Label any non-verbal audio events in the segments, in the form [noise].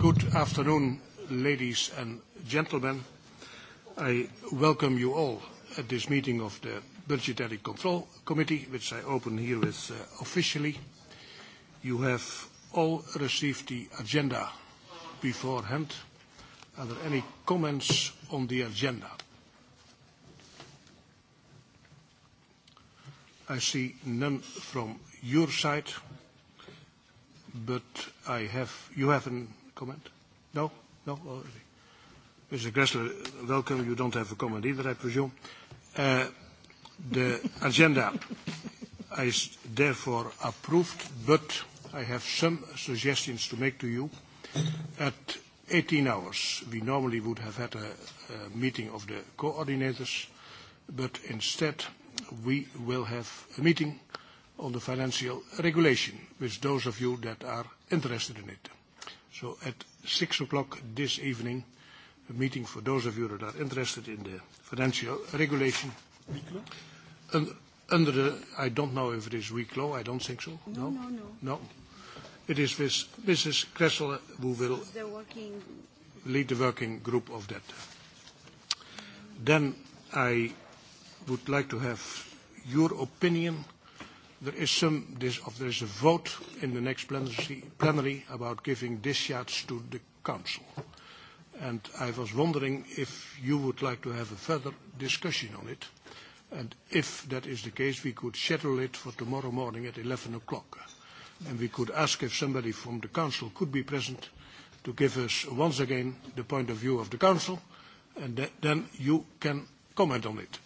Good afternoon, ladies and gentlemen. I welcome you all at this meeting of the Budgetary Control Committee, which I open herewith uh, officially. You have all received the agenda beforehand. Are there any comments on the agenda? I see none from your side, but I have, you have an comment? No? No? Oh, Mr. Gressler, welcome. You don't have a comment either, I presume. Uh, the [laughs] agenda is therefore approved, but I have some suggestions to make to you. At 18 hours, we normally would have had a, a meeting of the coordinators, but instead we will have a meeting on the financial regulation with those of you that are interested in it. So at 6 o'clock this evening, a meeting for those of you that are interested in the financial regulation. Weeklo? under the, I don't know if it is Weeklo, I don't think so. No, no, no. No. no. It is with Mrs. Kressel who will the working... lead the working group of that. Then I would like to have your opinion There is some, of there is a vote in the next plenary, plenary about giving discharge to the council. And I was wondering if you would like to have a further discussion on it. And if that is the case, we could schedule it for tomorrow morning at 11 o'clock. And we could ask if somebody from the council could be present to give us once again the point of view of the council, and th then you can comment on it.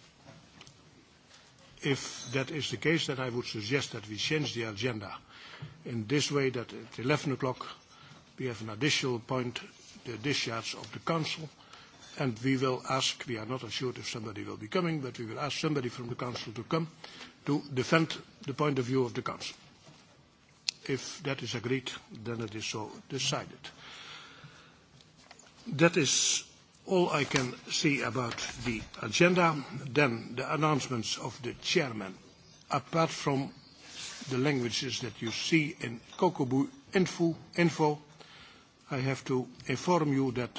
If that is the case, then I would suggest that we change the agenda in this way that at 11 o'clock we have an additional point, the discharge of the Council, and we will ask, we are not assured if somebody will be coming, but we will ask somebody from the Council to come to defend the point of view of the Council. If that is agreed, then it is so decided. That is all I can say about the agenda. Then the announcements of the chairman. Apart from the languages that you see in Kokobu info, info, I have to inform you that,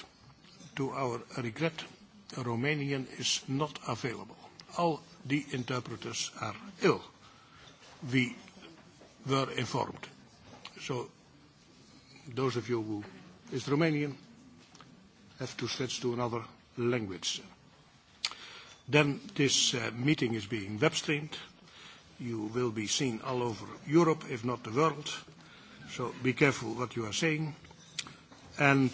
to our regret, Romanian is not available. All the interpreters are ill, we were informed. So those of you who is Romanian, have to switch to another language. Then this uh, meeting is being web streamed. You will be seen all over Europe, if not the world. So be careful what you are saying. And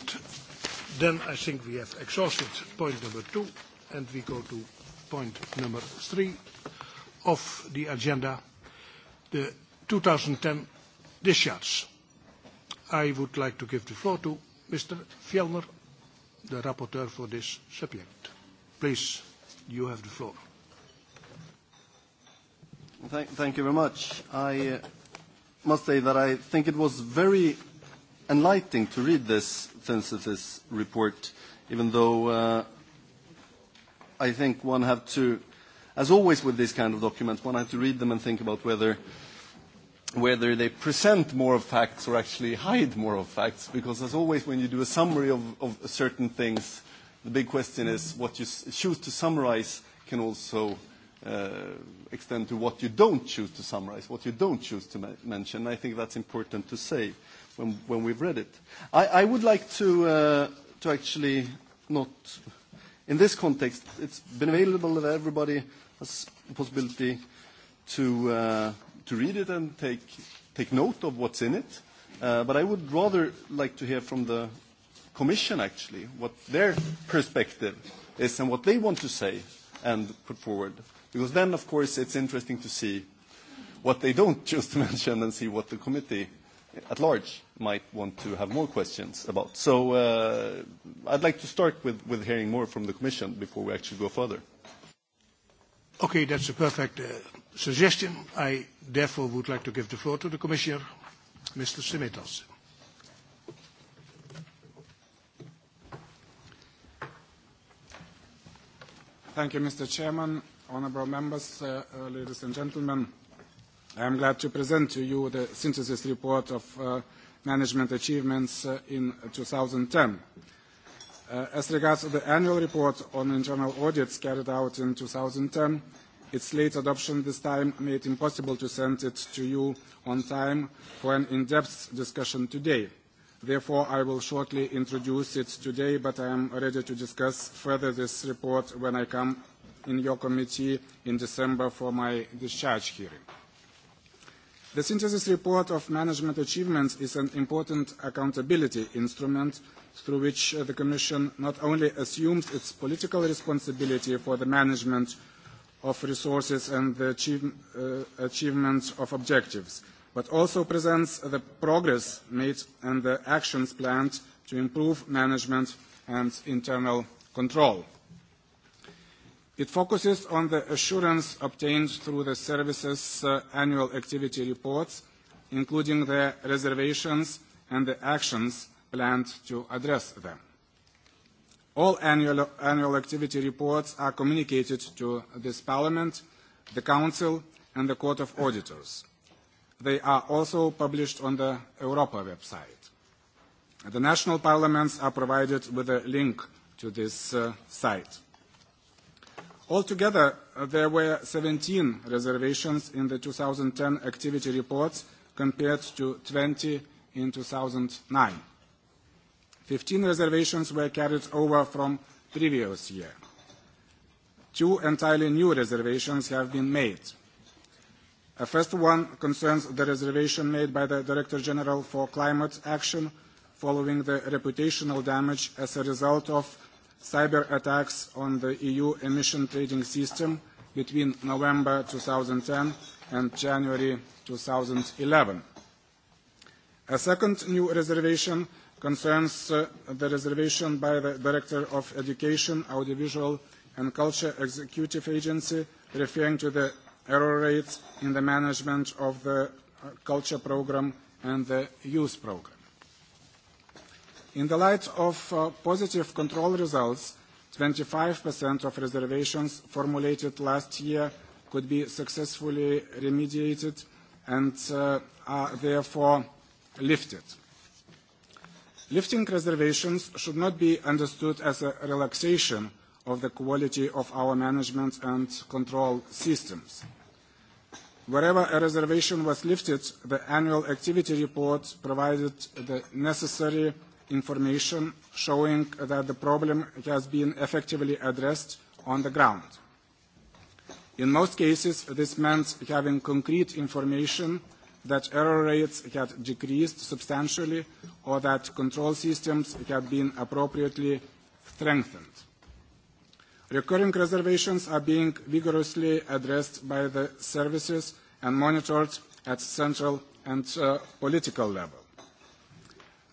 then I think we have exhausted point number two, and we go to point number three of the agenda, the 2010 discharge. I would like to give the floor to Mr. Fjellner the rapporteur for this subject. Please, you have the floor. Thank, thank you very much. I uh, must say that I think it was very enlightening to read this synthesis report, even though uh, I think one have to, as always with these kind of documents, one has to read them and think about whether whether they present more of facts or actually hide more of facts, because as always when you do a summary of, of certain things, the big question is what you choose to summarize can also uh, extend to what you don't choose to summarize, what you don't choose to ma- mention. I think that's important to say when, when we've read it. I, I would like to, uh, to actually not, in this context, it's been available that everybody has the possibility to uh, to read it and take, take note of what's in it. Uh, but I would rather like to hear from the Commission, actually, what their perspective is and what they want to say and put forward. Because then, of course, it's interesting to see what they don't choose [laughs] to mention and see what the committee at large might want to have more questions about. So uh, I'd like to start with, with hearing more from the Commission before we actually go further. Okay, that's a perfect uh, suggestion. I therefore would like to give the floor to the Commissioner, Mr. Semetas. Thank you, Mr. Chairman, honourable members, uh, uh, ladies and gentlemen. I am glad to present to you the synthesis report of uh, management achievements uh, in 2010. Uh, as regards to the annual report on internal audits carried out in 2010, Its late adoption this time made it impossible to send it to you on time for an in-depth discussion today. Therefore, I will shortly introduce it today, but I am ready to discuss further this report when I come in your committee in December for my discharge hearing. The synthesis report of management achievements is an important accountability instrument through which the Commission not only assumes its political responsibility for the management of resources and the achieve, uh, achievement of objectives, but also presents the progress made and the actions planned to improve management and internal control. It focuses on the assurance obtained through the services' uh, annual activity reports, including the reservations and the actions planned to address them. All annual, annual activity reports are communicated to this Parliament, the Council and the Court of Auditors. They are also published on the Europa website. The national parliaments are provided with a link to this uh, site. Altogether, uh, there were 17 reservations in the 2010 activity reports compared to 20 in 2009. 15 reservations were carried over from previous year. Two entirely new reservations have been made. A first one concerns the reservation made by the Director General for Climate Action following the reputational damage as a result of cyber attacks on the EU emission trading system between November 2010 and January 2011. A second new reservation concerns uh, the reservation by the Director of Education, Audiovisual and Culture Executive Agency referring to the error rates in the management of the uh, culture program and the youth program. In the light of uh, positive control results, 25% of reservations formulated last year could be successfully remediated and uh, are therefore lifted. Lifting reservations should not be understood as a relaxation of the quality of our management and control systems. Wherever a reservation was lifted, the annual activity report provided the necessary information showing that the problem has been effectively addressed on the ground. In most cases, this meant having concrete information that error rates had decreased substantially or that control systems had been appropriately strengthened. Recurring reservations are being vigorously addressed by the services and monitored at central and uh, political level.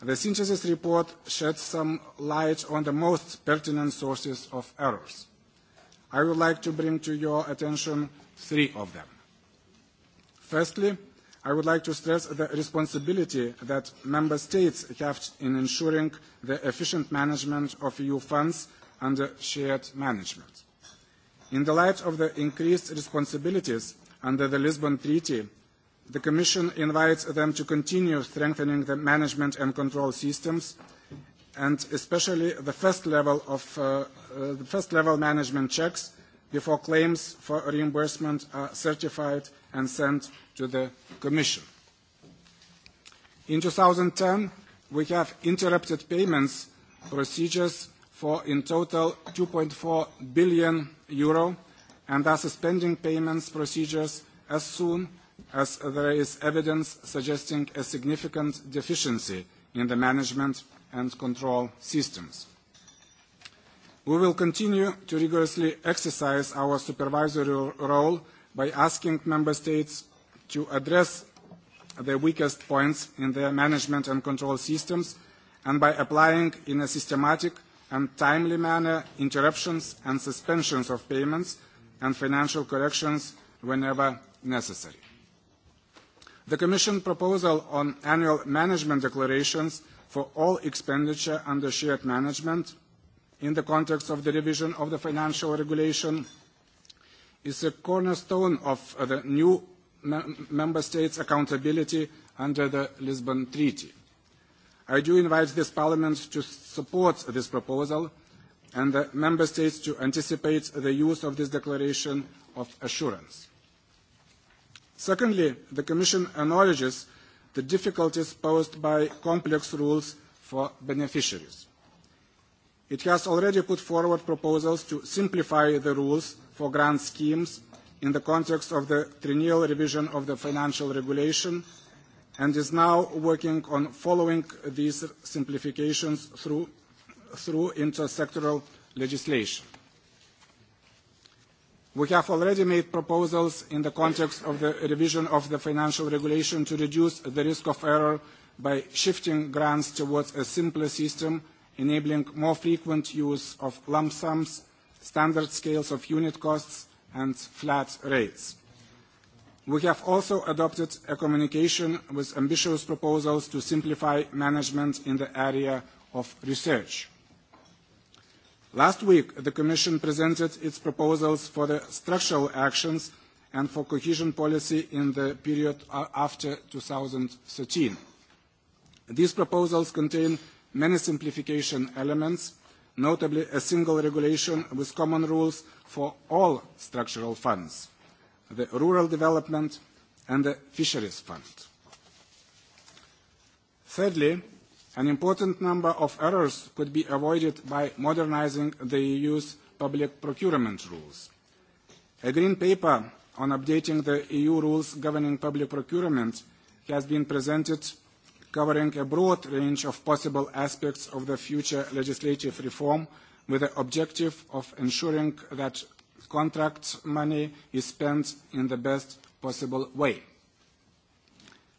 The synthesis report sheds some light on the most pertinent sources of errors. I would like to bring to your attention three of them. Firstly, I would like to stress the responsibility that Member States have in ensuring the efficient management of EU funds under shared management. In the light of the increased responsibilities under the Lisbon Treaty, the Commission invites them to continue strengthening the management and control systems, and especially the first level, of, uh, uh, the first level management checks before claims for reimbursement are certified and sent to the Commission. In 2010, we have interrupted payments procedures for in total 2.4 billion euro and are suspending payments procedures as soon as there is evidence suggesting a significant deficiency in the management and control systems. We will continue to rigorously exercise our supervisory role by asking member states to address the weakest points in their management and control systems and by applying in a systematic and timely manner interruptions and suspensions of payments and financial corrections whenever necessary. The Commission proposal on annual management declarations for all expenditure under shared management – in the context of the revision of the financial regulation is a cornerstone of uh, the new member states' accountability under the Lisbon Treaty. I do invite this Parliament to support this proposal and the member states to anticipate the use of this declaration of assurance. Secondly, the Commission acknowledges the difficulties posed by complex rules for beneficiaries. It has already put forward proposals to simplify the rules for grant schemes in the context of the triennial revision of the financial regulation and is now working on following these simplifications through, through intersectoral legislation. We have already made proposals in the context of the revision of the financial regulation to reduce the risk of error by shifting grants towards a simpler system enabling more frequent use of lump sums, standard scales of unit costs, and flat rates. We have also adopted a communication with ambitious proposals to simplify management in the area of research. Last week, the Commission presented its proposals for the structural actions and for cohesion policy in the period after 2013. These proposals contain many simplification elements, notably a single regulation with common rules for all structural funds, the Rural Development and the Fisheries Fund. Thirdly, an important number of errors could be avoided by modernizing the EU's public procurement rules. A green paper on updating the EU rules governing public procurement has been presented covering a broad range of possible aspects of the future legislative reform with the objective of ensuring that contract money is spent in the best possible way.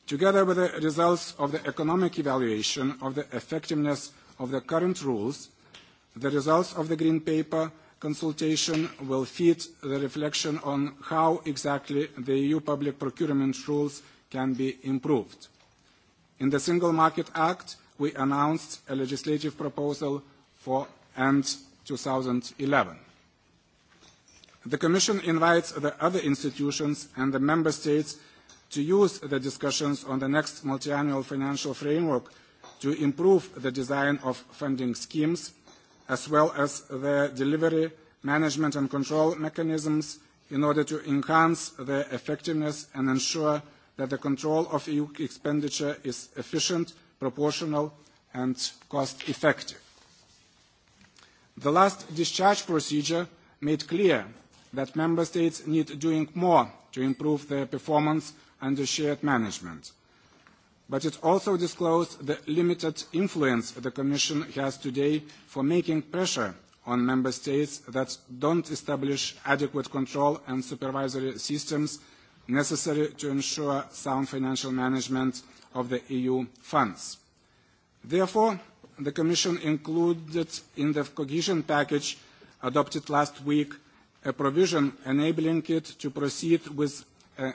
Together with the results of the economic evaluation of the effectiveness of the current rules, the results of the Green Paper consultation will feed the reflection on how exactly the EU public procurement rules can be improved. In the Single Market Act, we announced a legislative proposal for end 2011. The Commission invites the other institutions and the Member States to use the discussions on the next multiannual financial framework to improve the design of funding schemes, as well as their delivery, management and control mechanisms in order to enhance their effectiveness and ensure that the control of EU expenditure is efficient, proportional and cost effective. The last discharge procedure made clear that Member States need doing more to improve their performance under shared management. But it also disclosed the limited influence the Commission has today for making pressure on Member States that don't establish adequate control and supervisory systems necessary to ensure sound financial management of the EU funds. Therefore, the Commission included in the cohesion package adopted last week a provision enabling it to proceed with a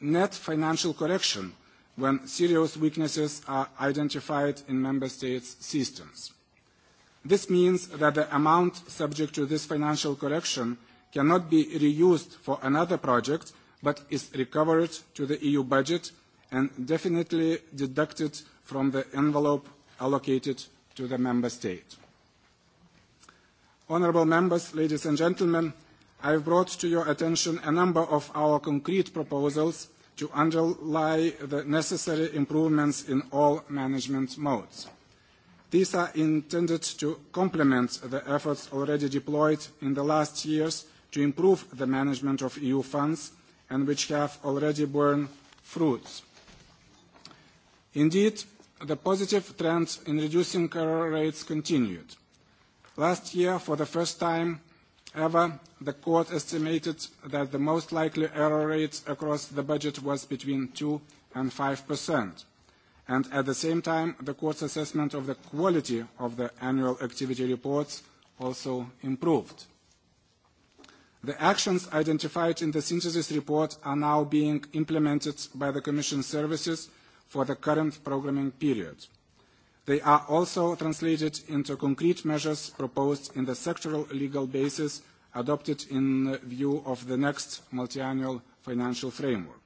net financial correction when serious weaknesses are identified in Member States' systems. This means that the amount subject to this financial correction cannot be reused for another project but is recovered to the EU budget and definitely deducted from the envelope allocated to the member state. Honourable members, ladies and gentlemen, I have brought to your attention a number of our concrete proposals to underlie the necessary improvements in all management modes. These are intended to complement the efforts already deployed in the last years to improve the management of EU funds and which have already borne fruits. Indeed, the positive trend in reducing error rates continued. Last year, for the first time ever, the court estimated that the most likely error rate across the budget was between 2 and 5%. And at the same time, the court's assessment of the quality of the annual activity reports also improved. The actions identified in the synthesis report are now being implemented by the Commission services for the current programming period. They are also translated into concrete measures proposed in the sectoral legal basis adopted in view of the next multiannual financial framework.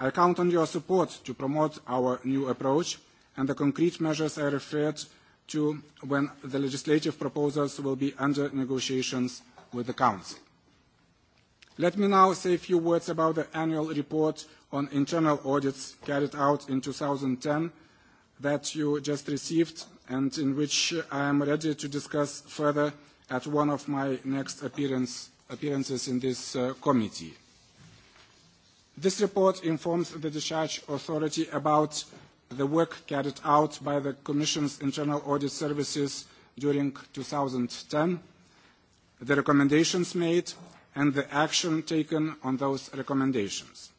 I count on your support to promote our new approach and the concrete measures I referred to when the legislative proposals will be under negotiations with the Council. Let me now say a few words about the annual report on internal audits carried out in 2010 that you just received and in which I am ready to discuss further at one of my next appearance, appearances in this uh, committee. This report informs the discharge authority about the work carried out by the Commission's internal audit services during 2010, the recommendations made, and the action taken on those recommendations.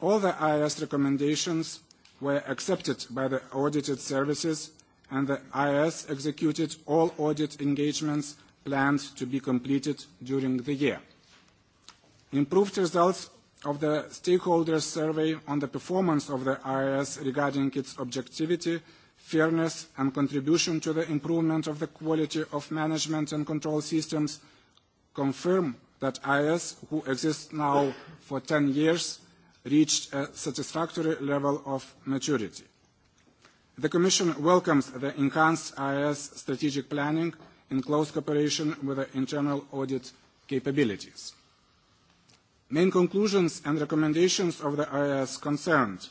All the IAS recommendations were accepted by the audited services, and the IAS executed all audit engagements planned to be completed during the year. Improved results of the stakeholders' survey on the performance of the IAS regarding its objectivity, fairness, and contribution to the improvement of the quality of management and control systems – confirm that IS, who exists now for 10 years, reached a satisfactory level of maturity. The Commission welcomes the enhanced IS strategic planning in close cooperation with the internal audit capabilities. Main conclusions and recommendations of the IS concerned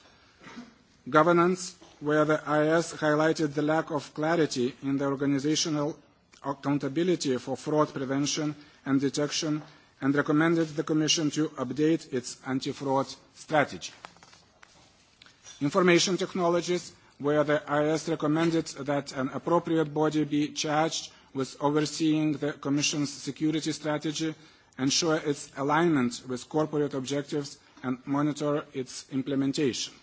governance, where the IS highlighted the lack of clarity in the organizational accountability for fraud prevention and detection and recommended the Commission to update its anti-fraud strategy. Information technologies, where the IS recommended that an appropriate body be charged with overseeing the Commission's security strategy, ensure its alignment with corporate objectives, and monitor its implementation.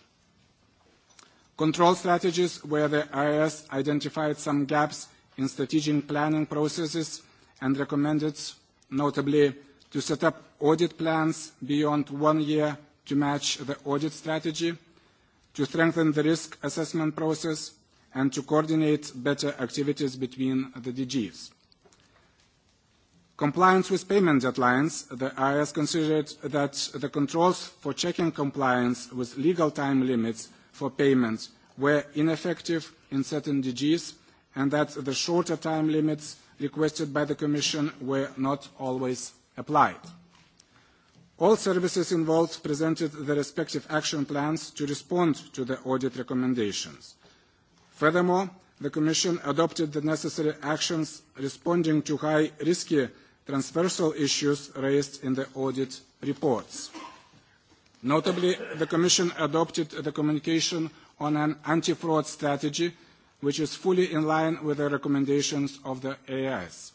Control strategies, where the IS identified some gaps in strategic planning processes and recommended notably to set up audit plans beyond one year to match the audit strategy, to strengthen the risk assessment process, and to coordinate better activities between the DGs. Compliance with payment deadlines, the IRS considered that the controls for checking compliance with legal time limits for payments were ineffective in certain DGs, and that the shorter time limits requested by the Commission were not always applied. All services involved presented their respective action plans to respond to the audit recommendations. Furthermore, the Commission adopted the necessary actions responding to high risky transversal issues raised in the audit reports. Notably, the Commission adopted the communication on an anti-fraud strategy which is fully in line with the recommendations of the AIS.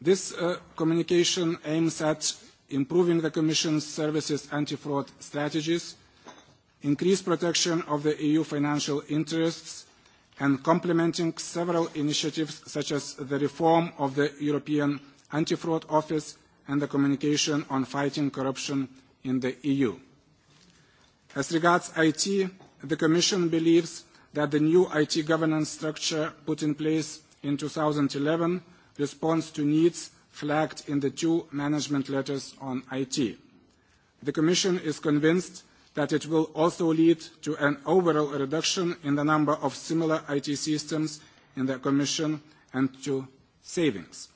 This uh, communication aims at improving the Commission's services anti-fraud strategies, increase protection of the EU financial interests, and complementing several initiatives such as the reform of the European Anti-Fraud Office and the communication on fighting corruption in the EU. As regards IT, the Commission believes that the new IT governance structure put in place in 2011 responds to needs flagged in the two management letters on IT. The Commission is convinced that it will also lead to an overall reduction in the number of similar IT systems in the Commission and to savings.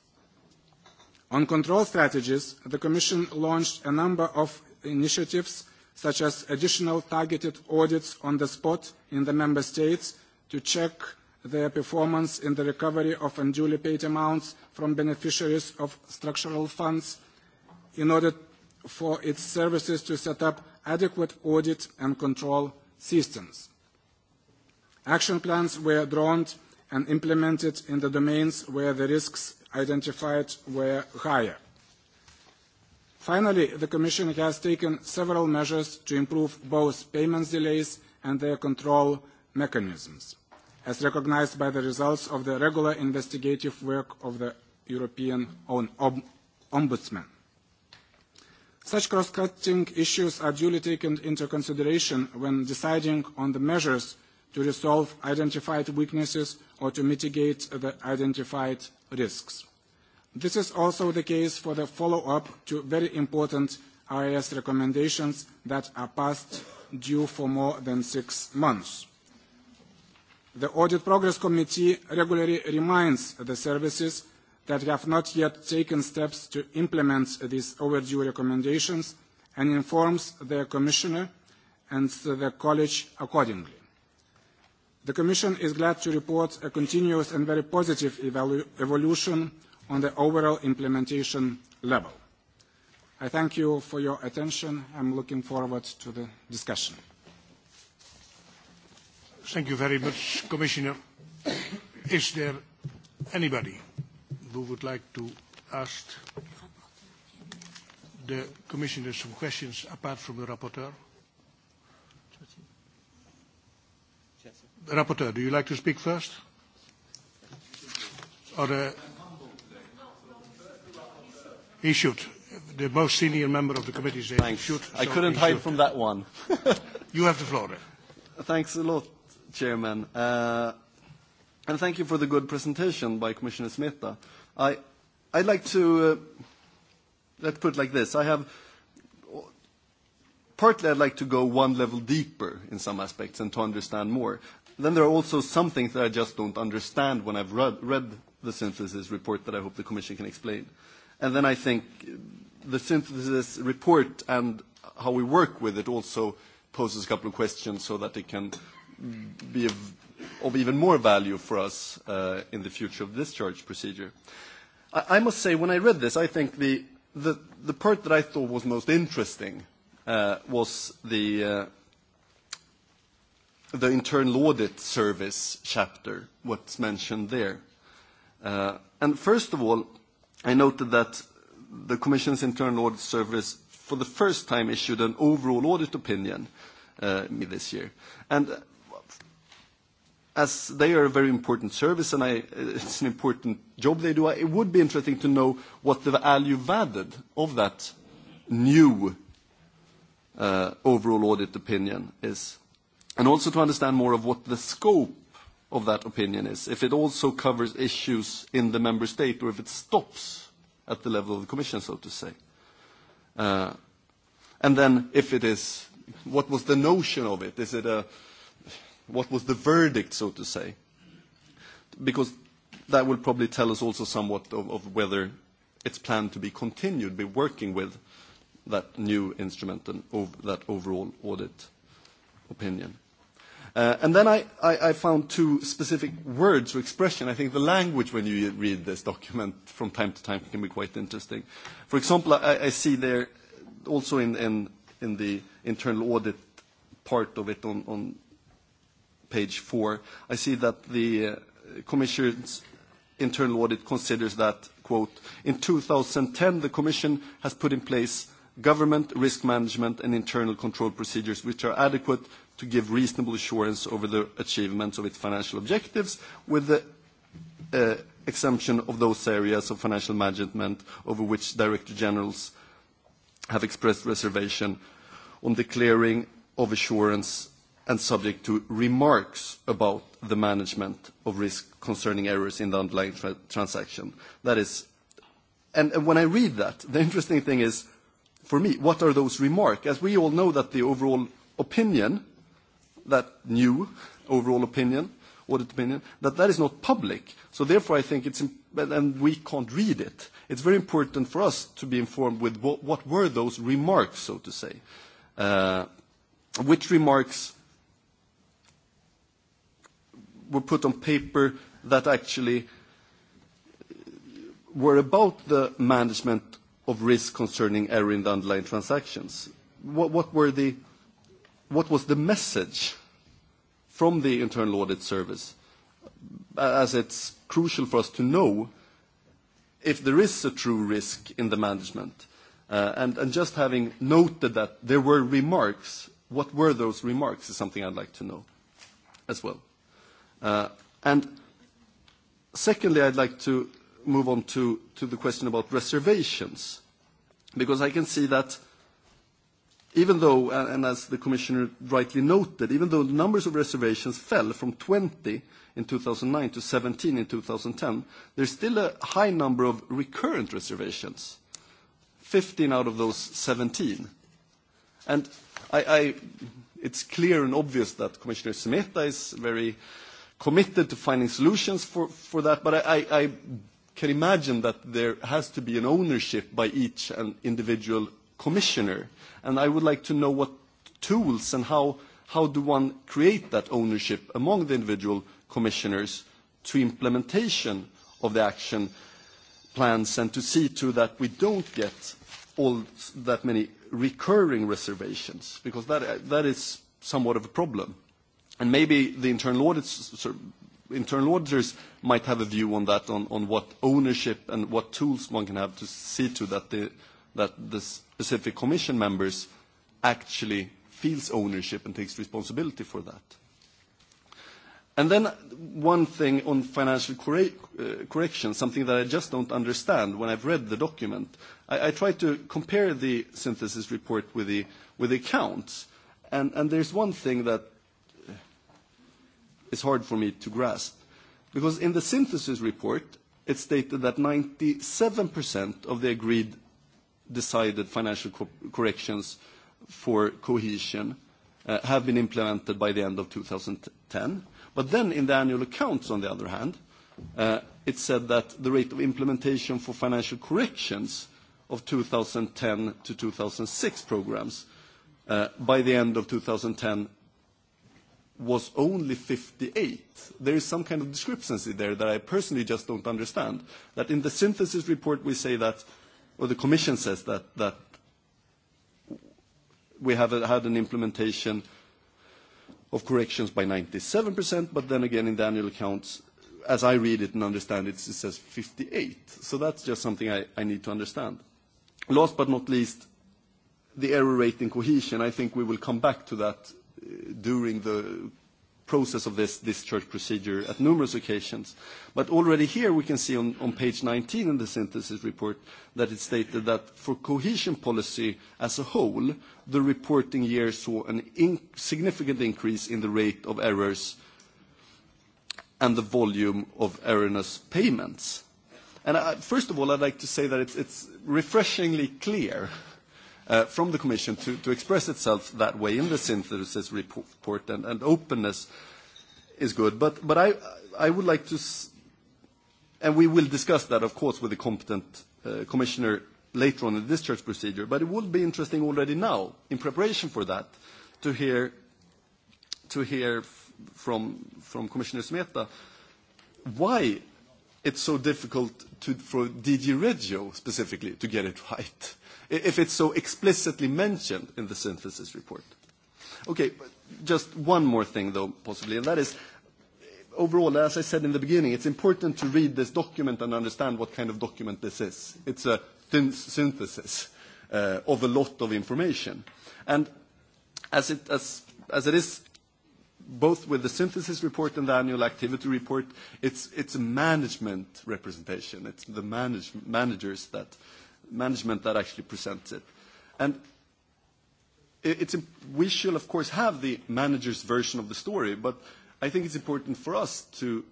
On control strategies, the Commission launched a number of initiatives such as additional targeted audits on the spot in the member states to check their performance in the recovery of unduly paid amounts from beneficiaries of structural funds in order for its services to set up adequate audit and control systems. Action plans were drawn and implemented in the domains where the risks identified were higher. Finally, the Commission has taken several measures to improve both payments delays and their control mechanisms, as recognised by the results of the regular investigative work of the European Ombudsman. Such cross-cutting issues are duly taken into consideration when deciding on the measures to resolve identified weaknesses or to mitigate the identified risks. This is also the case for the follow-up to very important IAS recommendations that are passed due for more than six months. The Audit Progress Committee regularly reminds the services that have not yet taken steps to implement these overdue recommendations and informs the Commissioner and the College accordingly. The Commission is glad to report a continuous and very positive evolution on the overall implementation level. I thank you for your attention. I'm looking forward to the discussion. Thank you very much, Commissioner. Is there anybody who would like to ask the Commissioner some questions apart from the rapporteur? The rapporteur, do you like to speak first? Or the uh, He should. The most senior member of the committee said Thanks. he should. So I couldn't hide should. from that one. [laughs] you have the floor. Then. Thanks a lot, Chairman. Uh, and thank you for the good presentation by Commissioner Smita. Uh, I, I'd like to, uh, let's put it like this. I have, partly I'd like to go one level deeper in some aspects and to understand more. Then there are also some things that I just don't understand when I've read, read the synthesis report that I hope the Commission can explain. Uh, And then I think the synthesis report and how we work with it also poses a couple of questions so that it can be of, of even more value for us uh, in the future of discharge procedure. I, I must say, when I read this, I think the, the, the part that I thought was most interesting uh, was the, uh, the internal audit service chapter, what's mentioned there. Uh, and first of all, I noted that the Commission's internal audit service, for the first time, issued an overall audit opinion uh, this year. And uh, as they are a very important service and it's an important job they do, it would be interesting to know what the value added of that new uh, overall audit opinion is, and also to understand more of what the scope of that opinion is, if it also covers issues in the member state or if it stops at the level of the Commission, so to say. Uh, and then if it is, what was the notion of it? Is it a, what was the verdict, so to say? Because that will probably tell us also somewhat of, of whether it's planned to be continued, be working with that new instrument and ov that overall audit opinion. Uh, and then I, I, I found two specific words or expression. I think the language when you read this document from time to time can be quite interesting. For example, I, I see there also in, in, in the internal audit part of it on, on page four, I see that the uh, Commission's internal audit considers that, quote, in 2010 the Commission has put in place government risk management and internal control procedures which are adequate to give reasonable assurance over the achievements of its financial objectives, with the uh, exemption of those areas of financial management over which Director Generals have expressed reservation on the clearing of assurance and subject to remarks about the management of risk concerning errors in the underlying tra transaction. That is, and, and when I read that, [laughs] the interesting thing is, for me, what are those remarks? As we all know that the overall opinion that new overall opinion, audit opinion, that that is not public. So therefore, I think it's, and we can't read it. It's very important for us to be informed with what, were those remarks, so to say. Uh, which remarks were put on paper that actually were about the management of risk concerning error in the underlying transactions. what, were the, what was the message from the Internal Audit Service, as it's crucial for us to know if there is a true risk in the management. Uh, and, just having noted that there were remarks, what were those remarks is something I'd like to know as well. Uh, and secondly, I'd like to move on to the question about reservations, because I can see that even though, uh, and as the commissioner rightly noted, even though the numbers of reservations fell from 20 in 2009 to 17 in 2010, there's still a high number of recurrent reservations, 15 out of those 17. And it's clear and obvious that Commissioner Semeta is very committed to finding solutions for, that, but I, I can imagine that there has to be an ownership by each and individual commissioner. And I would like to know what tools and how, how do one create that ownership among the individual commissioners to implementation of the action plans and to see to that we don't get all that many recurring reservations, because that, that is somewhat of a problem. And maybe the internal, audits, internal auditors might have a view on that, on, on what ownership and what tools one can have to see to that the that the specific commission members actually feels ownership and takes responsibility for that. And then one thing on financial cor uh, correction, something that I just don't understand when I've read the document. I, I tried to compare the synthesis report with the, with the accounts, and, and there's one thing that uh, is hard for me to grasp. Because in the synthesis report, it stated that 97% of the agreed decided financial corrections for cohesion uh, have been implemented by the end of 2010. But then in the annual accounts, on the other hand, uh, it said that the rate of implementation for financial corrections of 2010 to 2006 programs uh, by the end of 2010 was only 58. There is some kind of discrepancy there that I personally just don't understand. That in the synthesis report, we say that or the Commission says that, that we have had an implementation of corrections by 97%, but then again in the annual accounts, as I read it and understand it, it says 58. So that's just something I, I need to understand. Last but not least, the error rate in cohesion. I think we will come back to that uh, during the process of this discharge procedure at numerous occasions. But already here we can see on, on page 19 in the synthesis report that it stated that for cohesion policy as a whole, the reporting year saw an in significant increase in the rate of errors and the volume of erroneous payments. And I, first of all, I'd like to say that it's, it's refreshingly clear uh, from the Commission to, to express itself that way in the synthesis report, and, and openness is good. But, but I, I would like to, and we will discuss that, of course, with the competent uh, commissioner later on in the discharge procedure, but it would be interesting already now, in preparation for that, to hear, to hear from, from Commissioner Smeta why it's so difficult to, for DG Regio specifically to get it [laughs] right, if it's so explicitly mentioned in the synthesis report. Okay, just one more thing though, possibly, and that is overall, as I said in the beginning, it's important to read this document and understand what kind of document this is. It's a thin synthesis uh, of a lot of information. And as it, as, as it is both with the synthesis report and the annual activity report, it's it's a management representation. It's the manage, managers that management that actually presents it, and it, it's we shall of course have the manager's version of the story, but I think it's important for us to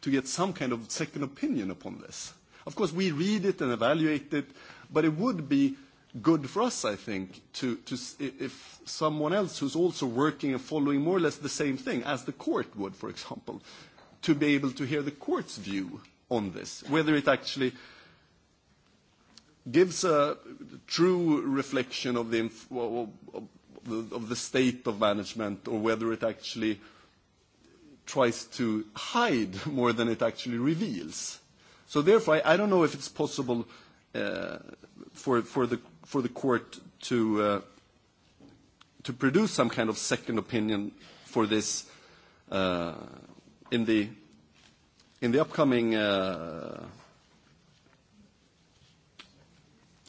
to get some kind of second opinion upon this. Of course, we read it and evaluate it, but it would be good for us, I think, to, to, if someone else who's also working and following more or less the same thing as the court would, for example, to be able to hear the court's view on this, whether it actually gives a true reflection of the, of the state of management or whether it actually tries to hide more than it actually reveals. So therefore, I, I don't know if it's possible uh, for, for the for the court to uh, to produce some kind of second opinion for this uh, in the in the upcoming. Uh,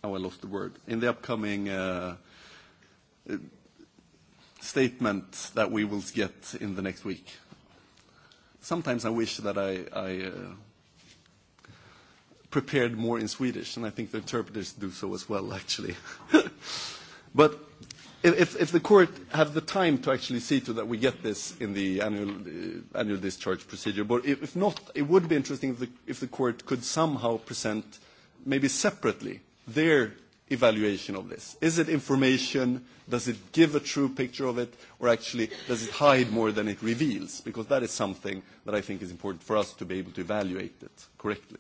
oh, I lost the word. In the upcoming uh, statement that we will get in the next week. Sometimes I wish that I. I uh, prepared more in Swedish, and I think the interpreters do so as well, actually. [laughs] but if, if the court have the time to actually see to that we get this in the annual, uh, annual discharge procedure, but if, if not, it would be interesting if the, if the court could somehow present, maybe separately, their evaluation of this? Is it information? Does it give a true picture of it? Or actually, does it hide more than it reveals? Because that is something that I think is important for us to be able to evaluate it correctly.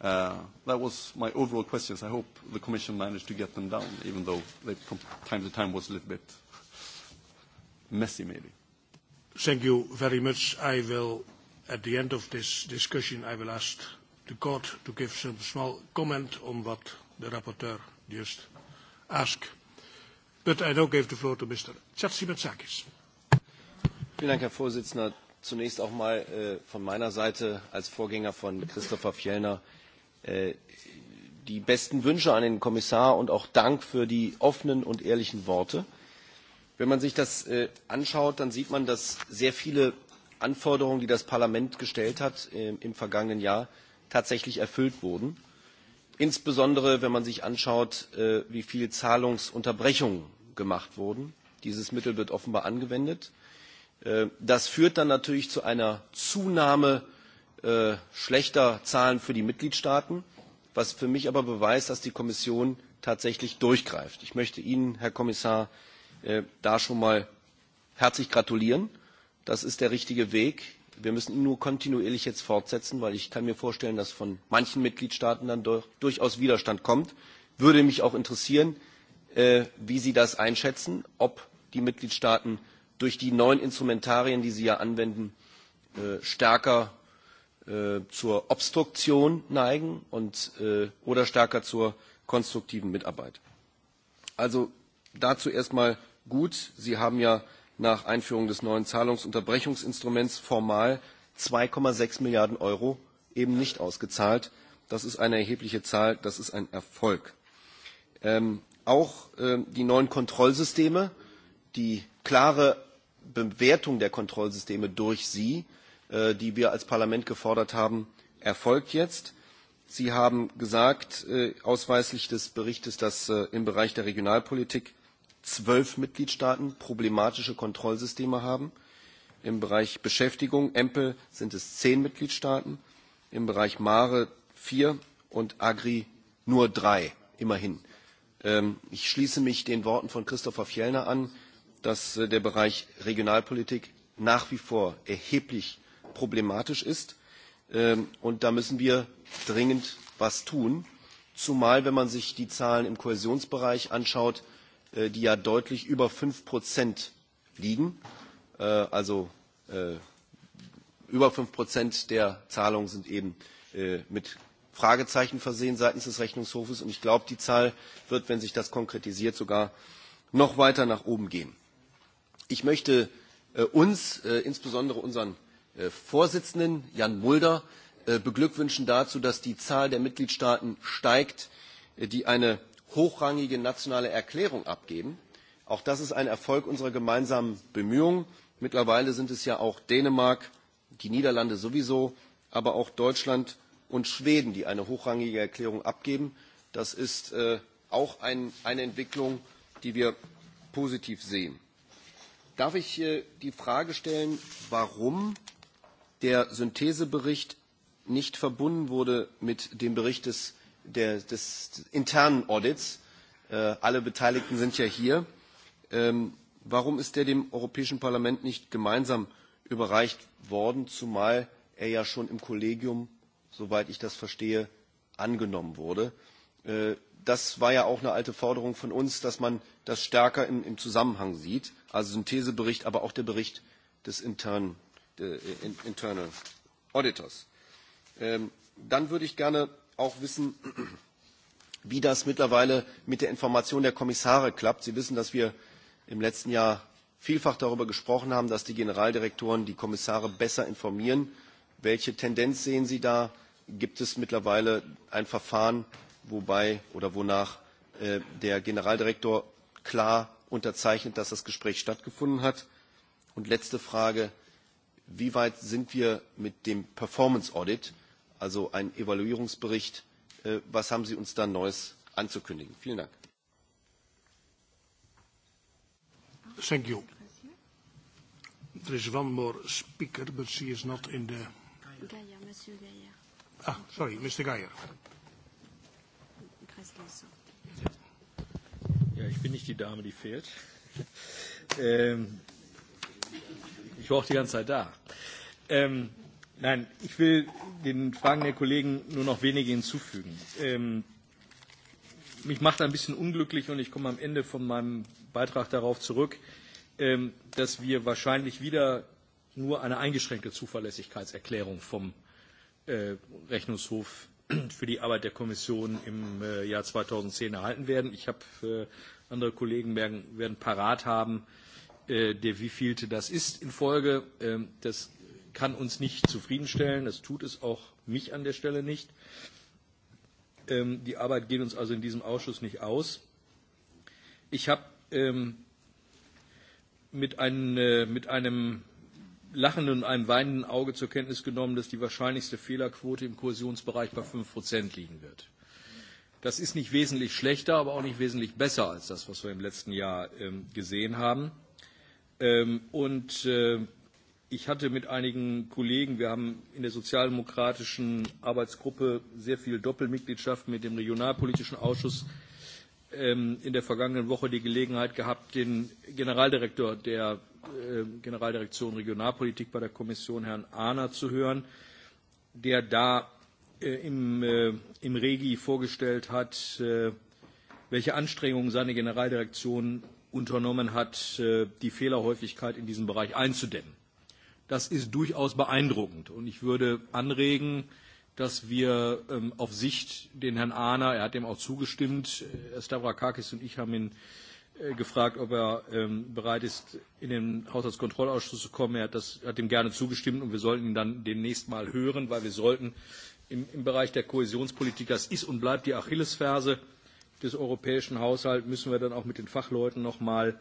Uh, that was my overall questions. I hope the Commission managed to get them down, even though they from time to time was a little bit messy, maybe. Thank you very much. I will, at the end of this discussion, I will ask the court to give some small comment on what the rapporteur just asked. But I now give the floor to Mr. Chatsimatsakis. Vielen Dank, Herr Vorsitzender. Zunächst auch mal äh, von meiner Seite als Vorgänger von Christopher Fjellner Äh, die besten Wünsche an den Kommissar und auch Dank für die offenen und ehrlichen Worte. Wenn man sich das äh, anschaut, dann sieht man, dass sehr viele Anforderungen, die das Parlament gestellt hat äh, im vergangenen Jahr, tatsächlich erfüllt wurden. Insbesondere, wenn man sich anschaut, wie viele Zahlungsunterbrechungen gemacht wurden. Dieses Mittel wird offenbar angewendet. Das führt dann natürlich zu einer Zunahme Äh, schlechter Zahlen für die Mitgliedstaaten, was für mich aber beweist, dass die Kommission tatsächlich durchgreift. Ich möchte Ihnen, Herr Kommissar, äh, da schon mal herzlich gratulieren. Das ist der richtige Weg. Wir müssen ihn nur kontinuierlich jetzt fortsetzen, weil ich kann mir vorstellen, dass von manchen Mitgliedstaaten dann durch, durchaus Widerstand kommt. Würde mich auch interessieren, äh, wie Sie das einschätzen, ob die Mitgliedstaaten durch die neuen Instrumentarien, die sie ja anwenden, äh, stärker Äh, zur Obstruktion neigen und, äh, oder stärker zur konstruktiven Mitarbeit. Also dazu erstmal gut. Sie haben ja nach Einführung des neuen Zahlungsunterbrechungsinstruments formal 2,6 Milliarden Euro eben nicht ausgezahlt. Das ist eine erhebliche Zahl. Das ist ein Erfolg. Ähm, auch ähm, die neuen Kontrollsysteme, die klare Bewertung der Kontrollsysteme durch Sie Äh, die wir als Parlament gefordert haben, erfolgt jetzt. Sie haben gesagt, äh, ausweislich des Berichtes, dass äh, im Bereich der Regionalpolitik zwölf Mitgliedstaaten problematische Kontrollsysteme haben. Im Bereich Beschäftigung, Empel, sind es zehn Mitgliedstaaten. Im Bereich Mare vier und Agri nur drei, immerhin. Ähm, ich schließe mich den Worten von Christopher Fjellner an, dass der Bereich Regionalpolitik nach wie vor erheblich problematisch ist. Ähm, und da müssen wir dringend was tun. Zumal, wenn man sich die Zahlen im Kohäsionsbereich anschaut, äh, die ja deutlich über 5 Prozent liegen, äh, also äh, über 5 Prozent der Zahlungen sind eben mit Fragezeichen versehen seitens des Rechnungshofes. Und ich glaube, die Zahl wird, wenn sich das konkretisiert, sogar noch weiter nach oben gehen. Ich möchte uns, insbesondere unseren Äh, Vorsitzenden, Jan Mulder, äh, beglückwünschen dazu, dass die Zahl der Mitgliedstaaten steigt, äh, die eine hochrangige nationale Erklärung abgeben. Auch das ist ein Erfolg unserer gemeinsamen Bemühungen. Mittlerweile sind es ja auch Dänemark, die Niederlande sowieso, aber auch Deutschland und Schweden, die eine hochrangige Erklärung abgeben. Das ist äh, auch ein, eine Entwicklung, die wir positiv sehen. Darf ich äh, die Frage stellen, warum der Synthesebericht nicht verbunden wurde mit dem Bericht des, der, des internen Audits. Äh, alle Beteiligten sind ja hier. Ähm, warum ist der dem Europäischen Parlament nicht gemeinsam überreicht worden, zumal er ja schon im Kollegium, soweit ich das verstehe, angenommen wurde? Äh, das war ja auch eine alte Forderung von uns, dass man das stärker im, im Zusammenhang sieht. Also Synthesebericht, aber auch der Bericht des internen Äh, Internal Auditors. Ähm, dann würde ich gerne auch wissen, wie das mittlerweile mit der Information der Kommissare klappt. Sie wissen, dass wir im letzten Jahr vielfach darüber gesprochen haben, dass die Generaldirektoren die Kommissare besser informieren. Welche Tendenz sehen Sie da? Gibt es mittlerweile ein Verfahren, wobei oder wonach äh, der Generaldirektor klar unterzeichnet, dass das Gespräch stattgefunden hat? Und letzte Frage, wie weit sind wir mit dem Performance Audit, also einem Evaluierungsbericht, äh, was haben Sie uns da Neues anzukündigen? Vielen Dank. Thank you. There is one more speaker, but she is not in the... Gaillard, Monsieur Gaillard. Ah, sorry, Mr. Gaillard. Ja, ich bin nicht die Dame, die fehlt. Ähm, Ich war auch die ganze Zeit da. Ähm, nein, ich will den Fragen der Kollegen nur noch wenige hinzufügen. Ähm, mich macht ein bisschen unglücklich und ich komme am Ende von meinem Beitrag darauf zurück, ähm, dass wir wahrscheinlich wieder nur eine eingeschränkte Zuverlässigkeitserklärung vom äh, Rechnungshof für die Arbeit der Kommission im äh, Jahr 2010 erhalten werden. Ich habe äh, andere Kollegen werden, werden parat haben, äh, Äh, der wievielte das ist in Folge. Ähm, das kann uns nicht zufriedenstellen. Das tut es auch mich an der Stelle nicht. Ähm, die Arbeit geht uns also in diesem Ausschuss nicht aus. Ich habe ähm, mit, äh, mit einem lachenden und einem weinenden Auge zur Kenntnis genommen, dass die wahrscheinlichste Fehlerquote im Kohäsionsbereich bei 5% liegen wird. Das ist nicht wesentlich schlechter, aber auch nicht wesentlich besser als das, was wir im letzten Jahr gesehen haben. Ähm, und äh, ich hatte mit einigen Kollegen, wir haben in der sozialdemokratischen Arbeitsgruppe sehr viel Doppelmitgliedschaft mit dem Regionalpolitischen Ausschuss ähm, in der vergangenen Woche die Gelegenheit gehabt, den Generaldirektor der äh, Generaldirektion Regionalpolitik bei der Kommission, Herrn Ahner, zu hören, der da äh, im, äh, im Regi vorgestellt hat, äh, welche Anstrengungen seine Generaldirektion unternommen hat, äh, die Fehlerhäufigkeit in diesem Bereich einzudämmen. Das ist durchaus beeindruckend. Und ich würde anregen, dass wir ähm, auf Sicht den Herrn Ahner, er hat dem auch zugestimmt, äh, Herr Stavrakakis und ich haben ihn äh, gefragt, ob er ähm, bereit ist, in den Haushaltskontrollausschuss zu kommen. Er hat, das, hat dem gerne zugestimmt und wir sollten ihn dann demnächst mal hören, weil wir sollten im, im Bereich der Kohäsionspolitik, das ist und bleibt die Achillesferse, äh, des europäischen Haushalts müssen wir dann auch mit den Fachleuten noch mal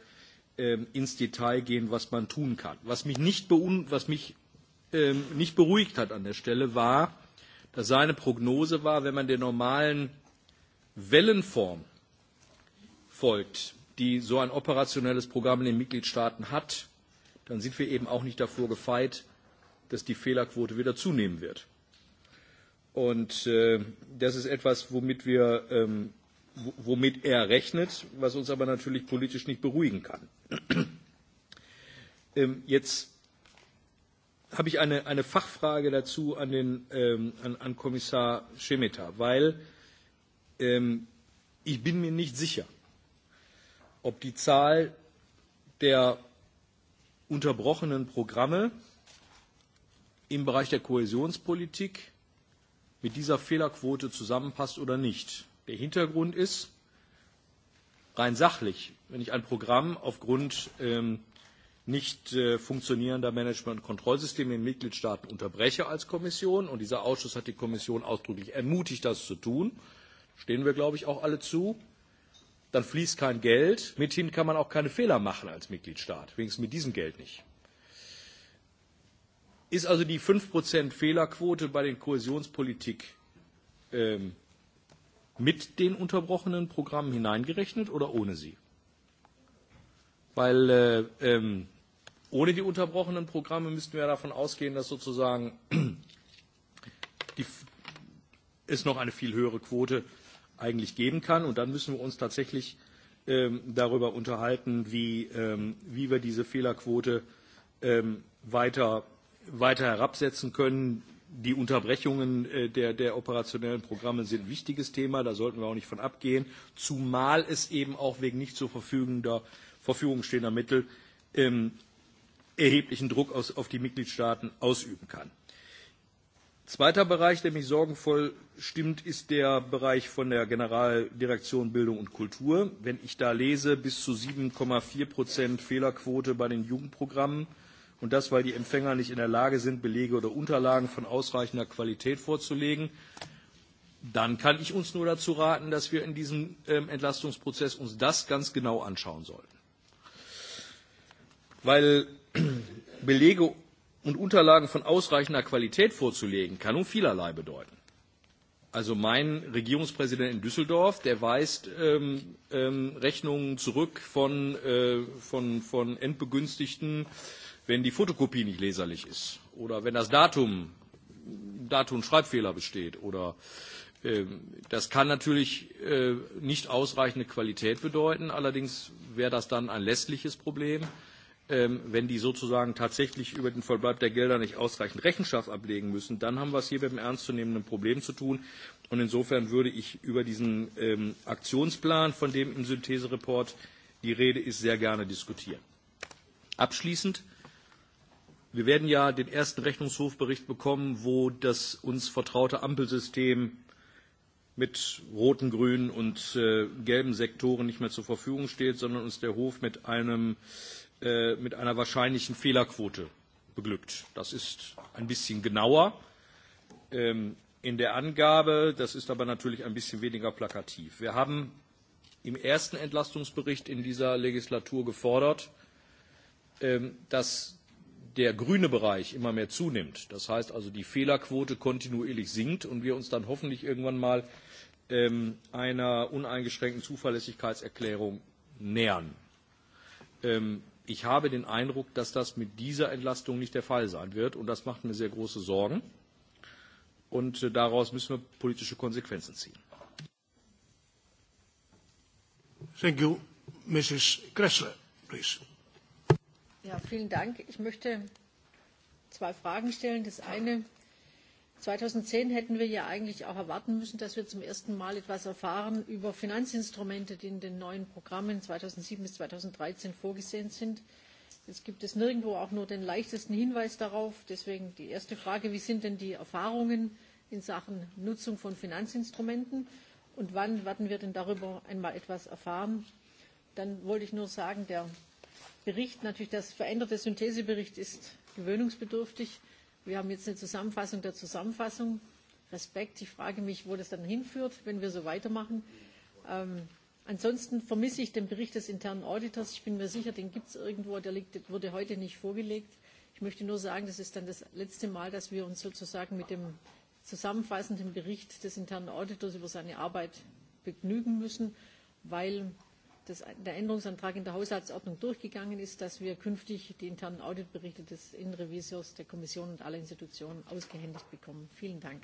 ähm, ins Detail gehen, was man tun kann. Was mich, nicht, was mich ähm, nicht beruhigt hat an der Stelle war, dass seine Prognose war, wenn man der normalen Wellenform folgt, die so ein operationelles Programm in den Mitgliedstaaten hat, dann sind wir eben auch nicht davor gefeit, dass die Fehlerquote wieder zunehmen wird. Und äh, das ist etwas, womit wir ähm, womit er rechnet, was uns aber natürlich politisch nicht beruhigen kann. [clears throat] ähm, jetzt habe ich eine, eine Fachfrage dazu an, den, ähm, an, an Kommissar Schemeta, weil ähm, ich bin mir nicht sicher, ob die Zahl der unterbrochenen Programme im Bereich der Kohäsionspolitik mit dieser Fehlerquote zusammenpasst oder nicht. Der Hintergrund ist rein sachlich, wenn ich ein Programm aufgrund ähm, nicht äh, funktionierender Management- und Kontrollsysteme in Mitgliedstaaten unterbreche als Kommission, und dieser Ausschuss hat die Kommission ausdrücklich ermutigt, das zu tun, stehen wir, glaube ich, auch alle zu, dann fließt kein Geld, mithin kann man auch keine Fehler machen als Mitgliedstaat, wenigstens mit diesem Geld nicht. Ist also die 5% Fehlerquote bei den Kohäsionspolitik ähm, mit den unterbrochenen Programmen hineingerechnet oder ohne sie? Weil äh, ähm, ohne die unterbrochenen Programme müssten wir davon ausgehen, dass sozusagen [clears throat] die, es noch eine viel höhere Quote eigentlich geben kann. Und dann müssen wir uns tatsächlich ähm, darüber unterhalten, wie, ähm, wie wir diese Fehlerquote ähm, weiter, weiter herabsetzen können die Unterbrechungen äh, der, der operationellen Programme sind ein wichtiges Thema, da sollten wir auch nicht von abgehen, zumal es eben auch wegen nicht zur Verfügung stehender Mittel ähm, erheblichen Druck aus, auf die Mitgliedstaaten ausüben kann. Zweiter Bereich, der mich sorgenvoll stimmt, ist der Bereich von der Generaldirektion Bildung und Kultur. Wenn ich da lese, bis zu 7,4 Prozent Fehlerquote bei den Jugendprogrammen, äh, und das, weil die Empfänger nicht in der Lage sind, Belege oder Unterlagen von ausreichender Qualität vorzulegen, dann kann ich uns nur dazu raten, dass wir in diesem ähm, Entlastungsprozess uns das ganz genau anschauen sollten. Weil [clears throat] Belege und Unterlagen von ausreichender Qualität vorzulegen, kann nun vielerlei bedeuten. Also mein Regierungspräsident in Düsseldorf, der weist ähm, ähm, Rechnungen zurück von, äh, von, von Endbegünstigten äh, wenn die Fotokopie nicht leserlich ist oder wenn das Datum, Datum Schreibfehler besteht oder ähm, das kann natürlich äh, nicht ausreichende Qualität bedeuten. Allerdings wäre das dann ein lästliches Problem, ähm, wenn die sozusagen tatsächlich über den Verbleib der Gelder nicht ausreichend Rechenschaft ablegen müssen. Dann haben wir es hier mit einem ernstzunehmenden Problem zu tun. Und insofern würde ich über diesen ähm, Aktionsplan, von dem im Synthesereport die Rede ist, sehr gerne diskutieren. Abschließend Wir werden ja den ersten Rechnungshofbericht bekommen, wo das uns vertraute Ampelsystem mit roten, grünen und äh, gelben Sektoren nicht mehr zur Verfügung steht, sondern uns der Hof mit, einem, äh, mit einer wahrscheinlichen Fehlerquote beglückt. Das ist ein bisschen genauer ähm, in der Angabe, das ist aber natürlich ein bisschen weniger plakativ. Wir haben im ersten Entlastungsbericht in dieser Legislatur gefordert, ähm, dass der grüne Bereich immer mehr zunimmt, das heißt also die Fehlerquote kontinuierlich sinkt und wir uns dann hoffentlich irgendwann mal ähm, einer uneingeschränkten Zuverlässigkeitserklärung nähern. Ähm, ich habe den Eindruck, dass das mit dieser Entlastung nicht der Fall sein wird und das macht mir sehr große Sorgen und äh, daraus müssen wir politische Konsequenzen ziehen. Thank you. Mrs. Kressler, please. Ja, vielen Dank. Ich möchte zwei Fragen stellen. Das eine, 2010 hätten wir ja eigentlich auch erwarten müssen, dass wir zum ersten Mal etwas erfahren über Finanzinstrumente, die in den neuen Programmen 2007 bis 2013 vorgesehen sind. Jetzt gibt es nirgendwo auch nur den leichtesten Hinweis darauf. Deswegen die erste Frage, wie sind denn die Erfahrungen in Sachen Nutzung von Finanzinstrumenten und wann werden wir denn darüber einmal etwas erfahren? Dann wollte ich nur sagen, der Bericht, natürlich der veränderte Synthesebericht ist gewöhnungsbedürftig. Wir haben jetzt eine Zusammenfassung der Zusammenfassung. Respekt, ich frage mich, wo das dann hinführt, wenn wir so weitermachen. Ähm, ansonsten vermisse ich den Bericht des internen Auditors. Ich bin mir sicher, den gibt es irgendwo, der liegt, wurde heute nicht vorgelegt. Ich möchte nur sagen, das ist dann das letzte Mal, dass wir uns sozusagen mit dem zusammenfassenden Bericht des internen Auditors über seine Arbeit begnügen müssen, weil das, der Änderungsantrag in der Haushaltsordnung durchgegangen ist, dass wir künftig die internen Auditberichte des Innenrevisors der Kommission und aller Institutionen ausgehändigt bekommen. Vielen Dank.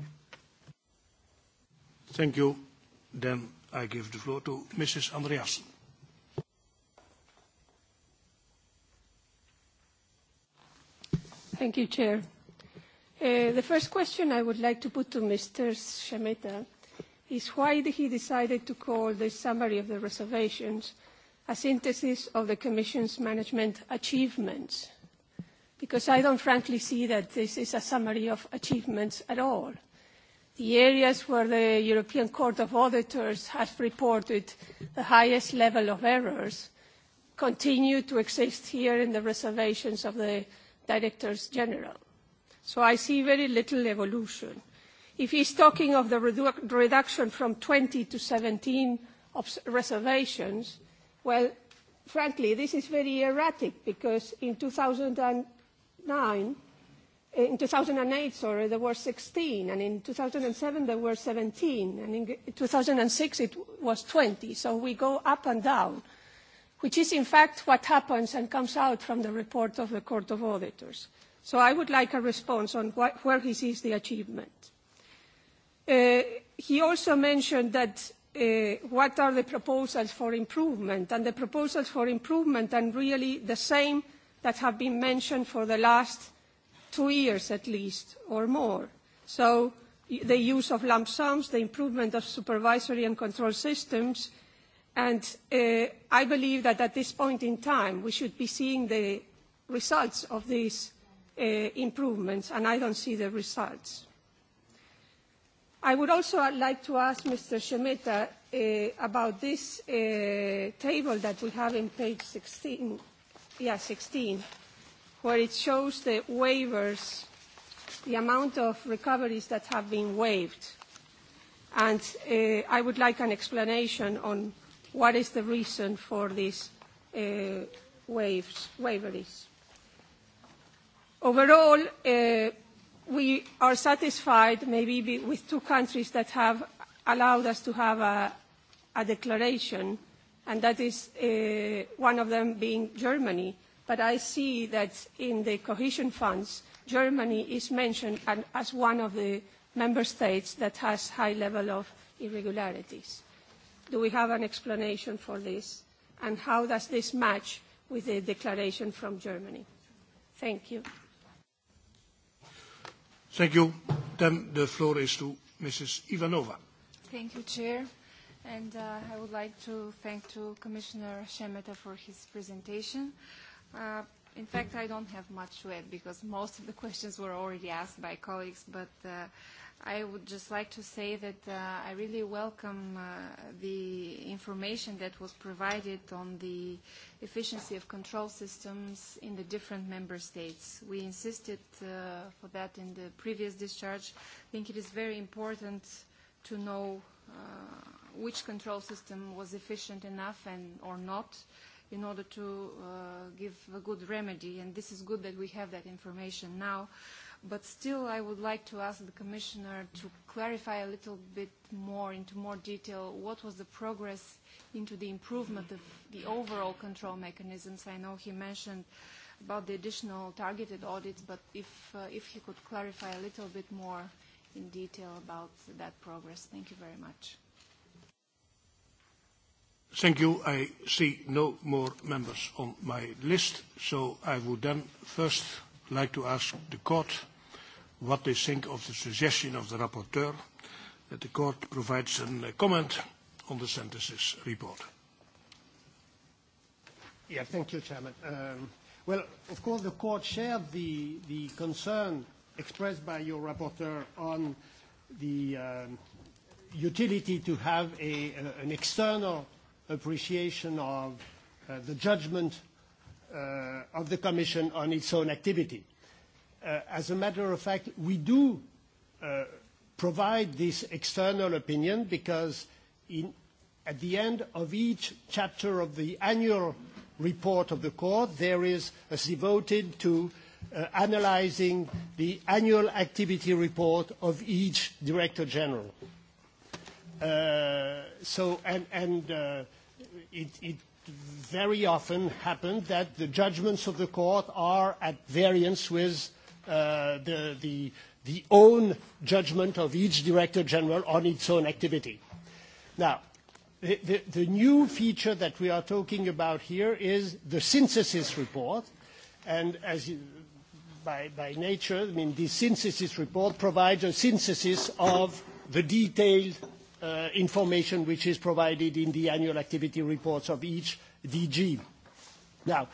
Thank you. Then I give the floor to Mrs. Andreasen. Thank you, Chair. Uh, the first question I would like to put to Mr. Shemeta is why he decided to call the summary of the reservations a synthesis of the Commission's management achievements, because I don't frankly see that this is a summary of achievements at all. The areas where the European Court of Auditors has reported the highest level of errors continue to exist here in the reservations of the Directors General. So I see very little evolution. If he's talking of the redu reduction from 20 to 17 reservations, well, frankly, this is very erratic because in 2009, eh, in 2008, sorry, there were 16, and in 2007 there were 17, and in 2006 it was 20. So we go up and down, which is in fact what happens and comes out from the report of the Court of Auditors. So I would like a response on where he sees the achievement. Uh, he also mentioned that uh, what are the proposals for improvement, and the proposals for improvement are really the same that have been mentioned for the last two years at least, or more. So the use of lump sums, the improvement of supervisory and control systems, and uh, I believe that at this point in time we should be seeing the results of these uh, improvements, and I don't see the results. I would also like to ask Mr. Shemeta uh, about this uh, table that we have in page 16, yeah, 16, where it shows the waivers, the amount of recoveries that have been waived. And uh, I would like an explanation on what is the reason for these uh, waivers. Overall, uh, we are satisfied maybe with two countries that have allowed us to have a, a declaration, and that is uh, one of them being Germany. But I see that in the cohesion funds, Germany is mentioned as one of the member states that has high level of irregularities. Do we have an explanation for this? And how does this match with the declaration from Germany? Thank you. Thank you. Then the floor is to Mrs. Ivanova. Thank you, Chair. And uh, I would like to thank to Commissioner Shemeta for his presentation. Uh, in fact, I don't have much to add because most of the questions were already asked by colleagues, but uh, I would just like to say that uh, I really welcome uh, the information that was provided on the efficiency of control systems in the different member states. We insisted uh, for that in the previous discharge. I think it is very important to know uh, which control system was efficient enough and or not in order to uh, give a good remedy. And this is good that we have that information now. Uh, But still, I would like to ask the Commissioner to clarify a little bit more, into more detail, what was the progress into the improvement of the overall control mechanisms. I know he mentioned about the additional targeted audits, but if, uh, if he could clarify a little bit more in detail about that progress. Thank you very much. Thank you. I see no more members on my list, so I would then first like to ask the court what they think of the suggestion of the rapporteur that the court provides a comment on the synthesis report. Yeah, thank you, Chairman. Um, well, of course, the court shared the, the concern expressed by your rapporteur on the um, utility to have a, a, an external appreciation of uh, the judgment uh, of the Commission on its own activity. Uh, as a matter of fact, we do uh, provide this external opinion because in, at the end of each chapter of the annual report of the court, there is a devoted to uh, analyzing the annual activity report of each director general. Uh, so, and, and it, it very often happened that the judgments of the court are at variance with Uh, the, the, the own judgment of each Director General on its own activity. Now, the, the, the new feature that we are talking about here is the synthesis report. And as you, by, by nature, I mean, the synthesis report provides a synthesis of the detailed uh, information which is provided in the annual activity reports of each DG. Now,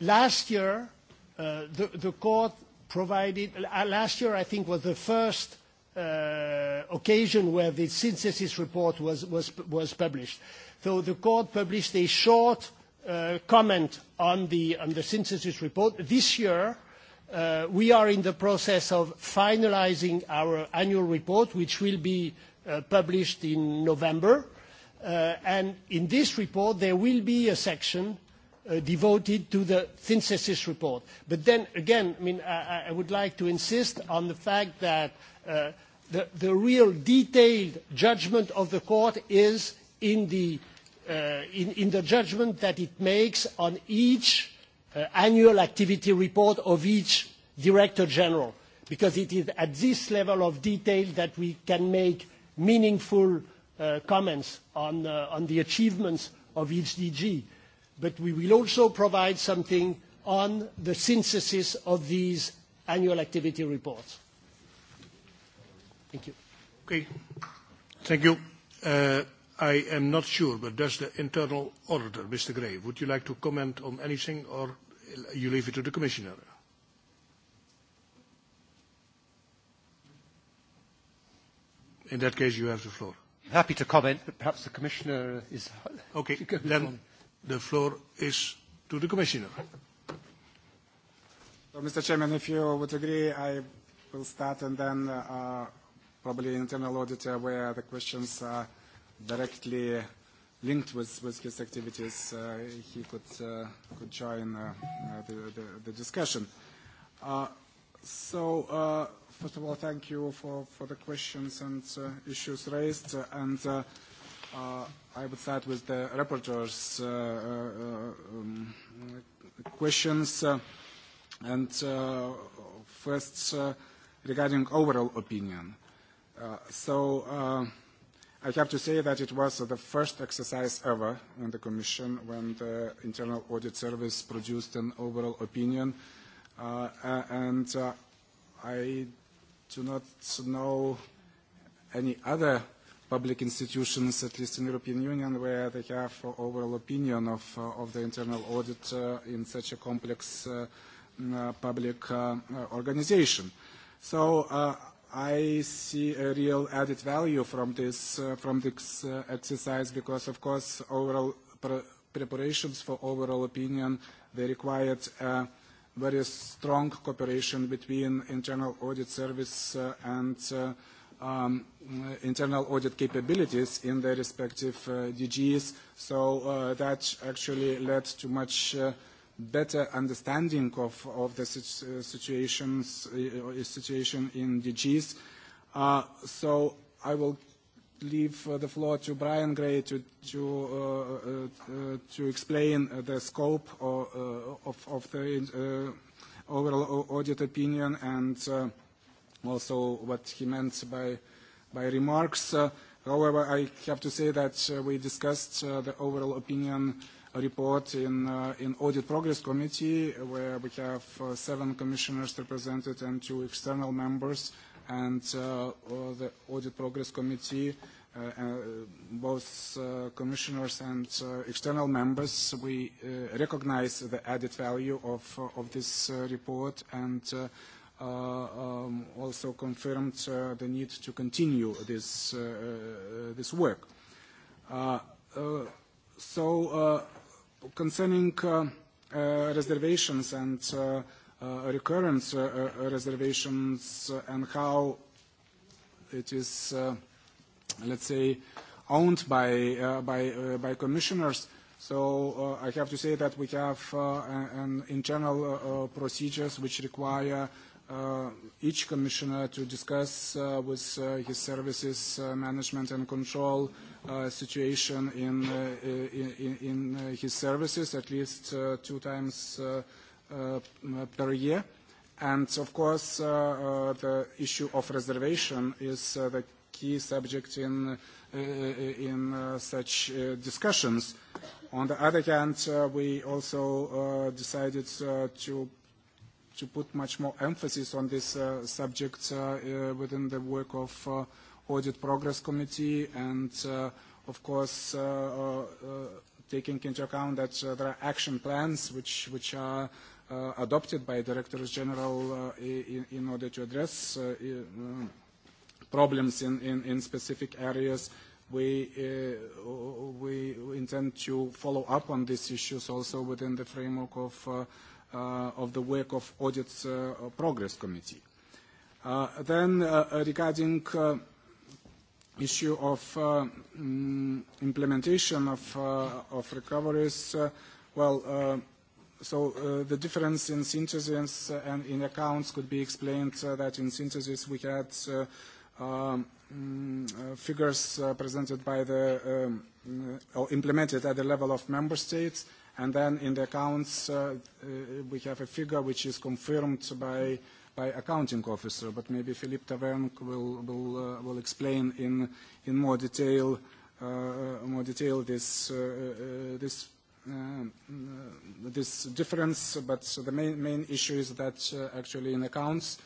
last year, uh, the, the court provided. Uh, last year, I think, was the first uh, occasion where the synthesis report was, was, was published. So the court published a short uh, comment on the, on the synthesis report. This year, uh, we are in the process of finalizing our annual report, which will be uh, published in November. Uh, and in this report, there will be a section Uh, devoted to the synthesis report. But then again, I mean, I, I would like to insist on the fact that uh, the, the, real detailed judgment of the court is in the, uh, in, in, the judgment that it makes on each uh, annual activity report of each Director General, because it is at this level of detail that we can make meaningful uh, comments on, on the achievements of each DG but we will also provide something on the synthesis of these annual activity reports. Thank you. Okay. Thank you. Uh, I am not sure, but does the internal auditor, Mr. Gray, would you like to comment on anything, or you leave it to the commissioner? In that case, you have the floor. Happy to comment, but perhaps the commissioner is- Okay. [laughs] Then The floor is to the Commissioner. Well, Mr. Chairman, if you would agree, I will start and then uh, probably internal auditor where the questions are directly linked with, with his activities, uh, he could, uh, could join uh, the, the, the discussion. Uh, so, uh, first of all, thank you for, for the questions and uh, issues raised. Uh, and uh, Uh, I would start with the rapporteur's uh, uh um, questions. Uh, and uh, first, regarding overall opinion. so I have to say that it was the first exercise ever in the Commission when the Internal Audit Service produced an overall opinion. and I do not know any other public institutions, at least in the European Union, where they have overall opinion of, uh, of the internal audit uh, in such a complex uh, mm, uh, public uh, uh, organization. So uh, I see a real added value from this, uh, from this uh, exercise because, of course, overall pre preparations for overall opinion, they required a uh, very strong cooperation between internal audit service uh, and uh, um, internal audit capabilities in their respective uh, DGs. So uh, that actually led to much uh, better understanding of, of the uh, situations, uh, situation in DGs. Uh, so I will leave uh, the floor to Brian Gray to, to, uh, uh, uh to explain uh, the scope of, of, of the overall audit opinion and also what he meant by, by remarks. Uh, however, I have to say that uh, we discussed uh, the overall opinion report in, uh, in Audit Progress Committee, where we have uh, seven commissioners represented and two external members, and uh, uh the Audit Progress Committee Uh, uh, both uh, commissioners and uh, external members, we uh, recognize the added value of, of this report and Uh, um, also confirmed uh, the need to continue this, uh, uh this work. Uh, so concerning reservations and recurrent reservations and how it is, let's say, owned by, by, by commissioners, so I have to say that we have an internal procedures which require uh, each commissioner to discuss uh, with uh, his services uh, management and control uh, situation in, uh, in, in uh, his services at least uh, two times uh, uh, per year. And of course, uh, uh, the issue of reservation is uh, the key subject in, uh, in uh, such uh, discussions. On the other hand, uh, we also uh, decided uh, to to put much more emphasis on this uh, subject uh, uh, within the work of uh, Audit Progress Committee and, uh, of course, uh, uh, uh taking into account that uh, there are action plans which, which are uh, adopted by Directors General uh, in, in order to address uh, um, problems in, in, in specific areas. We, uh, we intend to follow up on these issues also within the framework of uh, Uh, of the work of Audit uh, Progress Committee. Uh, then regarding issue of um, implementation of, of recoveries, well, So uh, the difference in synthesis and in accounts could be explained uh, that in synthesis we had uh, um, mm, figures presented by the um, or implemented at the level of member states And then in the accounts, uh, uh, we have a figure which is confirmed by, by accounting officer, but maybe Philippe Tavern will, will, uh, will explain in, in more detail, uh, more detail this, uh, uh, this, uh, this difference. But the main, main issue is that uh, actually in accounts,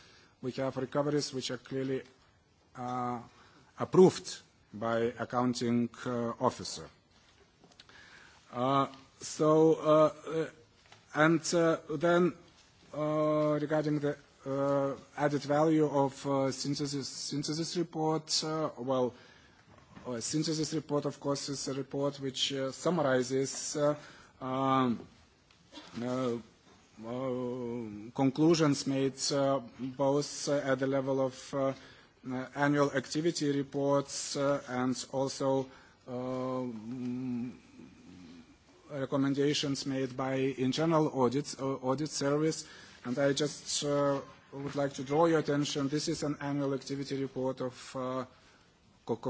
we have recoveries which are clearly uh, approved by accounting uh, officer. Uh, So, uh, uh, and uh, then regarding the Uh, added value of uh, synthesis, synthesis report. Uh, well, a synthesis report, of course, is a report which uh, summarizes uh, um, uh, uh, conclusions made uh, both uh, at the level of uh, annual activity reports uh, and also uh, recommendations made by internal audits, uh, audit service, and I just uh, would like to draw your attention. This is an annual activity report of uh,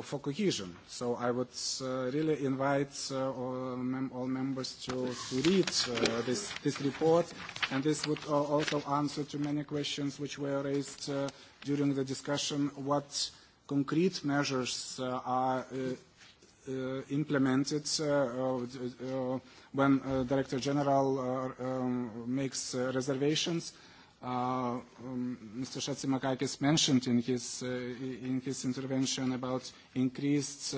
for cohesion. So I would uh, really invite uh, all, mem all members to, to read uh, this, this report, and this would uh, also answer to many questions which were raised uh, during the discussion, what concrete measures uh, are uh, Uh, implemented uh, uh, when Director General um, makes reservations. Um, Mr. Shatsimakakis mentioned in his, in his intervention about increased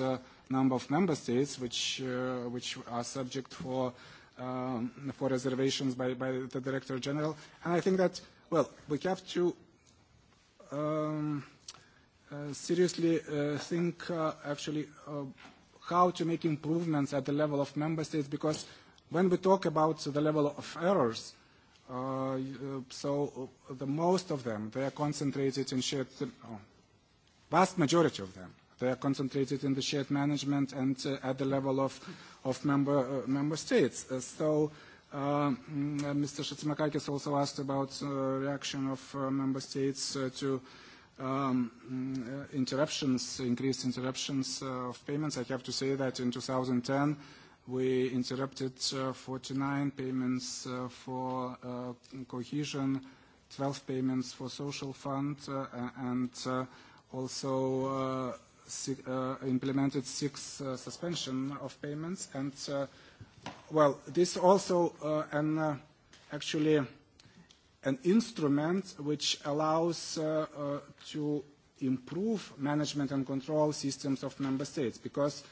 number of member states which, which are subject for um, for reservations by, by the Director General. And I think that, well, we have to um, uh, seriously uh, think uh, actually uh, how to make improvements at the level of member states because when we talk about the level of errors, uh, uh so uh, the most of them, they are concentrated in shared, oh, vast majority of them, they are concentrated in the shared management and uh, at the level of, of member, uh, member states. Uh, so uh, Mr. Mm, Shatsimakakis also asked about uh, reaction of uh, member states uh, to uh, um, uh, interruptions, increased interruptions uh, of payments. I have to say that in 2010, we interrupted uh, 49 payments uh, for uh, cohesion, 12 payments for social fund, uh, and uh, also uh, si uh, implemented six uh, suspension of payments. And, uh, well, this also, uh, and uh, actually, an instrument which allows uh, uh, to improve management and control systems of member states because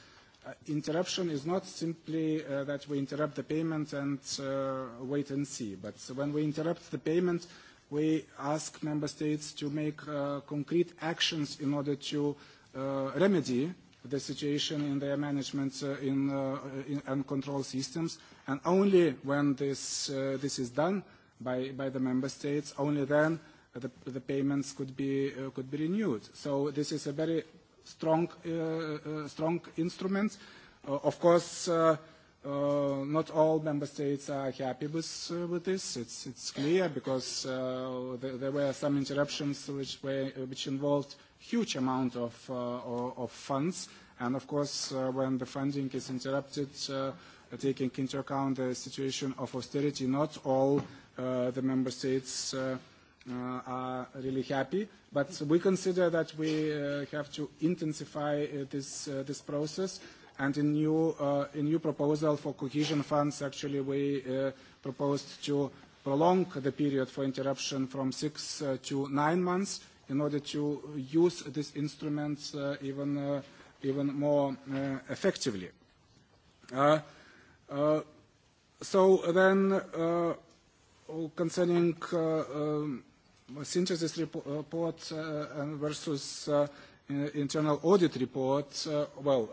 uh, interruption is not simply uh, that we interrupt the payment and uh, wait and see, but when we interrupt the payment, we ask member states to make uh, concrete actions in order to uh, remedy the situation in their management uh, in, uh, in, and control systems. And only when this, uh, this is done, by, by the member states, only then the, the payments could be, uh, could be renewed. So this is a very strong, uh, uh, strong instrument. Uh, of course, uh, uh, not all member states are happy with, uh, with this. It's, it's clear because uh, there, there were some interruptions which, were, which involved huge amount of, uh, of funds. And of course, uh, when the funding is interrupted, uh, taking into account the situation of austerity, not all Uh, the member states uh, uh, are really happy. But we consider that we uh, have to intensify uh, this, uh, this process. And in new, uh, in new proposal for cohesion funds, actually, we uh, proposed to prolong the period for interruption from six uh, to nine months in order to use these instruments uh, even, uh, even more uh, effectively. Uh, uh, so then uh, concerning um, synthesis uh, report and versus internal audit report, well,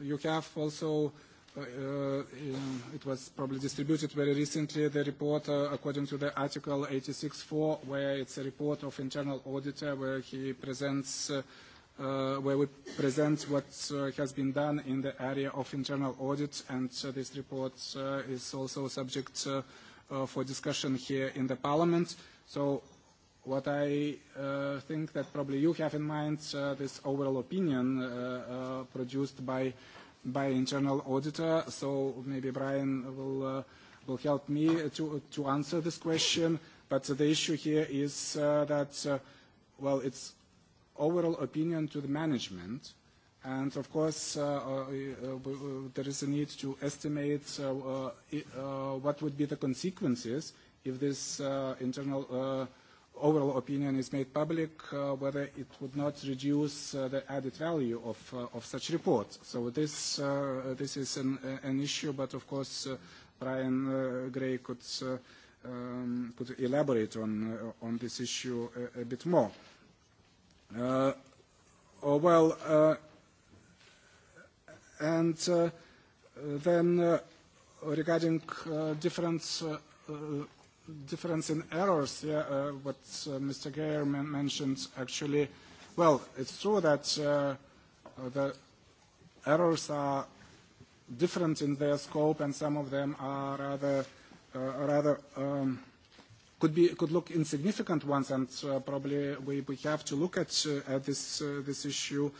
you have also Uh, it was probably distributed very recently, the report uh, according to the Article 86.4, where it's a report of internal auditor where he presents, uh, where we present what has been done in the area of internal audit, and this report is also subject uh, uh, for discussion here in the Parliament. So what I uh, think that probably you have in mind uh, this overall opinion uh, uh, produced by by internal auditor. So maybe Brian will uh, will help me to to answer this question. But the issue here is uh, that uh, well, it's overall opinion to the management. Uh, And of course, uh, uh, there is a need to estimate uh, what would be the consequences if this internal overall opinion is made public, whether it would not reduce the added value of, of such reports. So this, this is an, an issue, but of course, Brian Gray could, um, could elaborate on, on this issue a, a bit more. Oh, well, uh, And uh, then uh, regarding uh, difference, in errors, what Mr. Geyer men mentioned actually, well, it's true that the errors are different in their scope, and some of them are rather, rather um, could look insignificant ones, and probably we, have to look at this issue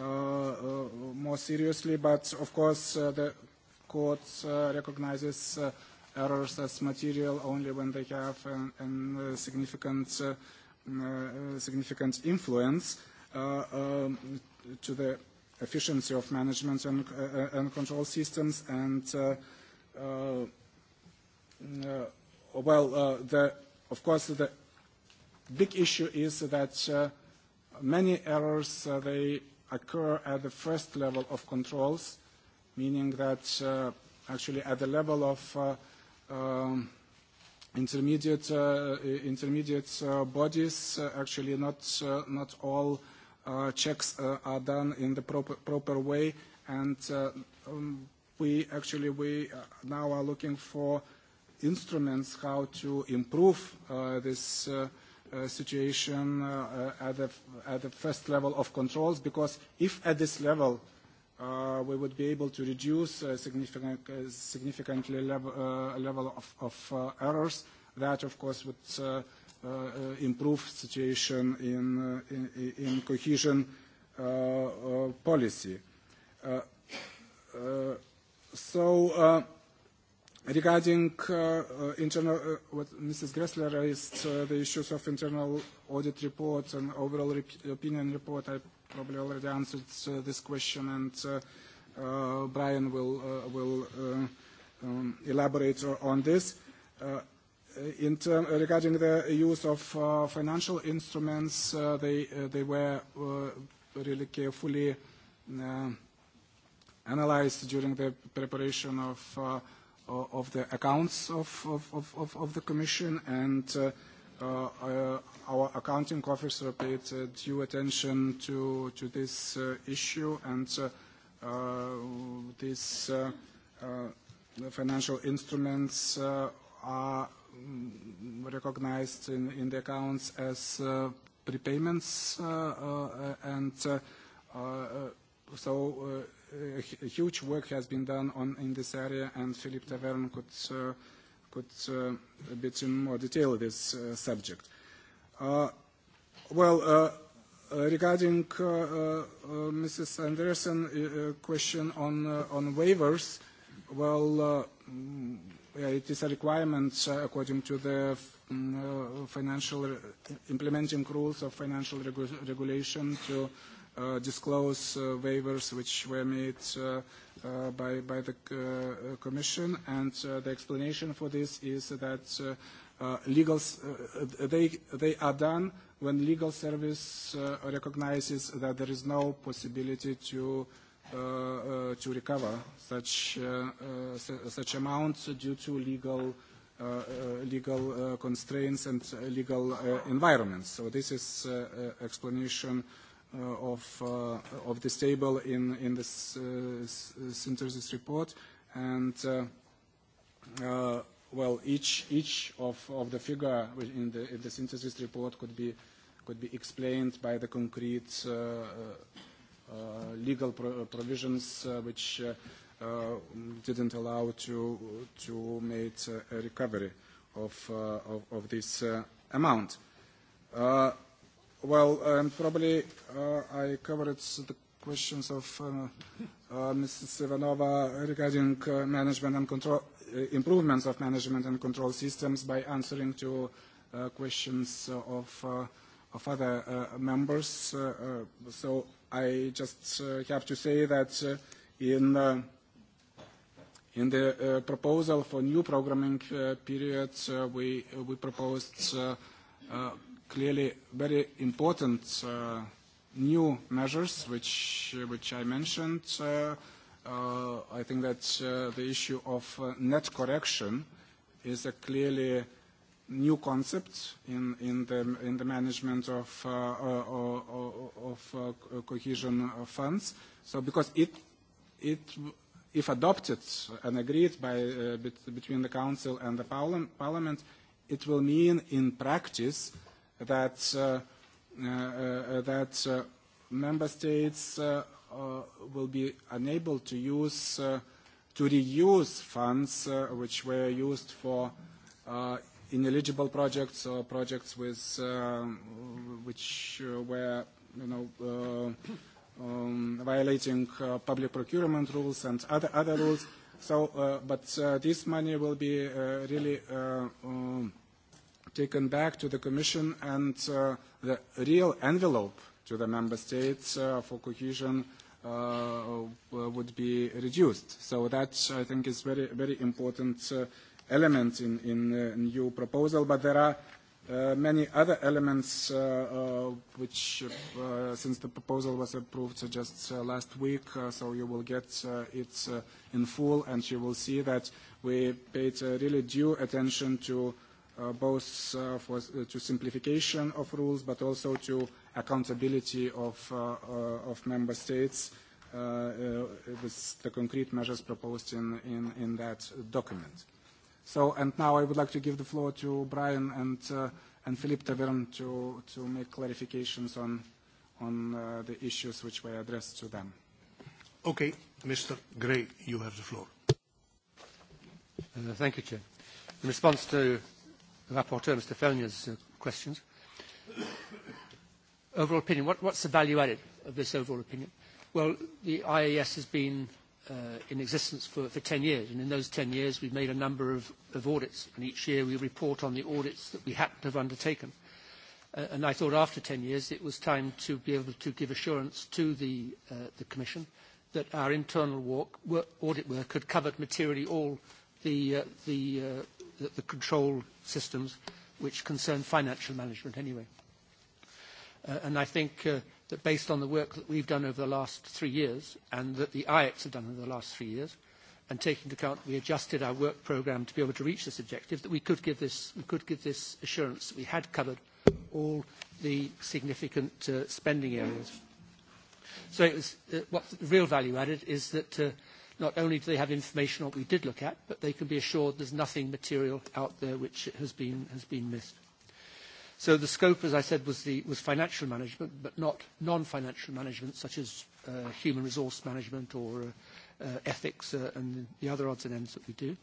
Uh, uh, more seriously, but of course uh, the court uh, errors as material only when they have an, an significant, mm, significant influence um, to the efficiency of management and, and control systems and Uh, well, uh, the, of course, the big issue is that uh, many errors, they occur at the first level of controls, meaning that uh, actually at the level of uh, um, intermediate, uh, intermediate uh, bodies, uh, actually not, uh, not all uh, checks uh, are done in the proper, proper way. And uh, um, we actually we uh, now are looking for instruments how to improve uh, this uh, Uh, situation uh, uh, at the, at, the, first level of controls, because if at this level we would be able to reduce significant, significantly level, level of, of errors, that of course would Uh, improve situation in, uh, in, in cohesion uh, policy. so Regarding uh, uh, internal, uh, what Mrs. Gressler raised, uh, the issues of internal audit report and overall rep opinion report, I probably already answered uh, this question, and uh, uh, Brian will, uh, will uh, um, elaborate on this. Uh, in term, regarding the use of uh, financial instruments, uh, they, uh, they were uh, really carefully uh, analyzed during the preparation of uh, Uh, of the accounts of, of, of, of the Commission, and uh, uh, uh, our accounting officer paid uh, due attention to, to this uh, issue, and uh, uh, these uh, uh, financial instruments uh, are mm, recognized in, in the accounts as uh, prepayments, uh, uh, and uh, uh, so uh, uh, huge work has been done on, in this area, and Philippe Taverne could, uh, could uh, a bit in more detail this uh, subject. Uh, well, uh, uh, regarding uh, uh, uh Mrs. Anderson's uh, uh, question on, uh, on waivers, well, uh, mm, yeah, it is a requirement uh, according to the mm, uh, financial implementing rules of financial regu regulation to Uh, disclose uh, waivers which were made uh, uh, by, by the uh, uh, Commission, and uh, the explanation for this is that uh, uh, legal, uh, uh, they, they are done when legal service uh, recognizes that there is no possibility to uh, uh, to recover such uh, uh, such amounts due to legal uh, uh, legal uh, constraints and legal uh, environments. So this is uh, uh, explanation uh, uh, of, uh, of this table in, in this uh, synthesis report. And, uh, uh, well, each, each of, of the figure in the, in the synthesis report could be, could be explained by the concrete uh, uh, uh legal pro uh, provisions uh, which uh, uh, didn't allow to, to make uh, a recovery of, uh, of, of this uh, amount. Uh, Well, um, probably uh, I covered the questions of uh, uh, Mrs. Ivanova regarding uh, management and control, uh, improvements of management and control systems by answering to uh, questions of, uh, of other uh, members. Uh, uh, so I just uh, have to say that uh, in, uh, in the uh, proposal for new programming uh, period, uh, we, uh, we proposed uh, uh, clearly very important uh, new measures which, which I mentioned. Uh, uh, I think that uh, the issue of uh, net correction is a clearly new concept in, in, the, in the management of, uh, uh, of uh, cohesion funds. So because it, it, if adopted and agreed by, uh, bet between the Council and the parliament, it will mean in practice uh, that, uh, uh, uh, that uh, member states uh, uh, will be unable to use, uh, to reuse funds uh, which were used for uh, ineligible projects or projects with, uh, which uh, were, you know, uh, um, violating uh, public procurement rules and other, other rules. So, uh, but uh, this money will be uh, really uh, um, taken back to the Commission and uh, the real envelope to the Member States uh, for cohesion uh, uh would be reduced. So that, I think, is very, very important uh, element in, in the uh, new proposal. But there are uh, many other elements uh, uh, which, uh, since the proposal was approved just uh, last week, uh, so you will get uh, it uh, in full and you will see that we paid uh, really due attention to uh, uh, both uh, for, uh, to simplification of rules, but also to accountability of, uh, uh, of member states uh, uh, with the concrete measures proposed in, in, in that document. So, and now I would like to give the floor to Brian and, uh, and Philippe Tavern to, to make clarifications on, on uh, the issues which were addressed to them. Okay, Mr. Gray, you have the floor. Uh, thank you, Chair. In response to Rapporteur, Mr. Fellner's uh, questions. overall opinion, what, what's the value added of this overall opinion? Well, the IAS has been uh, in existence for, for 10 years, and in those 10 years we've made a number of, of audits, and each year we report on the audits that we happen to have undertaken. Uh, and I thought after 10 years it was time to be able to give assurance to the, uh, the Commission that our internal work, work, audit work had covered materially all the, uh, the uh, the, the control systems which concern financial management anyway. Uh, and I think uh, that based on the work that we've done over the last three years and that the IEX have done over the last three years, and taking into account we adjusted our work programme to be able to reach this objective, that we could give this, we could give this assurance that we had covered all the significant uh, spending areas. So it was, uh, what the real value added is that uh, Not only do they have information on what we did look at, but they can be assured there's nothing material out there which has been, has been missed. So the scope, as I said, was, the, was financial management, but not non-financial management, such as uh, human resource management or uh, uh, ethics uh, and the other odds and ends that we do.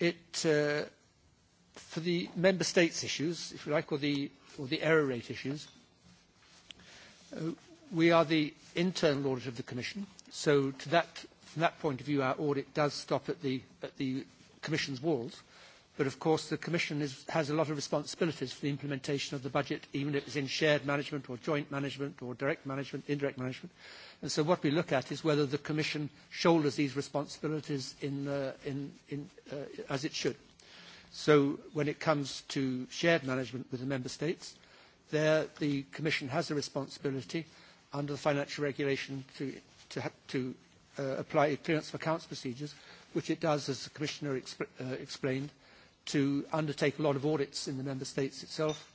It, uh, for the member states issues, if you like, or the, or the error rate issues, uh, we are the internal audit of the Commission, so to that, from that point of view, our audit does stop at the, at the Commission's walls. But of course, the Commission is, has a lot of responsibilities for the implementation of the budget, even if it's in shared management or joint management or direct management, indirect management. And so what we look at is whether the Commission shoulders these responsibilities in, uh, in, in, uh, as it should. So when it comes to shared management with the Member States, there the Commission has a responsibility under the financial regulation to, to, to uh, apply clearance of accounts procedures, which it does, as the Commissioner exp uh, explained, to undertake a lot of audits in the Member States itself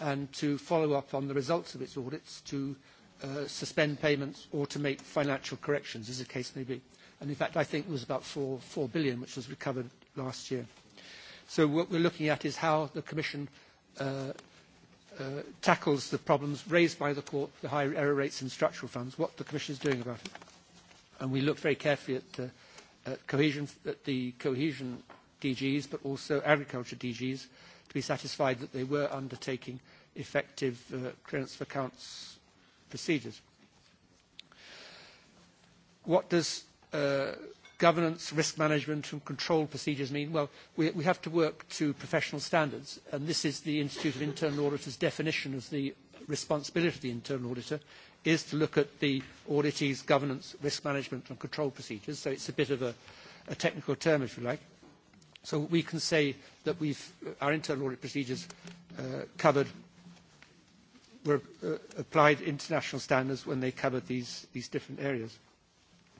and to follow up on the results of its audits to uh, suspend payments or to make financial corrections, as the case may be. And in fact, I think it was about 4, 4 billion, which was recovered last year. So what we're looking at is how the Commission uh, uh, tackles the problems raised by the court, the high error rates in structural funds, what the Commission is doing about it. And we look very carefully at, uh, at, cohesion, at the cohesion DGs, but also agriculture DGs, to be satisfied that they were undertaking effective uh, clearance of accounts procedures. What does uh, governance, risk management and control procedures mean? Well, we, we have to work to professional standards, and this is the Institute of Internal Auditors' definition of the responsibility of the internal auditor, is to look at the auditee's governance, risk management and control procedures. So it's a bit of a, a technical term, if you like. So we can say that we've, our internal audit procedures uh, covered were uh, applied international standards when they covered these, these different areas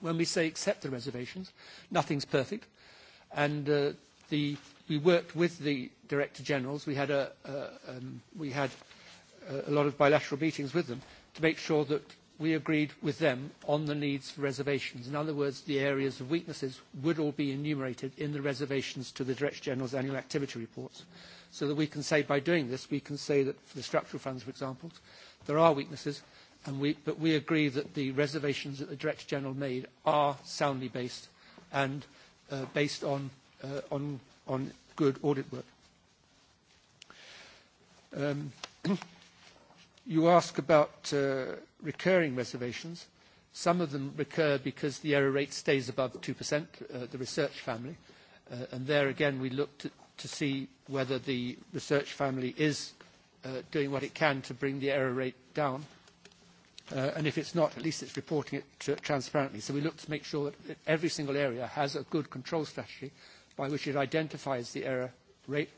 when we say accept the reservations, nothing's perfect. And uh, the, we worked with the Director Generals. We had, a, uh, um, we had a, a lot of bilateral meetings with them to make sure that we agreed with them on the needs for reservations. In other words, the areas of weaknesses would all be enumerated in the reservations to the Director General's annual activity reports, so that we can say by doing this, we can say that for the structural funds, for example, there are weaknesses, And we, but we agree that the reservations that the Director General made are soundly based and uh, based on, uh, on, on good audit work. Um, [clears throat] you ask about uh, recurring reservations. Some of them recur because the error rate stays above 2%, uh, the research family. Uh, and there again, we look to, to see whether the research family is uh, doing what it can to bring the error rate down. Uh, and if it's not, at least it's reporting it transparently. So we look to make sure that every single area has a good control strategy by which it identifies the error rate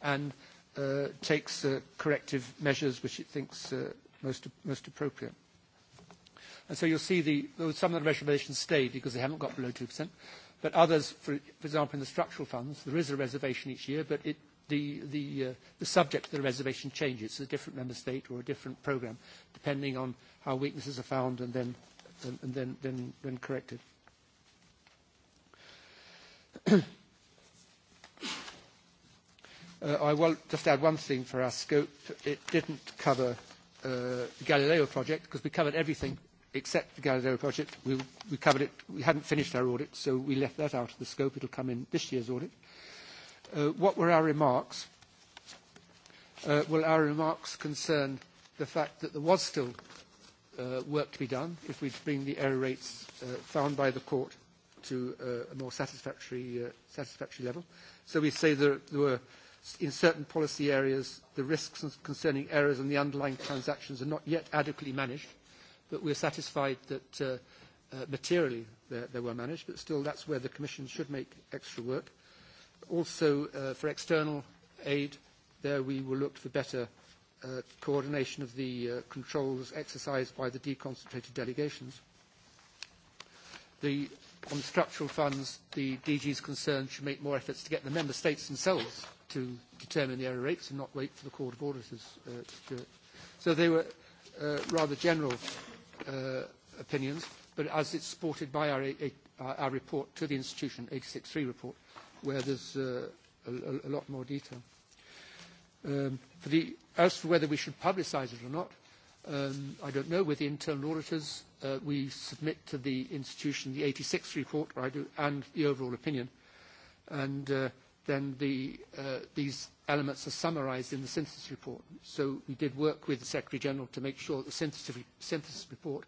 and uh, takes uh, corrective measures which it thinks uh, most, most appropriate. And so you'll see the, some of the reservations stay because they haven't got below 2%, but others, for, for example, in the structural funds, there is a reservation each year, but it the, the, uh, the subject of the reservation changes. It's a different member state or a different programme, depending on how weaknesses are found and then, and, and then, then, then corrected. uh, I will just add one thing for our scope. It didn't cover uh, the Galileo project because we covered everything except the Galileo project. We, we covered it. We hadn't finished our audit, so we left that out of the scope. It'll come in this year's audit. Uh, Uh, what were our remarks? Uh, well, our remarks concern the fact that there was still uh, work to be done if we'd bring the error rates uh, found by the court to uh, a more satisfactory, satisfactory level. So we say that there were, in certain policy areas, the risks concerning errors and the underlying transactions are not yet adequately managed, but we're satisfied that uh, uh, materially they were managed, but still that's where the Commission should make extra work. Also, uh, for external aid, there we will look for better uh, coordination of the uh, controls exercised by the deconcentrated delegations. The, on the structural funds, the DG's concern should make more efforts to get the member states themselves to determine the error rates and not wait for the Court of Auditors uh, to do it. So they were uh, rather general uh, opinions, but as it's supported by our, our report to the institution, 86.3 report, where there's uh, a, a lot more detail. Um, for the, as to whether we should publicise it or not, um, I don't know. With the internal auditors, uh, we submit to the institution the 86th report, I do, and the overall opinion, and uh, then the, uh, these elements are summarised in the synthesis report. So we did work with the Secretary General to make sure that the synthesis, report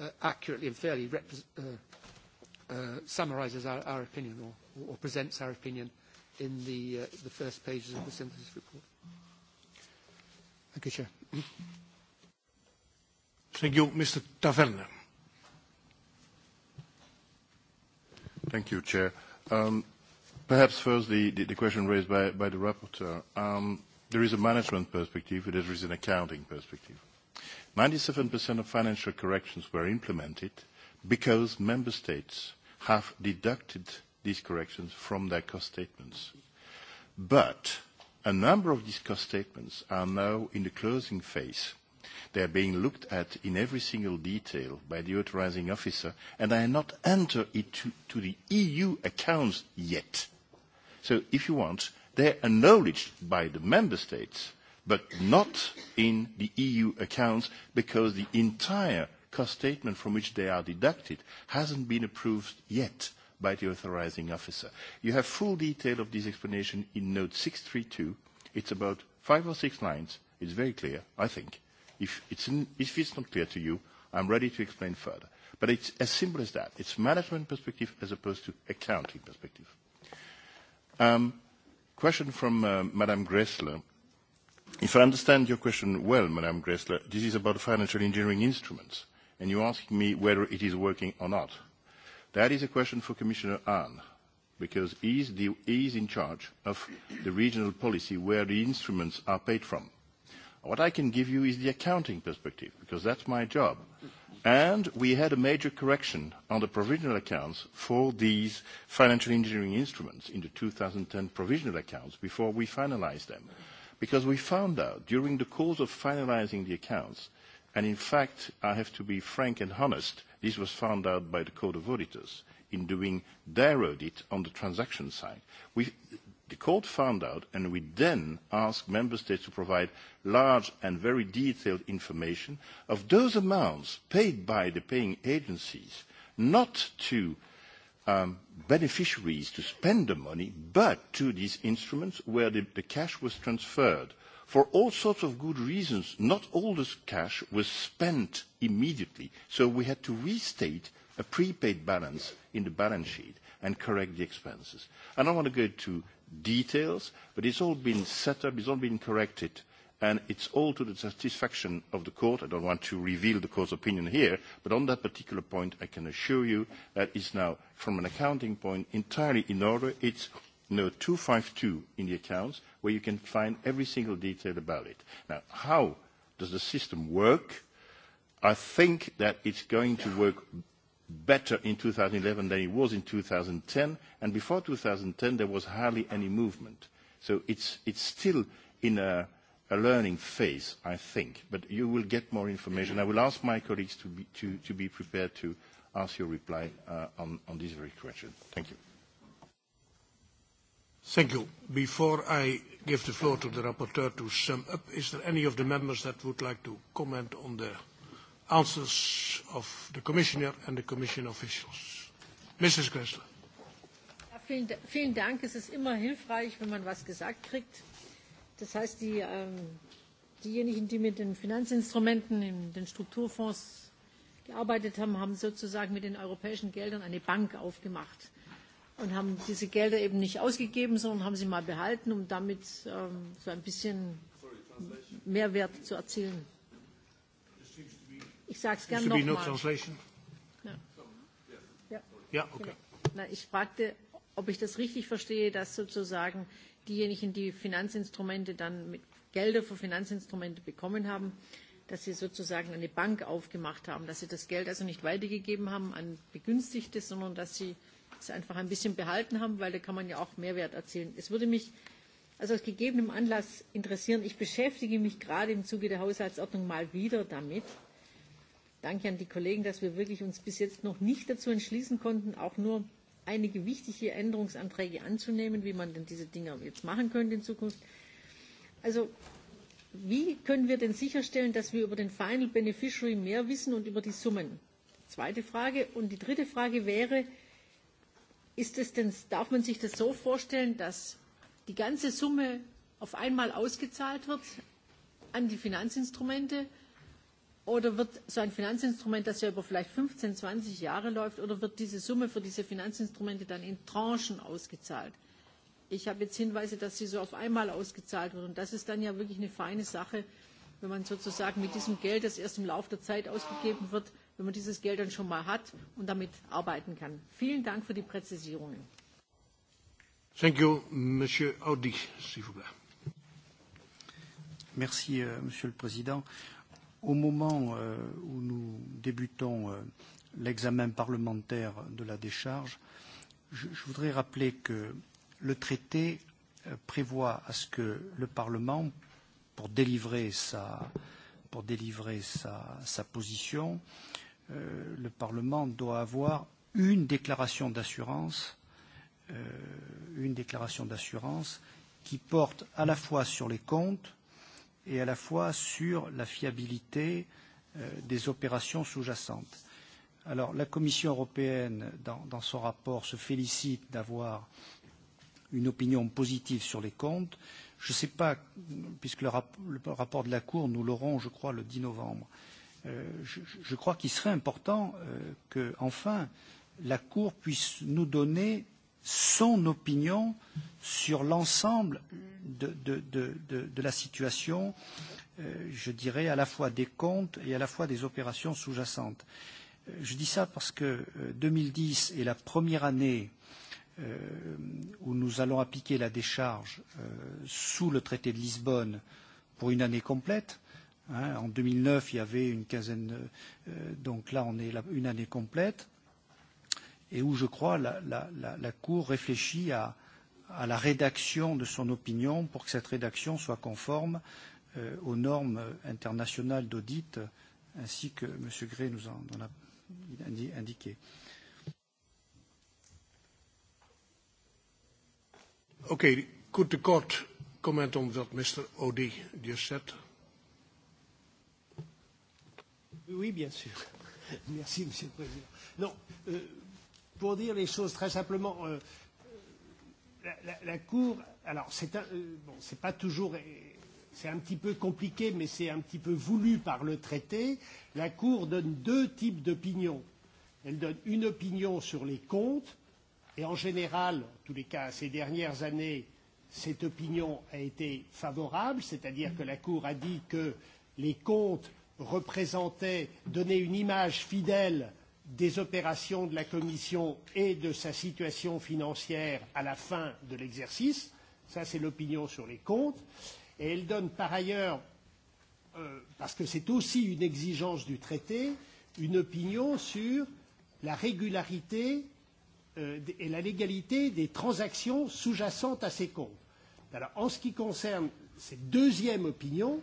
uh, accurately and fairly represents. uh, uh, summarises our, our opinion or, or presents our opinion in the, uh, the first pages of the synthesis report. Thank you, Chair. Thank you, Mr. Taverner. Thank you, Chair. Um, perhaps first the, the, the question raised by, by the rapporteur. Um, there is a management perspective, but there is an accounting perspective. 97% of financial corrections were implemented because member states have deducted these corrections from their cost statements. But a number of these cost statements are now in the closing phase. They are being looked at in every single detail by the authorizing officer, and they are not entered into to the EU accounts yet. So if you want, they are acknowledged by the member states, but not in the EU accounts because the entire cost statement from which they are deducted hasn't been approved yet by the authorizing officer. You have full detail of this explanation in note 632. It's about five or six lines. It's very clear, I think. If it's, in, if it's not clear to you, I'm ready to explain further. But it's as simple as that. It's management perspective as opposed to accounting perspective. Um, question from uh, Madame Gressler. If I understand your question well, Madame Gressler, this is about financial engineering instruments and you ask me whether it is working or not. That is a question for Commissioner Hahn, because he is, the, he is in charge of the regional policy where the instruments are paid from. What I can give you is the accounting perspective, because that's my job. And we had a major correction on the provisional accounts for these financial engineering instruments in the 2010 provisional accounts before we finalized them. Because we found out during the course of finalizing the accounts And in fact, I have to be frank and honest, this was found out by the Court of Auditors in doing their audit on the transaction side. We, the court found out, and we then asked member states to provide large and very detailed information of those amounts paid by the paying agencies, not to um, beneficiaries to spend the money, but to these instruments where the, the cash was transferred for all sorts of good reasons, not all this cash was spent immediately. So we had to restate a prepaid balance in the balance sheet and correct the expenses. I don't want to go into details, but it's all been set up, it's all been corrected, and it's all to the satisfaction of the court. I don't want to reveal the court's opinion here, but on that particular point, I can assure you that it's now, from an accounting point, entirely in order. It's note 252 in the accounts, where you can find every single detail about it. Now, how does the system work? I think that it's going to work better in 2011 than it was in 2010, and before 2010, there was hardly any movement. So it's, it's still in a, a learning phase, I think, but you will get more information. I will ask my colleagues to be, to, to be prepared to ask your reply uh, on, on this very question. Thank you. Thank you. Before I give the floor to the rapporteur to sum up, is there any of the members that would like to comment on the answers of the Commissioner and the Commission officials? Mrs. Gressler. Ja, vielen, vielen Dank. Es ist immer hilfreich, wenn man was gesagt kriegt. Das heißt, die, ähm, diejenigen, die mit den Finanzinstrumenten in den Strukturfonds gearbeitet haben, haben sozusagen mit den europäischen Geldern eine Bank aufgemacht und haben diese Gelder eben nicht ausgegeben, sondern haben sie mal behalten, um damit ähm, so ein bisschen Mehrwert zu erzielen. Ich sage es gerne nochmal. No ja. Ja. ja, okay. Na, ich fragte, ob ich das richtig verstehe, dass sozusagen diejenigen, die Finanzinstrumente dann mit Gelder für Finanzinstrumente bekommen haben, dass sie sozusagen eine Bank aufgemacht haben, dass sie das Geld also nicht weitergegeben haben an Begünstigte, sondern dass sie es einfach ein bisschen behalten haben, weil da kann man ja auch Mehrwert erzielen. Es würde mich also aus gegebenem Anlass interessieren, ich beschäftige mich gerade im Zuge der Haushaltsordnung mal wieder damit. Danke an die Kollegen, dass wir wirklich uns bis jetzt noch nicht dazu entschließen konnten, auch nur einige wichtige Änderungsanträge anzunehmen, wie man denn diese Dinge jetzt machen könnte in Zukunft. Also wie können wir denn sicherstellen, dass wir über den Final Beneficiary mehr wissen und über die Summen? Zweite Frage. Und die dritte Frage wäre, Ist es denn, darf man sich das so vorstellen, dass die ganze Summe auf einmal ausgezahlt wird an die Finanzinstrumente? Oder wird so ein Finanzinstrument, das ja über vielleicht 15, 20 Jahre läuft, oder wird diese Summe für diese Finanzinstrumente dann in Tranchen ausgezahlt? Ich habe jetzt Hinweise, dass sie so auf einmal ausgezahlt wird. Und das ist dann ja wirklich eine feine Sache, wenn man sozusagen mit diesem Geld, das erst im Laufe der Zeit ausgegeben wird, wenn man dieses Geld dann schon mal hat und damit arbeiten kann. Vielen Dank für die Präzisierungen. Thank you, Monsieur Audi, s'il vous plaît. Merci, euh, Monsieur le Président. Au moment euh, où nous débutons euh, l'examen parlementaire de la décharge, je, je voudrais rappeler que le traité euh, prévoit à ce que le Parlement, pour délivrer sa, pour délivrer sa, sa position, Euh, le Parlement doit avoir une déclaration d'assurance, euh, une déclaration d'assurance qui porte à la fois sur les comptes et à la fois sur la fiabilité euh, des opérations sous-jacentes. Alors la Commission européenne, dans, dans son rapport, se félicite d'avoir une opinion positive sur les comptes. Je ne sais pas, puisque le, rap le rapport de la Cour, nous l'aurons, je crois, le 10 novembre. Euh, Euh, je, je crois qu'il serait important euh, que, enfin, la Cour puisse nous donner son opinion sur l'ensemble de, de, de, de, de la situation, euh, je dirais, à la fois des comptes et à la fois des opérations sous-jacentes. Euh, je dis ça parce que 2010 euh, est la première année euh, où nous allons appliquer la décharge euh, sous le traité de Lisbonne pour une année complète. Euh, Hein, en 2009, il y avait une quinzaine, De, euh, donc là on est là, une année complète, et où je crois la, la, la, la Cour réfléchit à, à la rédaction de son opinion pour que cette rédaction soit conforme euh, aux normes internationales d'audit, ainsi que M. Gray nous en, en a indiqué. Ok, could the court comment on what Mr. Odi just said? Oui, bien sûr. [laughs] Merci, Monsieur le Président. Non, euh, pour dire les choses très simplement, euh, euh la, la, la Cour, alors c'est euh, bon, pas toujours, euh, c'est un petit peu compliqué, mais c'est un petit peu voulu par le traité. La Cour donne deux types d'opinions. Elle donne une opinion sur les comptes, et en général, en tous les cas ces dernières années, cette opinion a été favorable, c'est-à-dire que la Cour a dit que les comptes représentait, donnait une image fidèle des opérations de la Commission et de sa situation financière à la fin de l'exercice. Ça, c'est l'opinion sur les comptes. Et elle donne par ailleurs, euh, parce que c'est aussi une exigence du traité, une opinion sur la régularité euh, et la légalité des transactions sous-jacentes à ces comptes. Alors, en ce qui concerne cette deuxième opinion,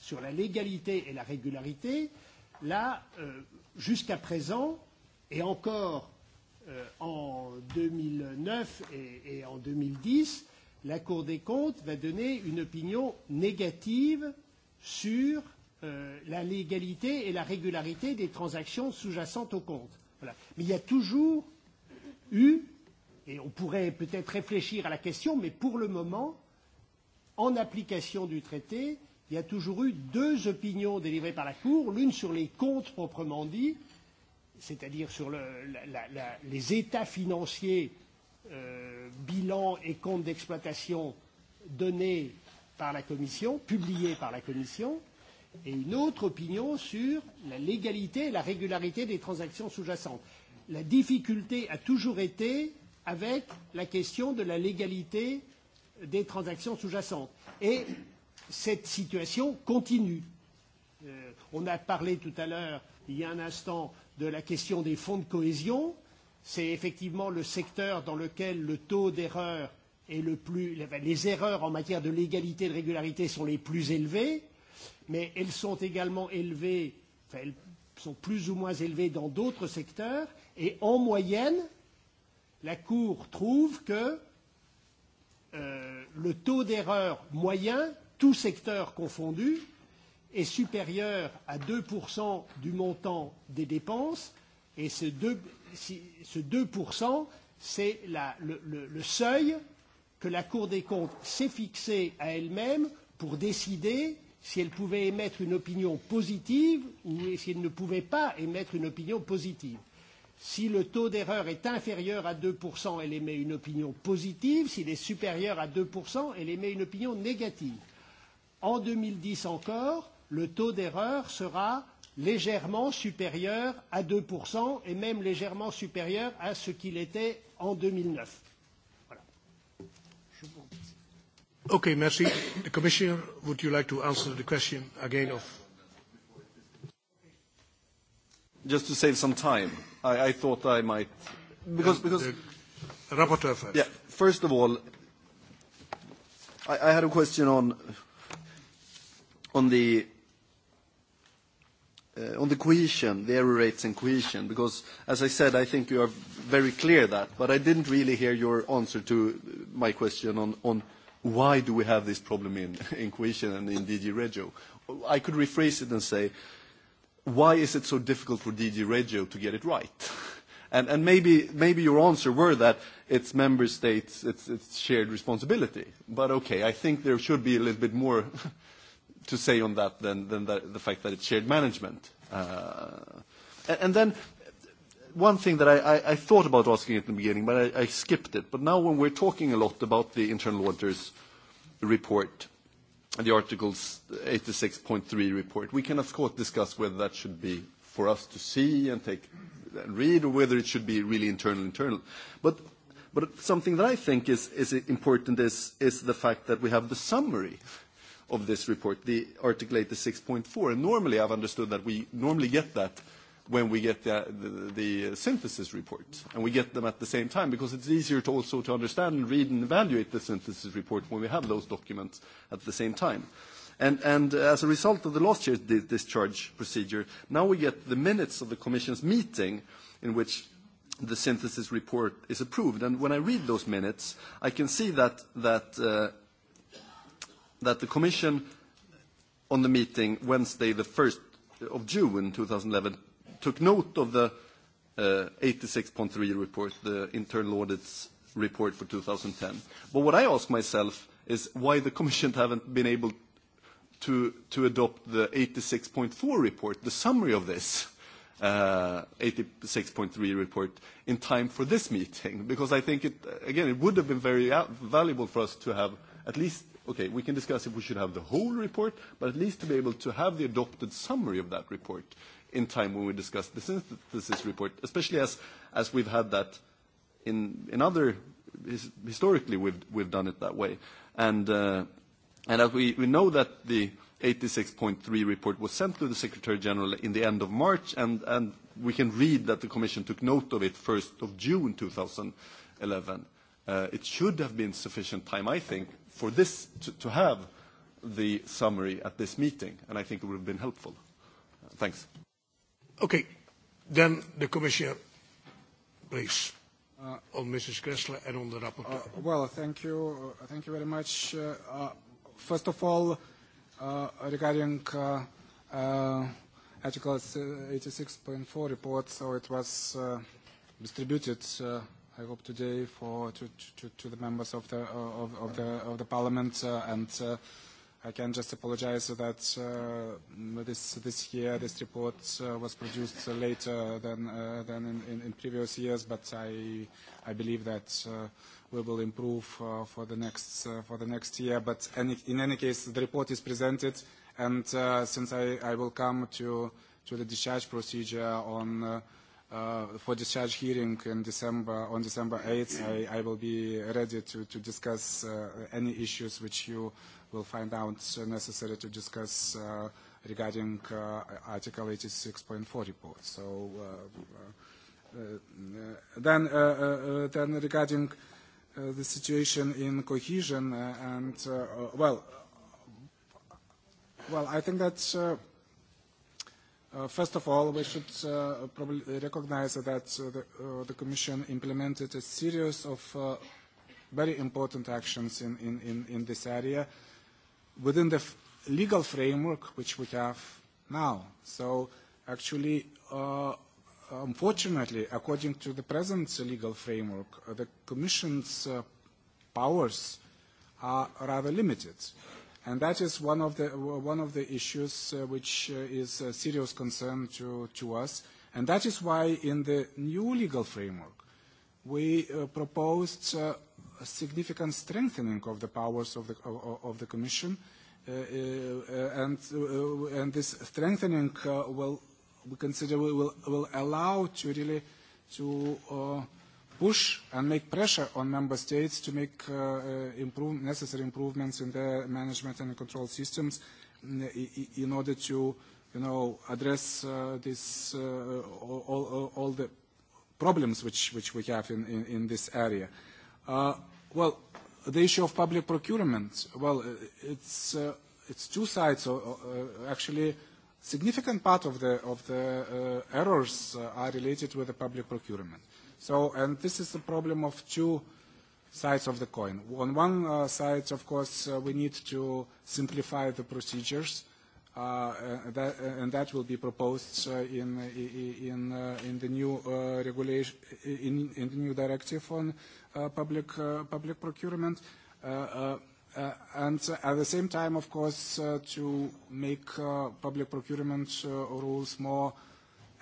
sur la légalité et la régularité, là, euh, jusqu'à présent, et encore euh, en 2009 et, et en 2010, la Cour des comptes va donner une opinion négative sur euh, la légalité et la régularité des transactions sous-jacentes au compte. Voilà. Mais il y a toujours eu, et on pourrait peut-être réfléchir à la question, mais pour le moment, en application du traité, il y a toujours eu deux opinions délivrées par la Cour, l'une sur les comptes proprement dits, c'est-à-dire sur le, la, la, la, les états financiers, euh, bilan et comptes d'exploitation donnés par la Commission, publiés par la Commission, et une autre opinion sur la légalité et la régularité des transactions sous-jacentes. La difficulté a toujours été avec la question de la légalité des transactions sous-jacentes. Et cette situation continue. Euh, on a parlé tout à l'heure, il y a un instant, de la question des fonds de cohésion. C'est effectivement le secteur dans lequel le taux d'erreur est le plus. Les erreurs en matière de légalité et de régularité sont les plus élevées, mais elles sont également élevées, enfin, elles sont plus ou moins élevées dans d'autres secteurs. Et en moyenne, la Cour trouve que euh, le taux d'erreur moyen tous secteurs confondus, est supérieur à 2% du montant des dépenses, et ce 2%, ce 2% c'est la, le, le, le seuil que la Cour des comptes s'est fixé à elle-même pour décider si elle pouvait émettre une opinion positive ou si elle ne pouvait pas émettre une opinion positive. Si le taux d'erreur est inférieur à 2%, elle émet une opinion positive. S'il est supérieur à 2%, elle émet une opinion négative. En 2010 encore, le taux d'erreur sera légèrement supérieur à 2% et même légèrement supérieur à ce qu'il était en 2009. Voilà. Je vous remercie. Ok, merci. The [coughs] Commissioner, would you like to answer the question again of just to save some time, I, I thought I might because because the rapporteur first. Yeah, first of all, I, I had a question on on the uh, on the cohesion, the error rates and cohesion, because as I said, I think you are very clear that, but I didn't really hear your answer to my question on, on why do we have this problem in, [laughs] in cohesion and in DG Regio. I could rephrase it and say, why is it so difficult for DG Regio to get it right? [laughs] and, and maybe, maybe your answer were that it's member states, it's, it's shared responsibility. But okay, I think there should be a little bit more [laughs] to say on that than, than the, fact that it's shared management. Uh, and, then one thing that I, I, thought about asking at the beginning, but I, skipped it. But now when we're talking a lot about the internal auditors report, the Articles 86.3 report, we can of course discuss whether that should be for us to see and take and read, or whether it should be really internal, internal. But, but something that I think is, is important is, is the fact that we have the summary of this report, the Article 86.4. And normally, I've understood that we normally get that when we get the, the, the synthesis report, and we get them at the same time because it's easier to also to understand and read and evaluate the synthesis report when we have those documents at the same time. And, and as a result of the last year's discharge procedure, now we get the minutes of the Commission's meeting in which the synthesis report is approved. And when I read those minutes, I can see that, that uh, that the Commission on the meeting Wednesday the 1st of June 2011 took note of the uh, 86.3 report, the internal audits report for 2010. But what I ask myself is why the Commission haven't been able to, to adopt the 86.4 report, the summary of this uh, 86.3 report, in time for this meeting. Because I think, it, again, it would have been very uh, valuable for us to have at least okay, we can discuss if we should have the whole report, but at least to be able to have the adopted summary of that report in time when we discuss the synthesis report, especially as, as we've had that in, in other, his, historically we've, we've done it that way. And, uh, and as we, we know that the 86.3 report was sent to the Secretary General in the end of March, and, and we can read that the Commission took note of it 1st of June 2011. Uh, it should have been sufficient time, I think, for this to, to have the summary at this meeting, and I think it would have been helpful. thanks. Okay. Then the Commissioner, please, uh, on Mrs. Gressler and on the rapporteur. Uh, well, thank you. Uh, thank you very much. Uh, uh, first of all, uh, regarding uh, uh, Article 86.4 report, so it was uh, distributed uh, I hope today for to, to, to the members of the uh, of, of the of the parliament uh, and uh, I can just apologize that uh, this this year this report uh, was produced uh, later than uh, than in, in, in previous years but I I believe that uh, we will improve uh, for the next uh, for the next year but any, in any case the report is presented and uh, since I, I will come to to the discharge procedure on uh, uh, for discharge hearing in December, on December 8th, I, I will be ready to, to discuss uh, any issues which you will find out necessary to discuss uh, regarding uh, Article 86.4 report. So uh, uh, uh then, uh, uh, uh, then regarding uh, the situation in cohesion uh, and, uh, uh well, well, I think that uh, Uh, first of all, we should uh, probably recognize that uh, the, uh, the Commission implemented a series of uh, very important actions in, in, in, in this area within the legal framework which we have now. So actually, uh, unfortunately, according to the present legal framework, uh, the Commission's uh, powers are rather limited. Uh, And that is one of the, one of the issues uh, which uh, is a uh, serious concern to, to us. And that is why in the new legal framework, we uh, proposed uh, a significant strengthening of the powers of the, of, of the Commission. Uh, uh, and, uh, and this strengthening uh, will, we consider will, will, allow to really to uh, push and make pressure on member states to make uh, uh, improve, necessary improvements in their management and control systems in, in order to you know, address uh, this, uh, all, all, all the problems which, which we have in, in, in this area. Uh, well, the issue of public procurement, well, uh, it's, uh, it's two sides. Uh, actually, significant part of the, of the uh, errors uh, are related with the public procurement. So, and this is the problem of two sides of the coin. On one uh, side, of course, uh, we need to simplify the procedures, uh, and, uh, that, uh, and that will be proposed uh, in, uh, in, uh, in the new uh, regulation, in, in the new directive on uh, public, uh, public procurement. Uh, uh, uh, and at the same time, of course, uh, to make uh, public procurement uh, rules more uh,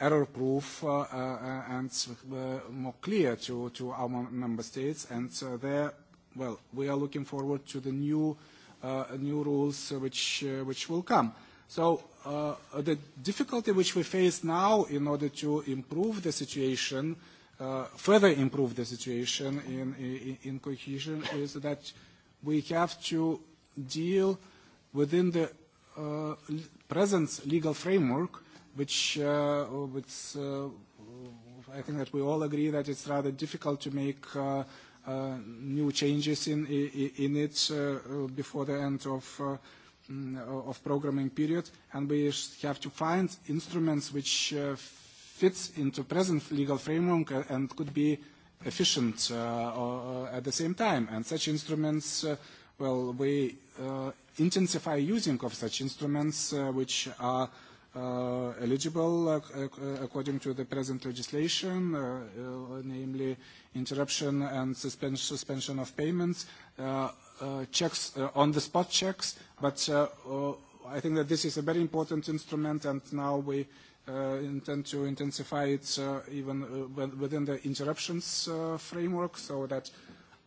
error-proof uh, uh, and uh, more clear to, to our member states. And uh, there, well, we are looking forward to the new, uh, new rules uh, which, uh, which will come. So uh, the difficulty which we face now in order to improve the situation, uh, further improve the situation in, in, in cohesion is that we have to deal within the uh, present legal framework which, uh, oh, uh, I think that we all agree that it's rather difficult to make uh, uh, new changes in, in it uh, uh, before the end of, uh, mm, of programming period, and we have to find instruments which uh, fits into present legal framework and could be efficient uh, uh, at the same time. And such instruments, uh, well, we uh, intensify using of such instruments uh, which are uh, eligible uh, uh, according to the present legislation, uh, uh, namely interruption and suspension of payments, uh, uh, checks, uh, on-the-spot checks, but uh, uh, I think that this is a very important instrument and now we uh, intend to intensify it uh, even uh, within the interruptions uh, framework so that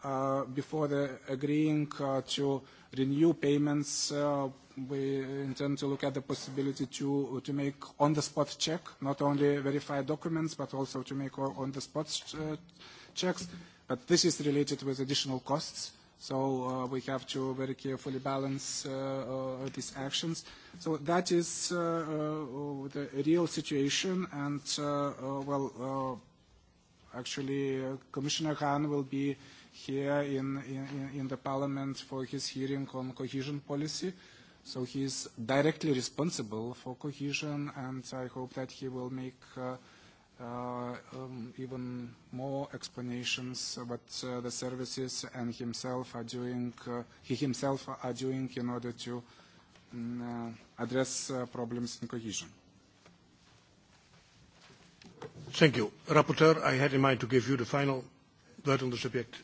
uh, before the agreeing uh, to renew payments, uh, we uh, intend to look at the possibility to, uh, to make on-the-spot check, not only verify documents, but also to make on-the-spot uh, checks. But this is related with additional costs. So uh, we have to very carefully balance uh, uh, these actions. So that is uh, uh, the real situation. And, uh, uh, well, uh, actually, uh, Commissioner Hahn will be here in, in, in the Parliament for his hearing on cohesion policy. So he is directly responsible for cohesion, and I hope that he will make uh, uh, um, even more explanations what uh, the services and himself are doing, uh, he himself are doing in order to um, uh, address uh, problems in cohesion. Thank you. Rapporteur, I had in mind to give you the final word on the subject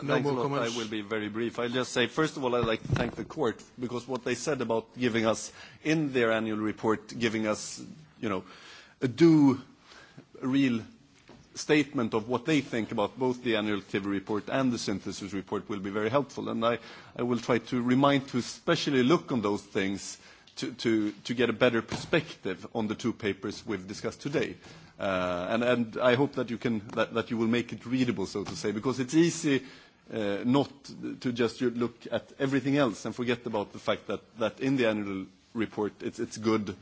no thanks more a lot. Comments. I will be very brief. I'll just say, first of all, I'd like to thank the court because what they said about giving us, in their annual report, giving us, you know, a due, real statement of what they think about both the annual activity report and the synthesis report will be very helpful. I, will try to remind to especially look on those things to get a better perspective on the two papers we've discussed today. Uh, and, and I hope that you, can, that, that you will make it readable, so to say, because it's easy uh, not to just look at everything else and forget about the fact that, that in the annual report, it's, it's good.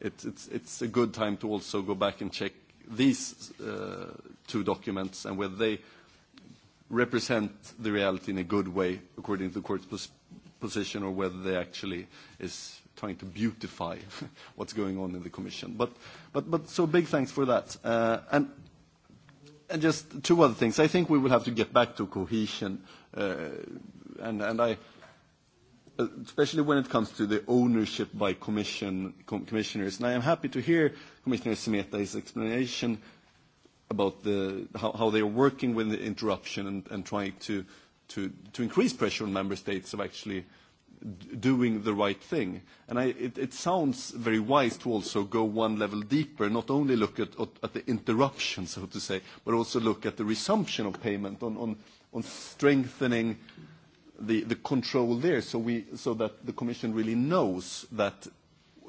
It's, it's, it's a good time to also go back and check these uh, two documents and whether they represent the reality in a good way according to the court's pos position, or whether they actually is trying to beautify [laughs] what's going on in the Commission. But, but, but so big thanks for that. Uh, and, and just two other things. I think we will have to get back to cohesion, uh, and, and I, especially when it comes to the ownership by commission, com commissioners. And I am happy to hear Commissioner Semeta's explanation about the, how, how they are working with the interruption and, and trying to, to, to increase pressure on member states of actually uh, doing the right thing. And it, sounds very wise to also go one level deeper, not only look at, the interruption, so to say, but also look at the resumption of payment on, strengthening the, control there so that the Commission really knows that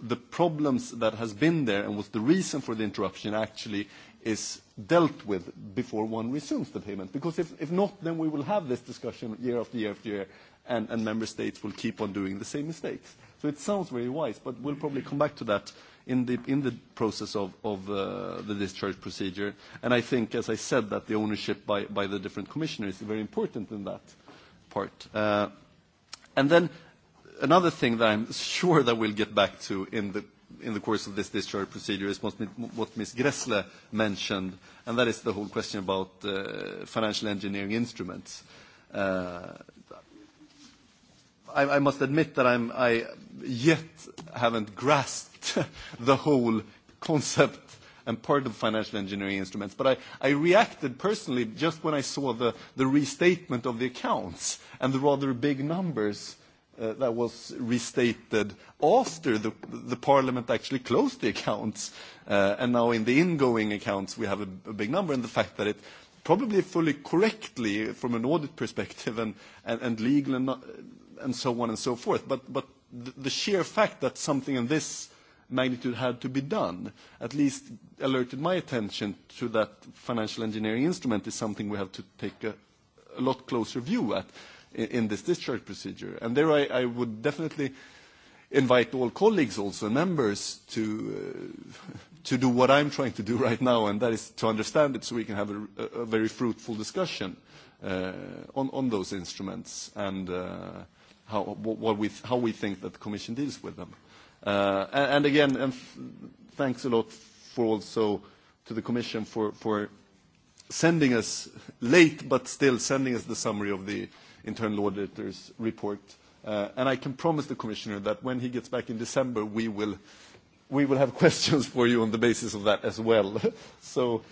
the problems that has been there and was the reason for the interruption actually is dealt with before one resumes the payment. Because if, if not, then we will have this discussion year after year after year, and, and member states will keep on doing the same mistakes. So it sounds very wise, but we'll probably come back to that in the, in the process of, of uh, the discharge procedure. And I think, as I said, that the ownership by, by the different commissioners is very important in that part. Uh, and then another thing that I'm [laughs] sure that we'll get back to in the in the course of this discharge procedure is what Ms. Gressle mentioned, and that is the whole question about uh, financial engineering instruments. Uh, I, I must admit that I'm, I yet haven't grasped [laughs] the whole concept and part of financial engineering instruments. But I, I reacted personally just when I saw the, the restatement of the accounts and the rather big numbers Uh, that was restated after the, the parliament actually closed the accounts. Uh, and now in the ingoing accounts, we have a, a big number, and the fact that it probably fully correctly from an audit perspective and, and, and legal and, not, uh, and so on and so forth. But, but the, the sheer fact that something in this magnitude had to be done at least alerted my attention to that financial engineering instrument is something we have to take a, a lot closer view at in, this discharge procedure. And there I, I would definitely invite all colleagues, also members, to, uh, to do what I'm trying to do right now, and that is to understand it so we can have a, a very fruitful discussion uh, on, on those instruments and uh, how, what we, how we think that the Commission deals with them. Uh, and, and again, and thanks a lot for also to the Commission for, for sending us late, but still sending us the summary of the internal auditor's report. Uh, and I can promise the commissioner that when he gets back in December, we will, have [laughs] questions for you on the basis of that as well. [laughs] so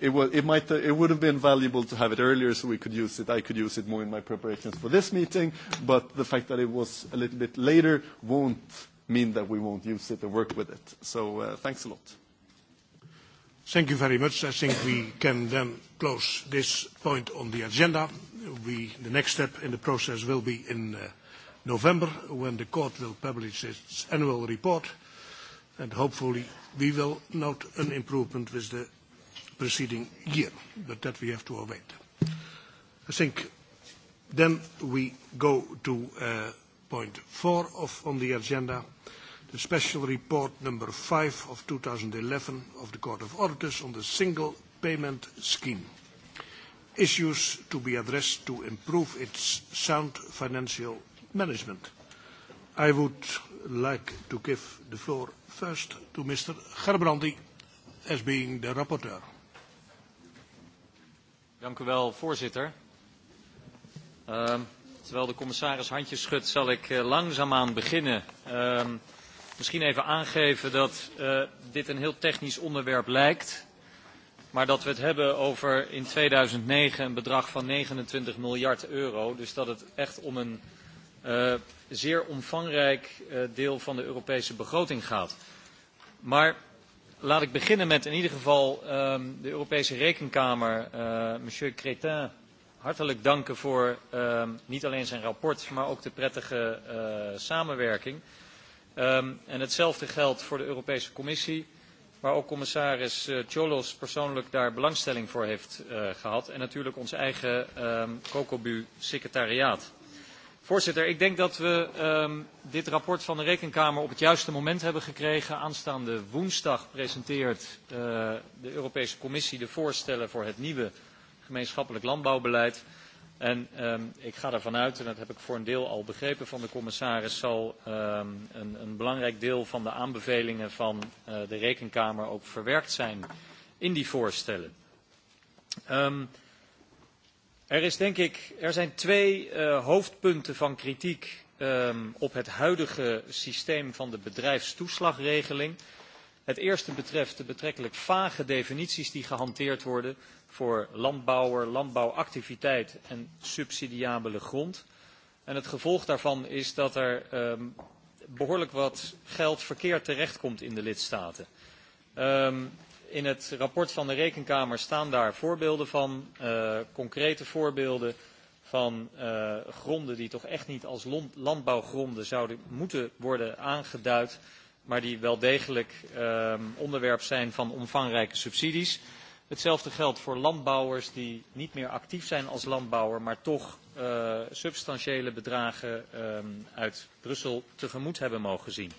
it, might, it would have been valuable to have it earlier so we could use it. I could use it more in my preparations for this meeting, but the fact that it was a little bit later won't mean that we won't use it and work with it. So uh, thanks a lot. Thank you very much. I think we can then close this point on the agenda we, the next step in the process will be in uh, November when the court will publish its annual report and hopefully we will note an improvement with the preceding year, but that we have to await. I think then we go to uh, point four of, on the agenda, the special report number five of 2011 of the Court of Auditors on the single payment scheme issues to be addressed to improve its sound financial management. I would like to give the floor first to Mr. Gerbrandy as being the rapporteur. Dank u wel, voorzitter. Ehm, terwijl de commissaris handjes schudt, zal ik eh, langzaamaan beginnen. Ehm, misschien even aangeven dat eh, dit een heel technisch onderwerp lijkt. Maar dat we het hebben over in 2009 een bedrag van 29 miljard euro. Dus dat het echt om een uh, zeer omvangrijk uh, deel van de Europese begroting gaat. Maar laat ik beginnen met in ieder geval um, de Europese Rekenkamer, uh, monsieur Cretin, hartelijk danken voor um, niet alleen zijn rapport, maar ook de prettige uh, samenwerking. Um, en hetzelfde geldt voor de Europese Commissie waar ook commissaris eh, Cholos persoonlijk daar belangstelling voor heeft eh, gehad. En natuurlijk ons eigen COCOBU-secretariaat. Ehm, Voorzitter, ik denk dat we um, dit rapport van de Rekenkamer op het juiste moment hebben gekregen. Aanstaande woensdag presenteert uh, de Europese Commissie de voorstellen voor het nieuwe gemeenschappelijk landbouwbeleid. En um, ik ga ervan uit, en dat heb ik voor een deel al begrepen van de commissaris, zal um, een, een belangrijk deel van de aanbevelingen van uh, de Rekenkamer ook verwerkt zijn in die voorstellen. Um, er, is, denk ik, er zijn twee uh, hoofdpunten van kritiek um, op het huidige systeem van de bedrijfstoeslagregeling. Het eerste betreft de betrekkelijk vage definities die gehanteerd worden voor landbouwer, landbouwactiviteit en subsidiabele grond. En het gevolg daarvan is dat er um, behoorlijk wat geld verkeerd terechtkomt in de lidstaten. Um, in het rapport van de Rekenkamer staan daar voorbeelden van, uh, concrete voorbeelden van uh, gronden die toch echt niet als landbouwgronden zouden moeten worden aangeduid, maar die wel degelijk uh, onderwerp zijn van omvangrijke subsidies. Hetzelfde geldt voor landbouwers die niet meer actief zijn als landbouwer, maar toch uh, substantiële bedragen um, uit Brussel tegemoet hebben mogen zien.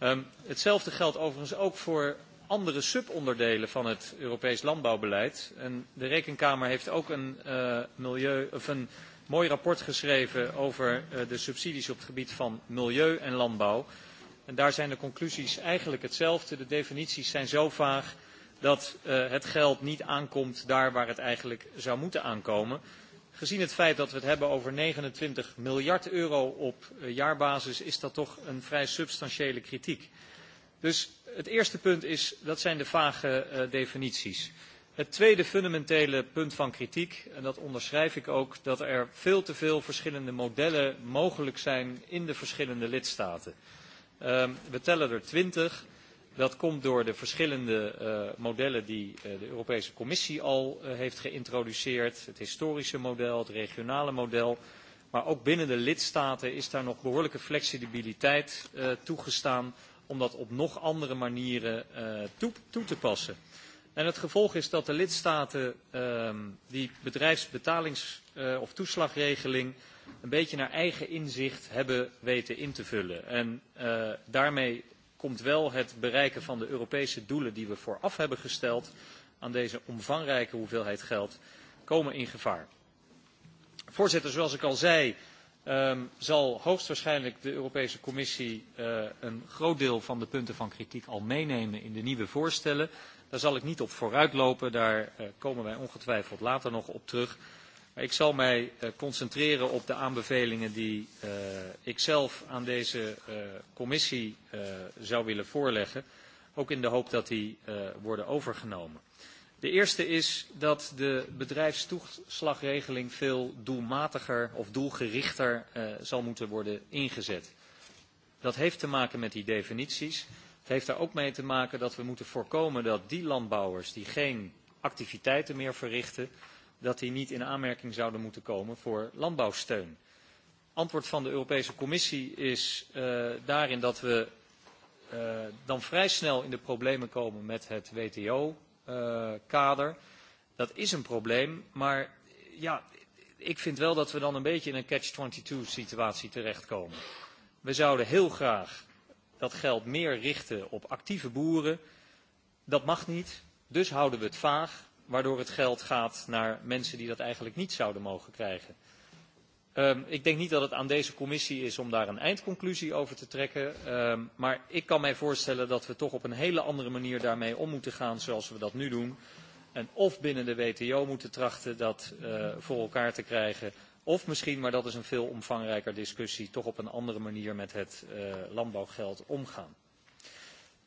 Um, hetzelfde geldt overigens ook voor andere subonderdelen van het Europees landbouwbeleid. En de Rekenkamer heeft ook een, uh, milieu, of een mooi rapport geschreven over uh, de subsidies op het gebied van milieu en landbouw. En daar zijn de conclusies eigenlijk hetzelfde. De definities zijn zo vaag dat uh, het geld niet aankomt daar waar het eigenlijk zou moeten aankomen. Gezien het feit dat we het hebben over 29 miljard euro op uh, jaarbasis is dat toch een vrij substantiële kritiek. Dus het eerste punt is, dat zijn de vage uh, definities. Het tweede fundamentele punt van kritiek, en dat onderschrijf ik ook, dat er veel te veel verschillende modellen mogelijk zijn in de verschillende lidstaten. Uh, we tellen er twintig. Dat komt door de verschillende uh, modellen die uh, de Europese Commissie al uh, heeft geïntroduceerd. Het historische model, het regionale model. Maar ook binnen de lidstaten is daar nog behoorlijke flexibiliteit uh, toegestaan om dat op nog andere manieren uh, toe, toe te passen. En het gevolg is dat de lidstaten uh, die bedrijfsbetalings- uh, of toeslagregeling een beetje naar eigen inzicht hebben weten in te vullen. En uh, daarmee komt wel het bereiken van de Europese doelen die we vooraf hebben gesteld aan deze omvangrijke hoeveelheid geld komen in gevaar. Voorzitter, zoals ik al zei, um, zal hoogstwaarschijnlijk de Europese Commissie uh, een groot deel van de punten van kritiek al meenemen in de nieuwe voorstellen. Daar zal ik niet op vooruitlopen, daar uh, komen wij ongetwijfeld later nog op terug. Ik zal mij eh, concentreren op de aanbevelingen die uh, ik zelf aan deze uh, commissie uh, zou willen voorleggen, ook in de hoop dat die uh, worden overgenomen. De eerste is dat de bedrijfstoeslagregeling veel doelmatiger of doelgerichter uh, zal moeten worden ingezet. Dat heeft te maken met die definities. Het heeft daar ook mee te maken dat we moeten voorkomen dat die landbouwers die geen activiteiten meer verrichten, dat die niet in aanmerking zouden moeten komen voor landbouwsteun. Antwoord van de Europese Commissie is uh, daarin dat we uh, dan vrij snel in de problemen komen met het WTO-kader. Uh, dat is een probleem, maar ja, ik vind wel dat we dan een beetje in een catch-22 situatie terechtkomen. We zouden heel graag dat geld meer richten op actieve boeren. Dat mag niet, dus houden we het vaag waardoor het geld gaat naar mensen die dat eigenlijk niet zouden mogen krijgen. Um, ik denk niet dat het aan deze commissie is om daar een eindconclusie over te trekken. Um, maar ik kan mij voorstellen dat we toch op een hele andere manier daarmee om moeten gaan zoals we dat nu doen. En of binnen de WTO moeten trachten dat uh, voor elkaar te krijgen. Of misschien, maar dat is een veel omvangrijker discussie, toch op een andere manier met het uh, landbouwgeld omgaan.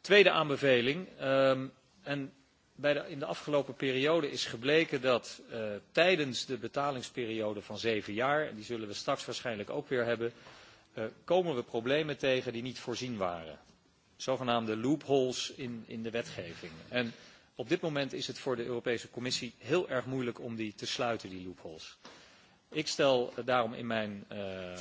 Tweede aanbeveling. Um, en bij de, in de afgelopen periode is gebleken dat uh, tijdens de betalingsperiode van zeven jaar, en die zullen we straks waarschijnlijk ook weer hebben, uh, komen we problemen tegen die niet voorzien waren. Zogenaamde loopholes in, in de wetgeving. En op dit moment is het voor de Europese Commissie heel erg moeilijk om die te sluiten, die loopholes. Ik stel daarom in mijn uh, uh,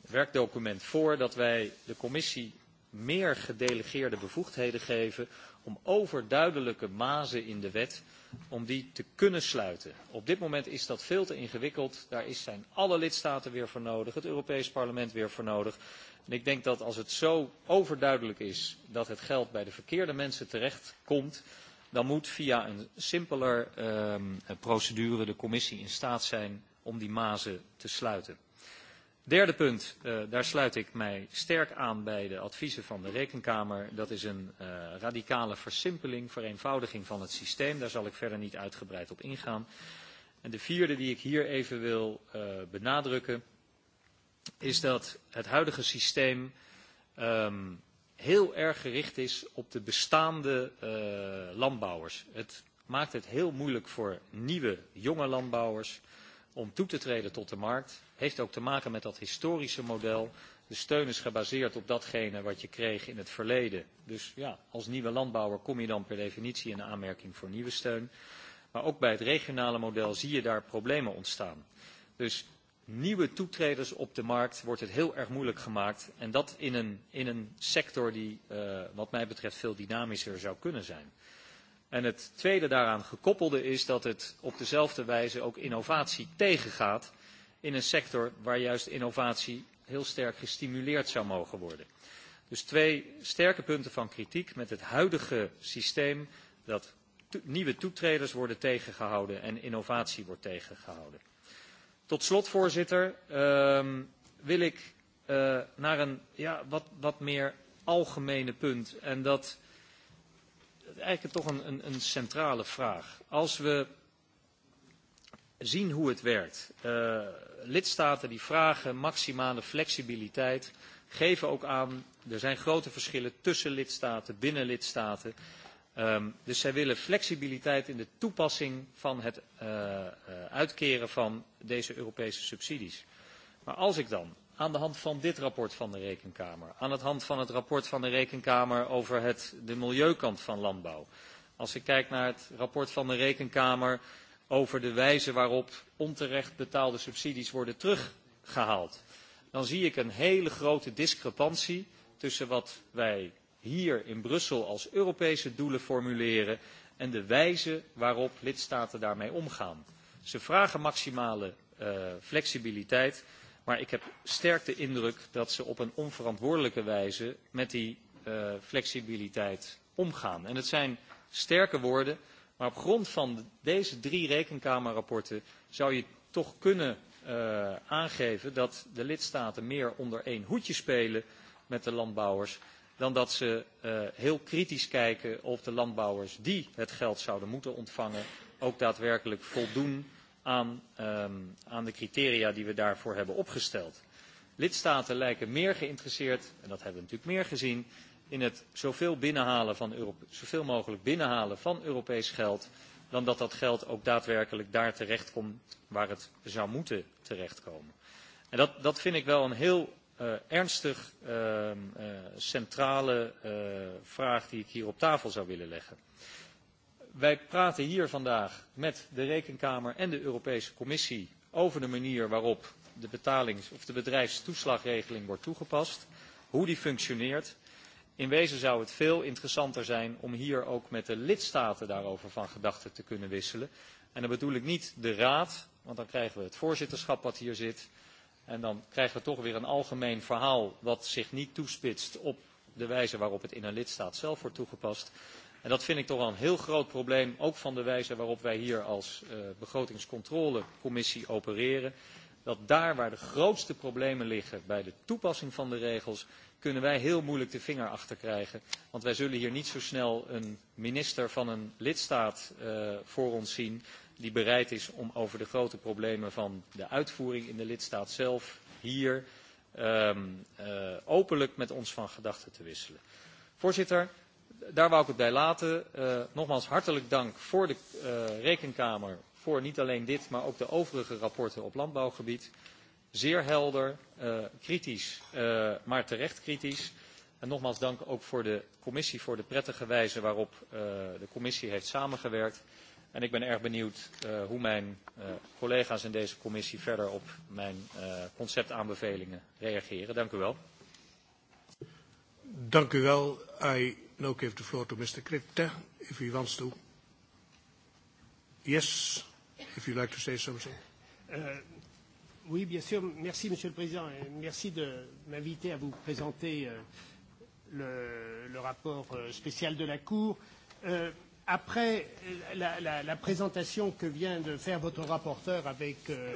werkdocument voor dat wij de Commissie meer gedelegeerde bevoegdheden geven om overduidelijke mazen in de wet om die te kunnen sluiten. Op dit moment is dat veel te ingewikkeld. Daar zijn alle lidstaten weer voor nodig, het Europees Parlement weer voor nodig. En ik denk dat als het zo overduidelijk is dat het geld bij de verkeerde mensen terechtkomt, dan moet via een simpeler ehm, procedure de commissie in staat zijn om die mazen te sluiten. Derde punt, uh, daar sluit ik mij sterk aan bij de adviezen van de Rekenkamer. Dat is een uh, radicale versimpeling, vereenvoudiging van het systeem. Daar zal ik verder niet uitgebreid op ingaan. En de vierde die ik hier even wil uh, benadrukken, is dat het huidige systeem um, heel erg gericht is op de bestaande landbouwers. Het maakt het heel moeilijk voor nieuwe, jonge landbouwers om toe te treden tot de markt heeft ook te maken met dat historische model. De steun is gebaseerd op datgene wat je kreeg in het verleden. Dus ja, als nieuwe landbouwer kom je dan per definitie in aanmerking voor nieuwe steun. Maar ook bij het regionale model zie je daar problemen ontstaan. Dus nieuwe toetreders op de markt wordt het heel erg moeilijk gemaakt. En dat in een, in een sector die uh, wat mij betreft veel dynamischer zou kunnen zijn. En het tweede daaraan gekoppelde is dat het op dezelfde wijze ook innovatie tegengaat in een sector waar juist innovatie heel sterk gestimuleerd zou mogen worden. Dus twee sterke punten van kritiek met het huidige systeem dat to nieuwe toetreders worden tegengehouden en innovatie wordt tegengehouden. Tot slot, voorzitter, uh, wil ik uh, naar een ja, wat, wat meer algemene punt. En dat eigenlijk toch een, een, een centrale vraag. Als we zien hoe het werkt. Uh, lidstaten die vragen maximale flexibiliteit geven ook aan, er zijn grote verschillen tussen lidstaten, binnen lidstaten. Um, dus zij willen flexibiliteit in de toepassing van het uh, uitkeren van deze Europese subsidies. Maar als ik dan aan de hand van dit rapport van de Rekenkamer, aan de hand van het rapport van de Rekenkamer over het, de milieukant van landbouw. Als ik kijk naar het rapport van de Rekenkamer over de wijze waarop onterecht betaalde subsidies worden teruggehaald, dan zie ik een hele grote discrepantie tussen wat wij hier in Brussel als Europese doelen formuleren en de wijze waarop lidstaten daarmee omgaan. Ze vragen maximale uh, flexibiliteit Maar ik heb sterk de indruk dat ze op een onverantwoordelijke wijze met die uh, flexibiliteit omgaan. En het zijn sterke woorden, maar op grond van deze drie rekenkamerrapporten zou je toch kunnen uh, aangeven dat de lidstaten meer onder één hoedje spelen met de landbouwers dan dat ze uh, heel kritisch kijken of de landbouwers die het geld zouden moeten ontvangen ook daadwerkelijk voldoen aan, um, aan de criteria die we daarvoor hebben opgesteld. Lidstaten lijken meer geïnteresseerd, en dat hebben we natuurlijk meer gezien, in het zoveel, binnenhalen van Europe zoveel mogelijk binnenhalen van Europees geld, dan dat dat geld ook daadwerkelijk daar terechtkomt waar het zou moeten terechtkomen. En dat, dat vind ik wel een heel uh, ernstig uh, uh, centrale uh, vraag die ik hier op tafel zou willen leggen. Uh, wij praten hier vandaag met de rekenkamer en de europese commissie over de manier waarop de betalings of de bedrijfstoeslagregeling wordt toegepast hoe die functioneert. in wezen zou het veel interessanter zijn om hier ook met de lidstaten daarover van gedachten te kunnen wisselen en dan bedoel ik niet de raad want dan krijgen we het voorzitterschap dat hier zit en dan krijgen we toch weer een algemeen verhaal dat zich niet toespitst op de wijze waarop het in een lidstaat zelf wordt toegepast. En dat vind ik toch wel een heel groot probleem, ook van de wijze waarop wij hier als uh, begrotingscontrolecommissie opereren. Dat daar waar de grootste problemen liggen bij de toepassing van de regels, kunnen wij heel moeilijk de vinger achter krijgen. Want wij zullen hier niet zo snel een minister van een lidstaat uh, voor ons zien die bereid is om over de grote problemen van de uitvoering in de lidstaat zelf hier um, uh, openlijk met ons van gedachten te wisselen. Voorzitter, daar wou ik het bij laten. Uh, nogmaals hartelijk dank voor de uh, Rekenkamer voor niet alleen dit, maar ook de overige rapporten op landbouwgebied. Zeer helder, uh, kritisch, uh, maar terecht kritisch. En nogmaals dank ook voor de commissie voor de prettige wijze waarop uh, de commissie heeft samengewerkt. En ik ben erg benieuwd uh, hoe mijn uh, collega's in deze commissie verder op mijn uh, conceptaanbevelingen reageren. Dank u wel. Dank u wel. I now give the floor to Mr. Kripke if he wants to. Yes, if you'd like to say something. Uh, oui, bien sûr. Merci, Monsieur le Président, et merci de m'inviter à vous présenter euh, le, le rapport euh, spécial de la Cour. Euh, après euh, la, la, la présentation que vient de faire votre rapporteur, avec euh,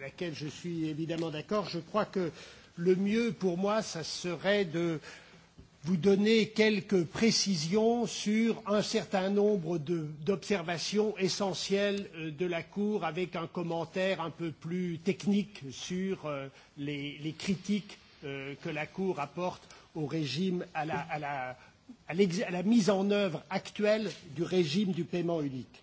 laquelle je suis évidemment d'accord, je crois que le mieux pour moi, ça serait de euh, vous donner quelques précisions sur un certain nombre d'observations essentielles euh, de la Cour avec un commentaire un peu plus technique sur euh, les, les critiques euh, que la Cour apporte au régime, à la, à la, à, à la mise en œuvre actuelle du régime du paiement unique.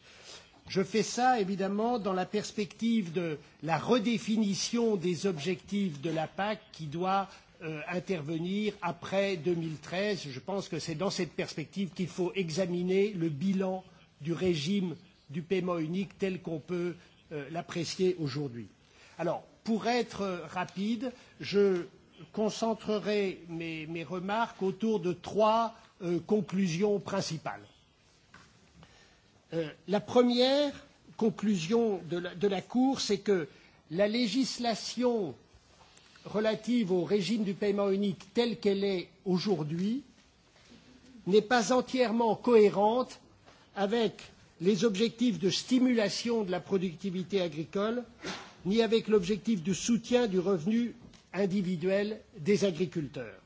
Je fais ça évidemment dans la perspective de la redéfinition des objectifs de la PAC qui doit euh, intervenir après 2013. Je pense que c'est dans cette perspective qu'il faut examiner le bilan du régime du paiement unique tel qu'on peut euh, l'apprécier aujourd'hui. Alors, pour être euh, rapide, je concentrerai mes, mes remarques autour de trois euh, conclusions principales. Euh, la première conclusion de la, de la Cour, c'est que la législation euh, relative au régime du paiement unique telle qu'elle est aujourd'hui n'est pas entièrement cohérente avec les objectifs de stimulation de la productivité agricole ni avec l'objectif de soutien du revenu individuel des agriculteurs.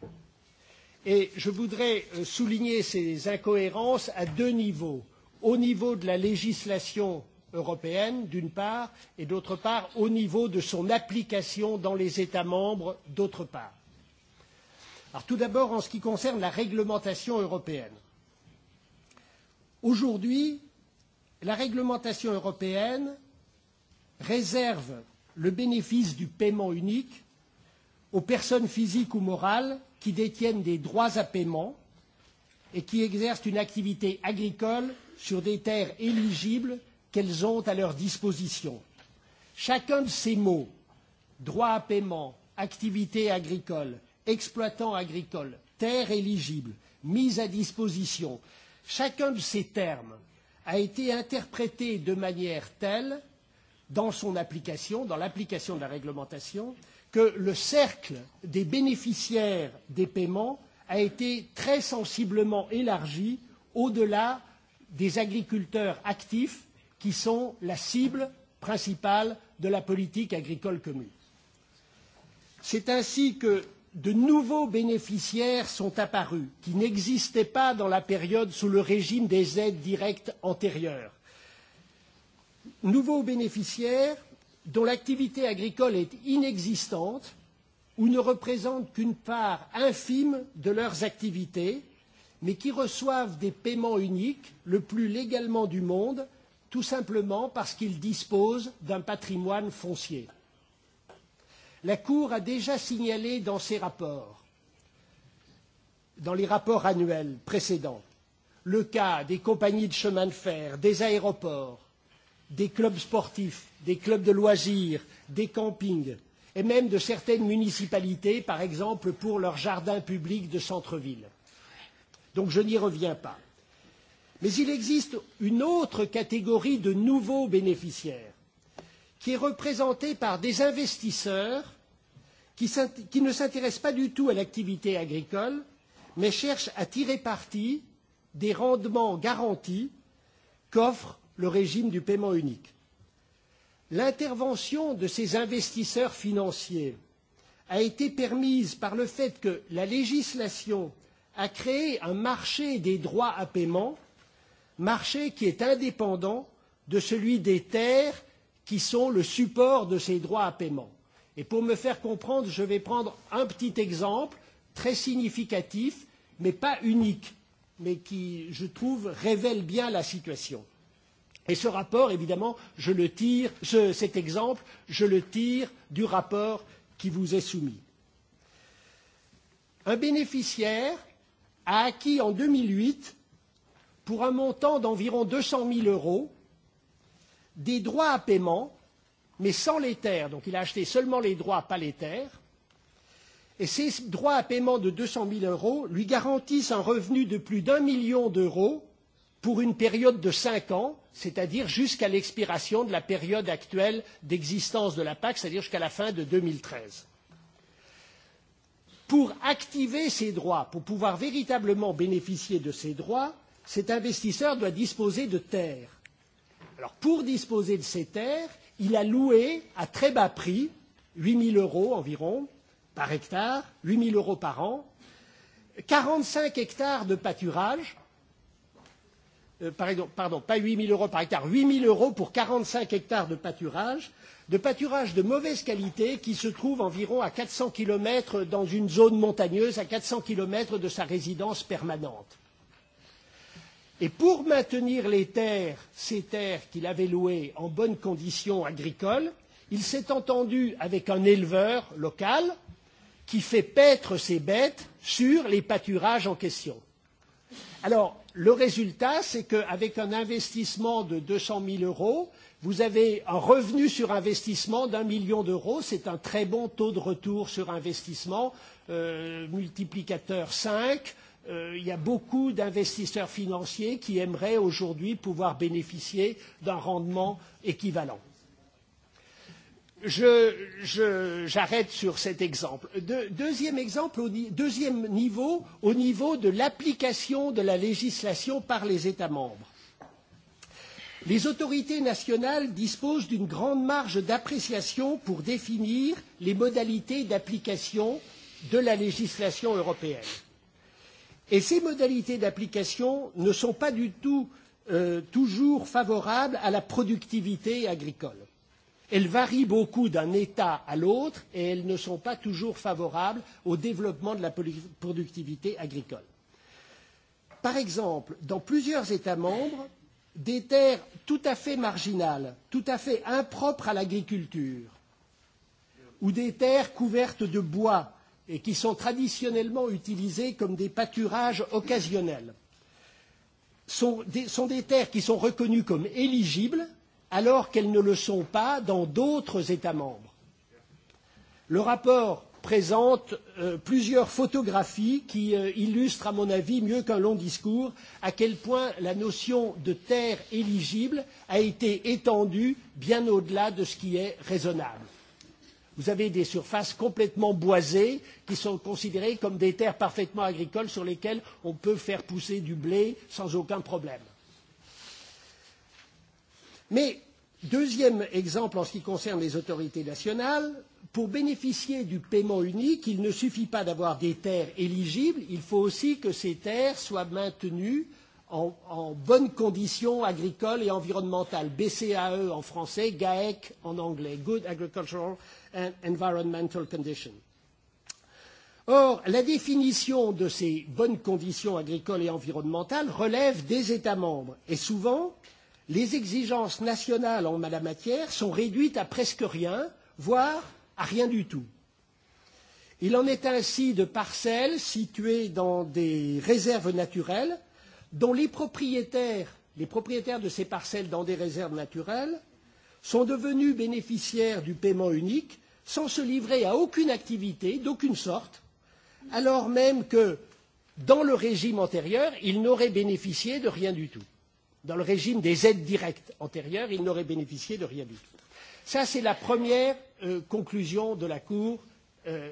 Et je voudrais euh, souligner ces incohérences à deux niveaux au niveau de la législation européenne, d'une part, et d'autre part, au niveau de son application dans les États membres, d'autre part. Alors, tout d'abord, en ce qui concerne la réglementation européenne. Aujourd'hui, la réglementation européenne réserve le bénéfice du paiement unique aux personnes physiques ou morales qui détiennent des droits à paiement et qui exercent une activité agricole sur des terres éligibles qu'elles ont à leur disposition. Chacun de ces mots droit à paiement, activité agricole, exploitant agricole, terre éligible, mise à disposition chacun de ces termes a été interprété de manière telle dans son application, dans l'application de la réglementation, que le cercle des bénéficiaires des paiements a été très sensiblement élargi au-delà des agriculteurs actifs qui sont la cible principale de la politique agricole commune. C'est ainsi que de nouveaux bénéficiaires sont apparus qui n'existaient pas dans la période sous le régime des aides directes antérieures. Nouveaux bénéficiaires dont l'activité agricole est inexistante ou ne représente qu'une part infime de leurs activités, mais qui reçoivent des paiements uniques, le plus légalement du monde, tout simplement parce qu'ils disposent d'un patrimoine foncier. La Cour a déjà signalé dans ses rapports, dans les rapports annuels précédents, le cas des compagnies de chemin de fer, des aéroports, des clubs sportifs, des clubs de loisirs, des campings et même de certaines municipalités, par exemple pour leurs jardins publics de centre-ville. Donc je n'y reviens pas. Mais il existe une autre catégorie de nouveaux bénéficiaires qui est représentée par des investisseurs qui, qui ne s'intéressent pas du tout à l'activité agricole, mais cherchent à tirer parti des rendements garantis qu'offre le régime du paiement unique. L'intervention de ces investisseurs financiers a été permise par le fait que la législation a créé un marché des droits à paiement marché qui est indépendant de celui des terres qui sont le support de ces droits à paiement. Et pour me faire comprendre, je vais prendre un petit exemple très significatif, mais pas unique, mais qui, je trouve, révèle bien la situation. Et ce rapport, évidemment, je le tire, ce, cet exemple, je le tire du rapport qui vous est soumis. Un bénéficiaire a acquis en 2008 pour un montant d'environ 200 000 euros des droits à paiement, mais sans les terres. Donc il a acheté seulement les droits, pas les terres. Et ces droits à paiement de 200 000 euros lui garantissent un revenu de plus d'un million d'euros pour une période de cinq ans, c'est-à-dire jusqu'à l'expiration de la période actuelle d'existence de la PAC, c'est-à-dire jusqu'à la fin de 2013. Pour activer ces droits, pour pouvoir véritablement bénéficier de ces droits, cet investisseur doit disposer de terres. Alors pour disposer de ces terres, il a loué à très bas prix, 8 000 euros environ par hectare, 8 000 euros par an, 45 hectares de pâturage, euh, pardon, pardon, pas 8 000 euros par hectare, 8 000 euros pour 45 hectares de pâturage, de pâturage de mauvaise qualité qui se trouve environ à 400 km dans une zone montagneuse, à 400 km de sa résidence permanente Et pour maintenir les terres, ces terres qu'il avait louées en bonnes conditions agricoles, il s'est entendu avec un éleveur local qui fait paître ses bêtes sur les pâturages en question. Alors, le résultat, c'est qu'avec un investissement de 200 000 euros, vous avez un revenu sur investissement d'un million d'euros. C'est un très bon taux de retour sur investissement, euh, multiplicateur 5. euh, euh, y a beaucoup d'investisseurs financiers qui aimeraient aujourd'hui pouvoir bénéficier d'un rendement équivalent. J'arrête je, je, sur cet exemple. De, deuxième exemple, au, deuxième niveau, au niveau de l'application de la législation par les États membres. Les autorités nationales disposent d'une grande marge d'appréciation pour définir les modalités d'application de la législation européenne. Et ces modalités d'application ne sont pas du tout euh, toujours favorables à la productivité agricole. Elles varient beaucoup d'un État à l'autre et elles ne sont pas toujours favorables au développement de la productivité agricole. Par exemple, dans plusieurs États membres, des terres tout à fait marginales, tout à fait impropres à l'agriculture, ou des terres couvertes de bois et qui sont traditionnellement utilisées comme des pâturages occasionnels sont des, sont des terres qui sont reconnues comme éligibles alors qu'elles ne le sont pas dans d'autres États membres. Le rapport présente euh, plusieurs photographies qui euh, illustrent, à mon avis, mieux qu'un long discours, à quel point la notion de terre éligible a été étendue bien au-delà de ce qui est raisonnable. Vous avez des surfaces complètement boisées qui sont considérées comme des terres parfaitement agricoles sur lesquelles on peut faire pousser du blé sans aucun problème. Mais deuxième exemple en ce qui concerne les autorités nationales, pour bénéficier du paiement unique, il ne suffit pas d'avoir des terres éligibles, il faut aussi que ces terres soient maintenues en, en bonnes conditions agricoles et environnementales. BCAE en français, GAEC en anglais, Good Agricultural and environmental conditions. Or, la définition de ces bonnes conditions agricoles et environnementales relève des États membres et souvent, les exigences nationales en la matière sont réduites à presque rien, voire à rien du tout. Il en est ainsi de parcelles situées dans des réserves naturelles dont les propriétaires, les propriétaires de ces parcelles dans des réserves naturelles sont devenus bénéficiaires du paiement unique sans se livrer à aucune activité d'aucune sorte, alors même que dans le régime antérieur, ils n'auraient bénéficié de rien du tout. Dans le régime des aides directes antérieures, ils n'auraient bénéficié de rien du tout. Ça, c'est la première euh, conclusion de la Cour. Euh,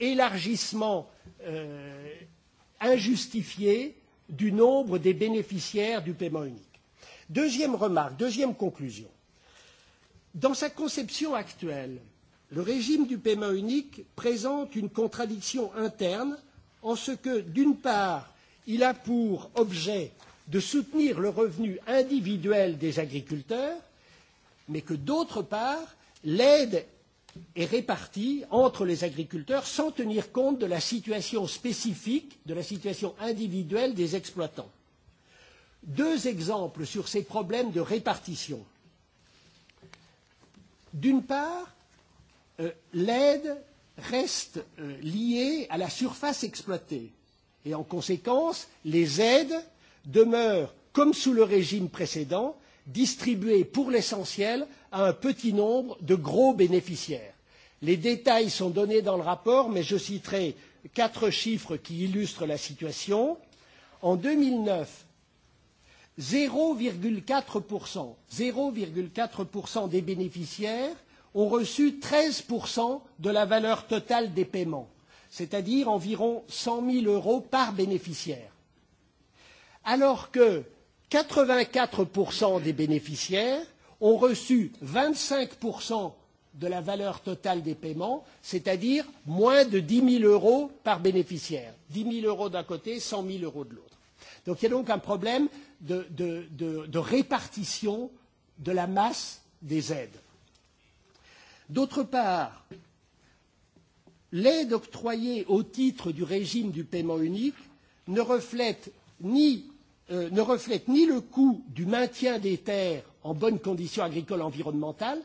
élargissement euh, injustifié du nombre des bénéficiaires du paiement unique. Deuxième remarque, deuxième conclusion. Dans sa conception actuelle, euh, le régime du paiement unique présente une contradiction interne en ce que, d'une part, il a pour objet de soutenir le revenu individuel des agriculteurs, mais que, d'autre part, l'aide est répartie entre les agriculteurs sans tenir compte de la situation spécifique, de la situation individuelle des exploitants. Deux exemples sur ces problèmes de répartition. D'une part, Euh, l'aide reste euh, liée à la surface exploitée et en conséquence, les aides demeurent, comme sous le régime précédent, distribuées pour l'essentiel à un petit nombre de gros bénéficiaires. Les détails sont donnés dans le rapport, mais je citerai quatre chiffres qui illustrent la situation. En 2009, 0,4%, 0,4% des bénéficiaires ont reçu 13% de la valeur totale des paiements, c'est-à-dire environ 100 000 euros par bénéficiaire. Alors que 84% des bénéficiaires ont reçu 25% de la valeur totale des paiements, c'est-à-dire moins de 10 000 euros par bénéficiaire. 10 000 euros d'un côté, 100 000 euros de l'autre. Donc il y a donc un problème de, de, de, de répartition de la masse des aides. D'autre part, l'aide octroyée au titre du régime du paiement unique ne reflète ni, euh, ne reflète ni le coût du maintien des terres en bonnes conditions agricoles environnementales,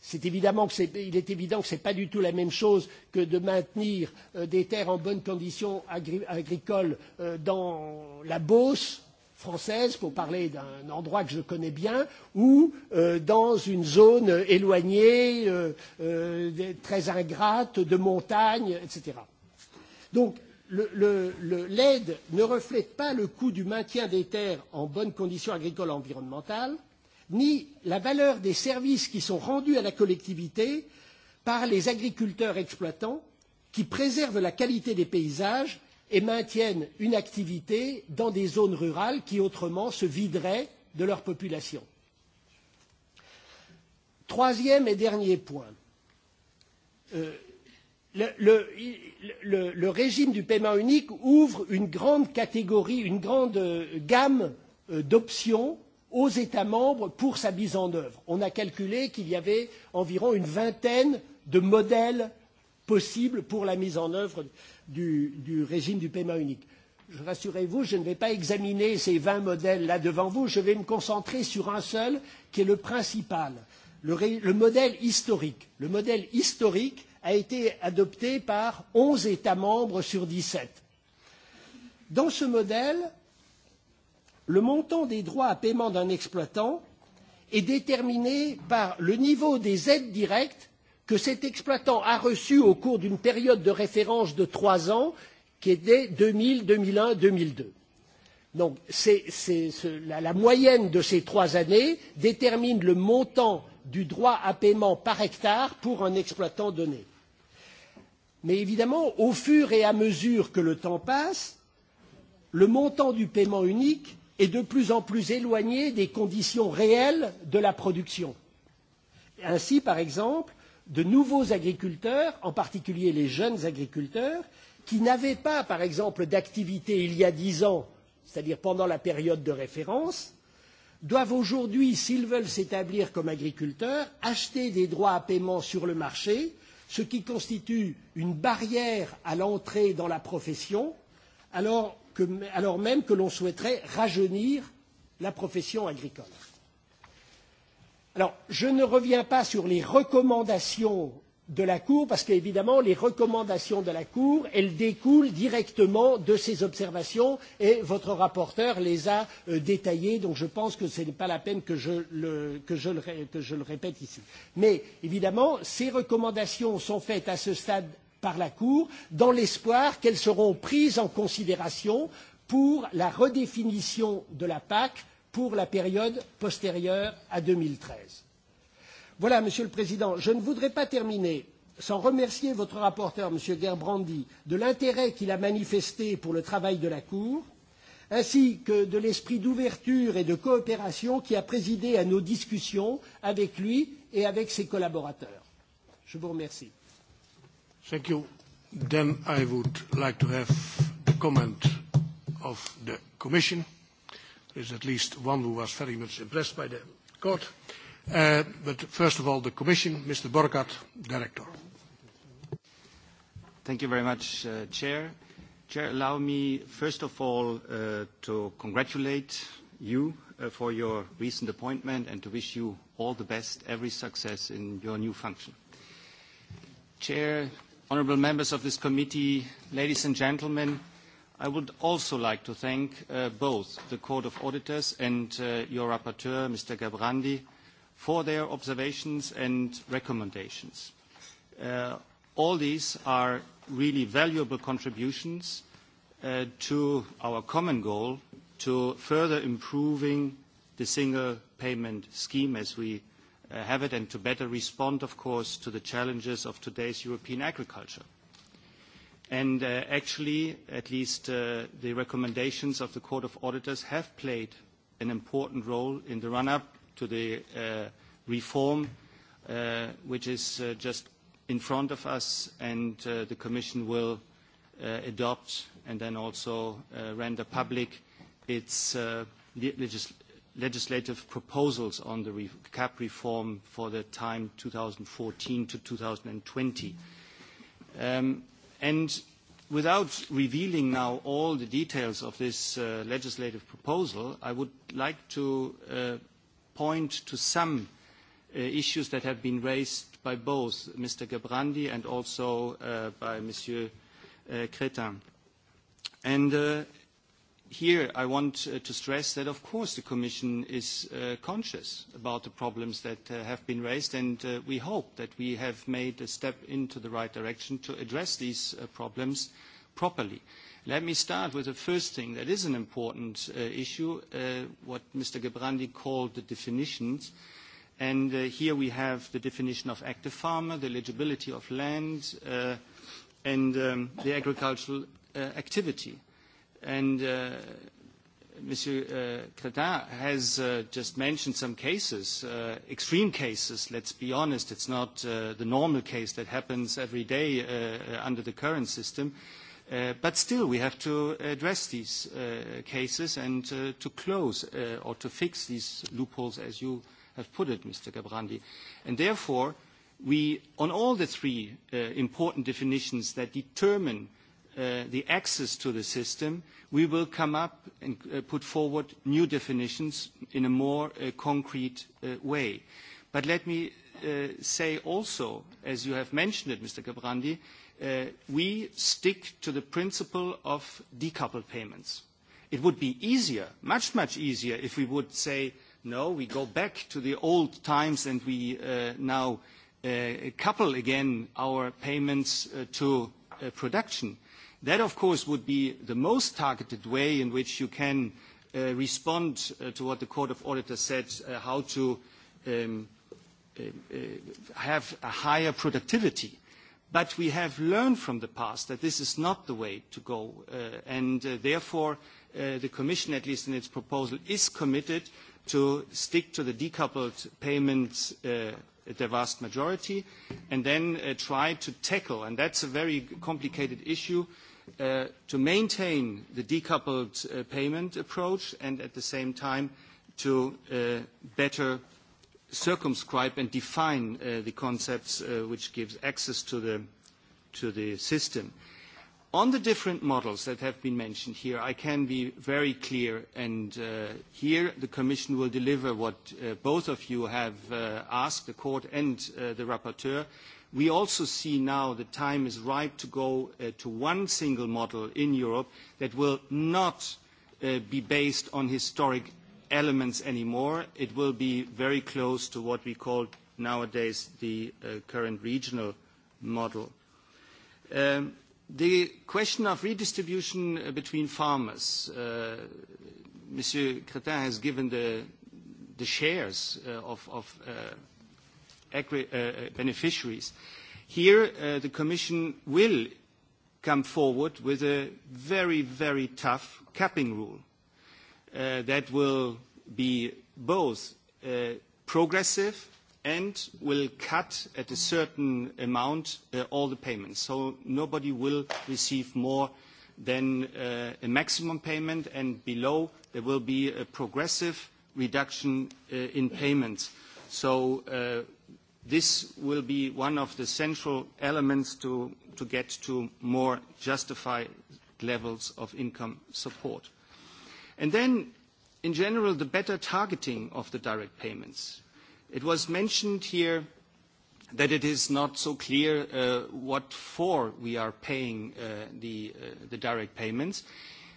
c'est évidemment que est, il est évident que ce n'est pas du tout la même chose que de maintenir euh, des terres en bonnes conditions agri agricoles euh, dans la Beauce, française, pour parler d'un endroit que je connais bien, ou euh, dans une zone éloignée, euh, euh, très ingrate, de montagne, etc. Donc, l'aide le, le, le, ne reflète pas le coût du maintien des terres en bonnes conditions agricoles et environnementales, ni la valeur des services qui sont rendus à la collectivité par les agriculteurs exploitants qui préservent la qualité des paysages et maintiennent une activité dans des zones rurales qui autrement se videraient de leur population. Troisième et dernier point. Euh, le, le, le, le régime du paiement unique ouvre une grande catégorie, une grande euh, gamme euh, d'options aux États membres pour sa mise en œuvre. On a calculé qu'il y avait environ une vingtaine de modèles possibles pour la mise en œuvre euh, du, du régime du paiement unique. Je rassurez-vous, je ne vais pas examiner ces 20 modèles là devant vous, je vais me concentrer sur un seul qui est le principal, le, ré, le modèle historique. Le modèle historique a été adopté par 11 États membres sur 17. Dans ce modèle, le montant des droits à paiement d'un exploitant est déterminé par le niveau des aides directes que cet exploitant a reçu au cours d'une période de référence de trois ans qui était 2000, 2001, 2002. Donc c est, la, la moyenne de ces trois années détermine le montant du droit à paiement par hectare pour un exploitant donné. Mais évidemment, au fur et à mesure que le temps passe, le montant du paiement unique est de plus en plus éloigné des conditions réelles de la production. Ainsi, par exemple, de nouveaux agriculteurs, en particulier les jeunes agriculteurs, qui n'avaient pas, par exemple, d'activité il y a dix ans, c'est-à-dire pendant la période de référence, doivent aujourd'hui, s'ils veulent s'établir comme agriculteurs, acheter des droits à paiement sur le marché, ce qui constitue une barrière à l'entrée dans la profession, alors, que, alors même que l'on souhaiterait rajeunir la profession agricole. Alors, je ne reviens pas sur les recommandations de la Cour, parce qu'évidemment, les recommandations de la Cour, elles découlent directement de ces observations et votre rapporteur les a euh, détaillées, donc je pense que ce n'est pas la peine que je, le, que, je le, que je le répète ici. Mais évidemment, ces recommandations sont faites à ce stade par la Cour dans l'espoir qu'elles seront prises en considération pour la redéfinition de la PAC euh, pour la période postérieure à 2013. Voilà, Monsieur le Président, je ne voudrais pas terminer sans remercier votre rapporteur, M. Gerbrandi, de l'intérêt qu'il a manifesté pour le travail de la Cour, ainsi que de l'esprit d'ouverture et de coopération qui a présidé à nos discussions avec lui et avec ses collaborateurs. Je vous remercie. Thank you. Then I would like to have the comment of the Commission. There is at least one who was very much impressed by the court. Uh, but first of all, the Commission, Mr. Borgat, Director. Thank you very much, uh, Chair. Chair, allow me first of all uh, to congratulate you uh, for your recent appointment and to wish you all the best, every success in your new function. Chair, honorable members of this committee, ladies and gentlemen, I would also like to thank uh, both the Court of Auditors and uh, your rapporteur, Mr. Gabrandi, for their observations and recommendations. Uh, all these are really valuable contributions uh, to our common goal to further improving the single payment scheme as we uh, have it and to better respond, of course, to the challenges of today's European agriculture. And uh, actually, at least uh, the recommendations of the Court of Auditors have played an important role in the run-up to the uh, reform, uh, which is uh, just in front of us, and uh, the Commission will uh, adopt and then also uh, render public its uh, legis legislative proposals on the re cap reform for the time 2014 to 2020. Um, And without revealing now all the details of this uh, legislative proposal, I would like to uh, point to some uh, issues that have been raised by both Mr. Gebrandi and also uh, by Monsieur uh, Cretin. And uh, here I want uh, to stress that, of course, the Commission is uh, conscious about the problems that uh, have been raised, and uh, we hope that we have made a step into the right direction to address these uh, problems properly. Let me start with the first thing that is an important uh, issue, what Mr. Gebrandi called the definitions. And here we have the definition of active farmer, the eligibility of land, and um, the agricultural activity. And uh, Monsieur uh, Cretin has uh, just mentioned some cases, uh, extreme cases, let's be honest. It's not uh, the normal case that happens every day uh, uh, under the current system. but still, we have to address these cases and to close or to fix these loopholes, as you have put it, Mr. Gabrandi. And therefore, we, on all the three important definitions that determine Uh, the access to the system, we will come up and uh, put forward new definitions in a more uh, concrete uh, way. But let me uh, say also, as you have mentioned it, Mr. Gabrandi, we stick to the principle of decoupled payments. It would be easier, much, much easier, if we would say, no, we go back to the old times and we now couple again our payments to production. That, of course, would be the most targeted way in which you can uh, respond uh, to what the Court of Auditors said, uh, how to um, uh, uh, have a higher productivity. But we have learned from the past that this is not the way to go, uh, and therefore the Commission, at least in its proposal, is committed to stick to the decoupled payments the vast majority, and then uh, try to tackle, and that's a very complicated issue, Uh, to maintain the decoupled uh, payment approach and at the same time to uh, better circumscribe and define uh, the concepts uh, which gives access to the, to the system. On the different models that have been mentioned here, I can be very clear, and uh, here the Commission will deliver what uh, both of you have uh, asked, the Court and the Rapporteur, We also see now the time is ripe to go uh, to one single model in Europe that will not uh, be based on historic elements anymore. It will be very close to what we call nowadays the uh, current regional model. Um, the question of redistribution uh, between farmers, uh, Monsieur Cretin has given the, the shares uh, of, of uh, agri uh, uh, beneficiaries. Here, uh, the Commission will come forward with a very, very tough capping rule uh, that will be both uh, progressive and will cut at a certain amount uh, all the payments. So nobody will receive more than uh, a maximum payment, and below there will be a progressive reduction uh, in payments. So uh, this will be one of the central elements to, to get to more justified levels of income support. And then, in general, the better targeting of the direct payments. It was mentioned here that it is not so clear uh, what for we are paying uh, the, uh, the direct payments.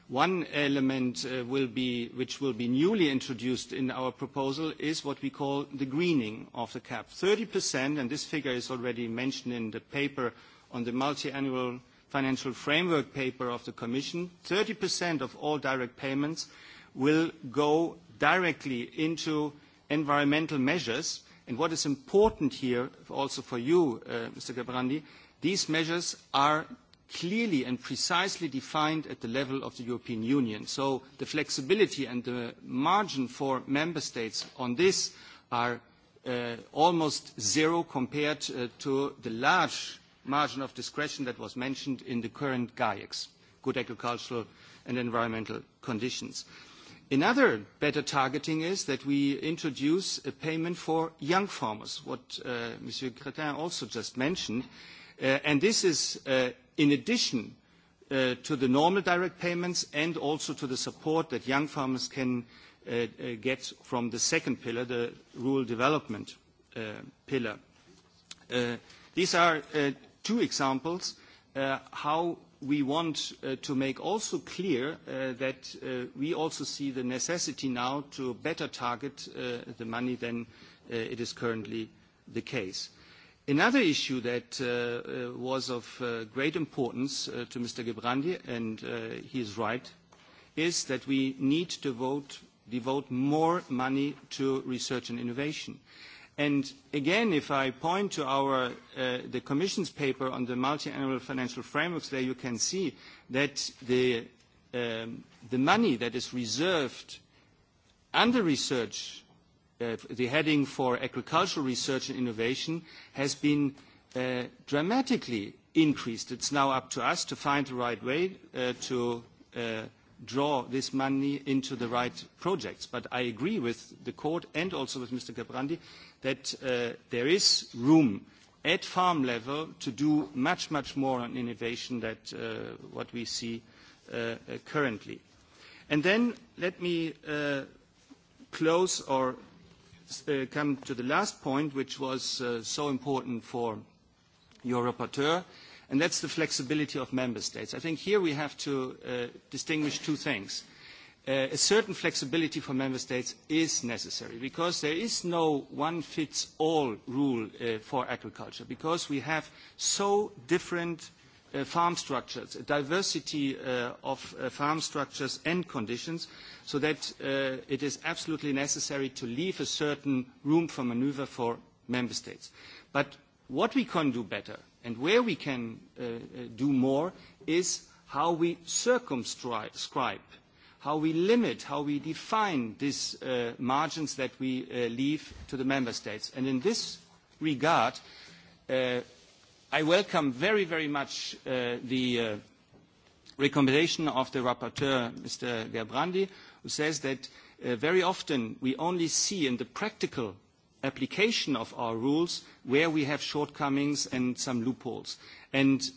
One element uh, will be, which will be newly introduced in our proposal is what we call the greening of the cap. 30%, and this figure is already mentioned in the paper on the multi-annual financial framework paper of the Commission, 30% of all direct payments will go directly into environmental measures. And what is important here, also for you, uh, Mr. Gebrandi, these measures are clearly and precisely defined at the level of the European Union. So the flexibility and the margin for member states on this are uh, almost zero compared uh, to the large margin of discretion that was mentioned in the current GAIX, good agricultural and environmental conditions. Another better targeting is that we introduce a payment for young farmers, what uh, Monsieur Cretin also just mentioned. Uh, and this is uh, in addition uh, to the normal direct payments and also to the support that young farmers can uh, uh get from the second pillar, the rural development uh, pillar. Uh, these are two examples how we want uh, to make also clear uh, that uh, we also see the necessity now to better target the money than it is currently the case. Another issue that uh, uh, was of uh, great importance uh, to Mr. Gebrandi, and uh, he is right, is that we need to vote, devote more money to research and innovation. And again, if I point to our, the Commission's paper on the multi-annual financial frameworks, there you can see that the, um, the money that is reserved under research Uh, the heading for agricultural research and innovation has been uh, dramatically increased. It's now up to us to find the right way uh, to uh, draw this money into the right projects. But I agree with the court and also with Mr. Gabrandi that uh, there is room at farm level to do much, much more on innovation than uh, what we see uh, currently. And then let me uh, close or uh, come to the last point, which was uh, so important for your rapporteur, and that's the flexibility of member states. I think here we have to uh, distinguish two things. Uh, a certain flexibility for member states is necessary because there is no one-fits-all rule uh, for agriculture because we have so different Uh, farm structures, a diversity uh, of uh, farm structures and conditions, so that uh, it is absolutely necessary to leave a certain room for maneuver for member states. But what we can do better and where we can uh, uh do more is how we circumscribe, how we limit, how we define these uh, margins that we uh, leave to the member states. And in this regard, uh, I welcome very, very much uh, the uh, recommendation of the rapporteur, Mr. Gerbrandi, who says that uh, very often we only see in the practical application of our rules where we have shortcomings and some loopholes. And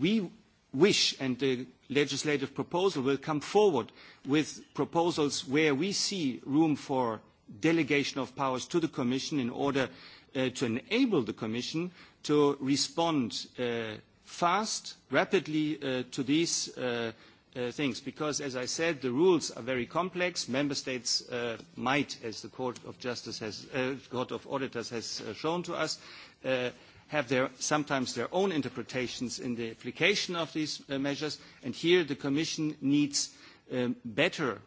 we wish, and the legislative proposal will come forward with proposals where we see room for delegation of powers to the Commission in order uh, to enable the Commission to respond uh, fast, rapidly uh, to these uh, uh, things, because as I said, the rules are very complex. Member states uh, might, as the Court of Justice has, uh, Court of Auditors has uh, shown to us, uh, have their, sometimes their own interpretations in the application of these uh, measures, and here the Commission needs um, better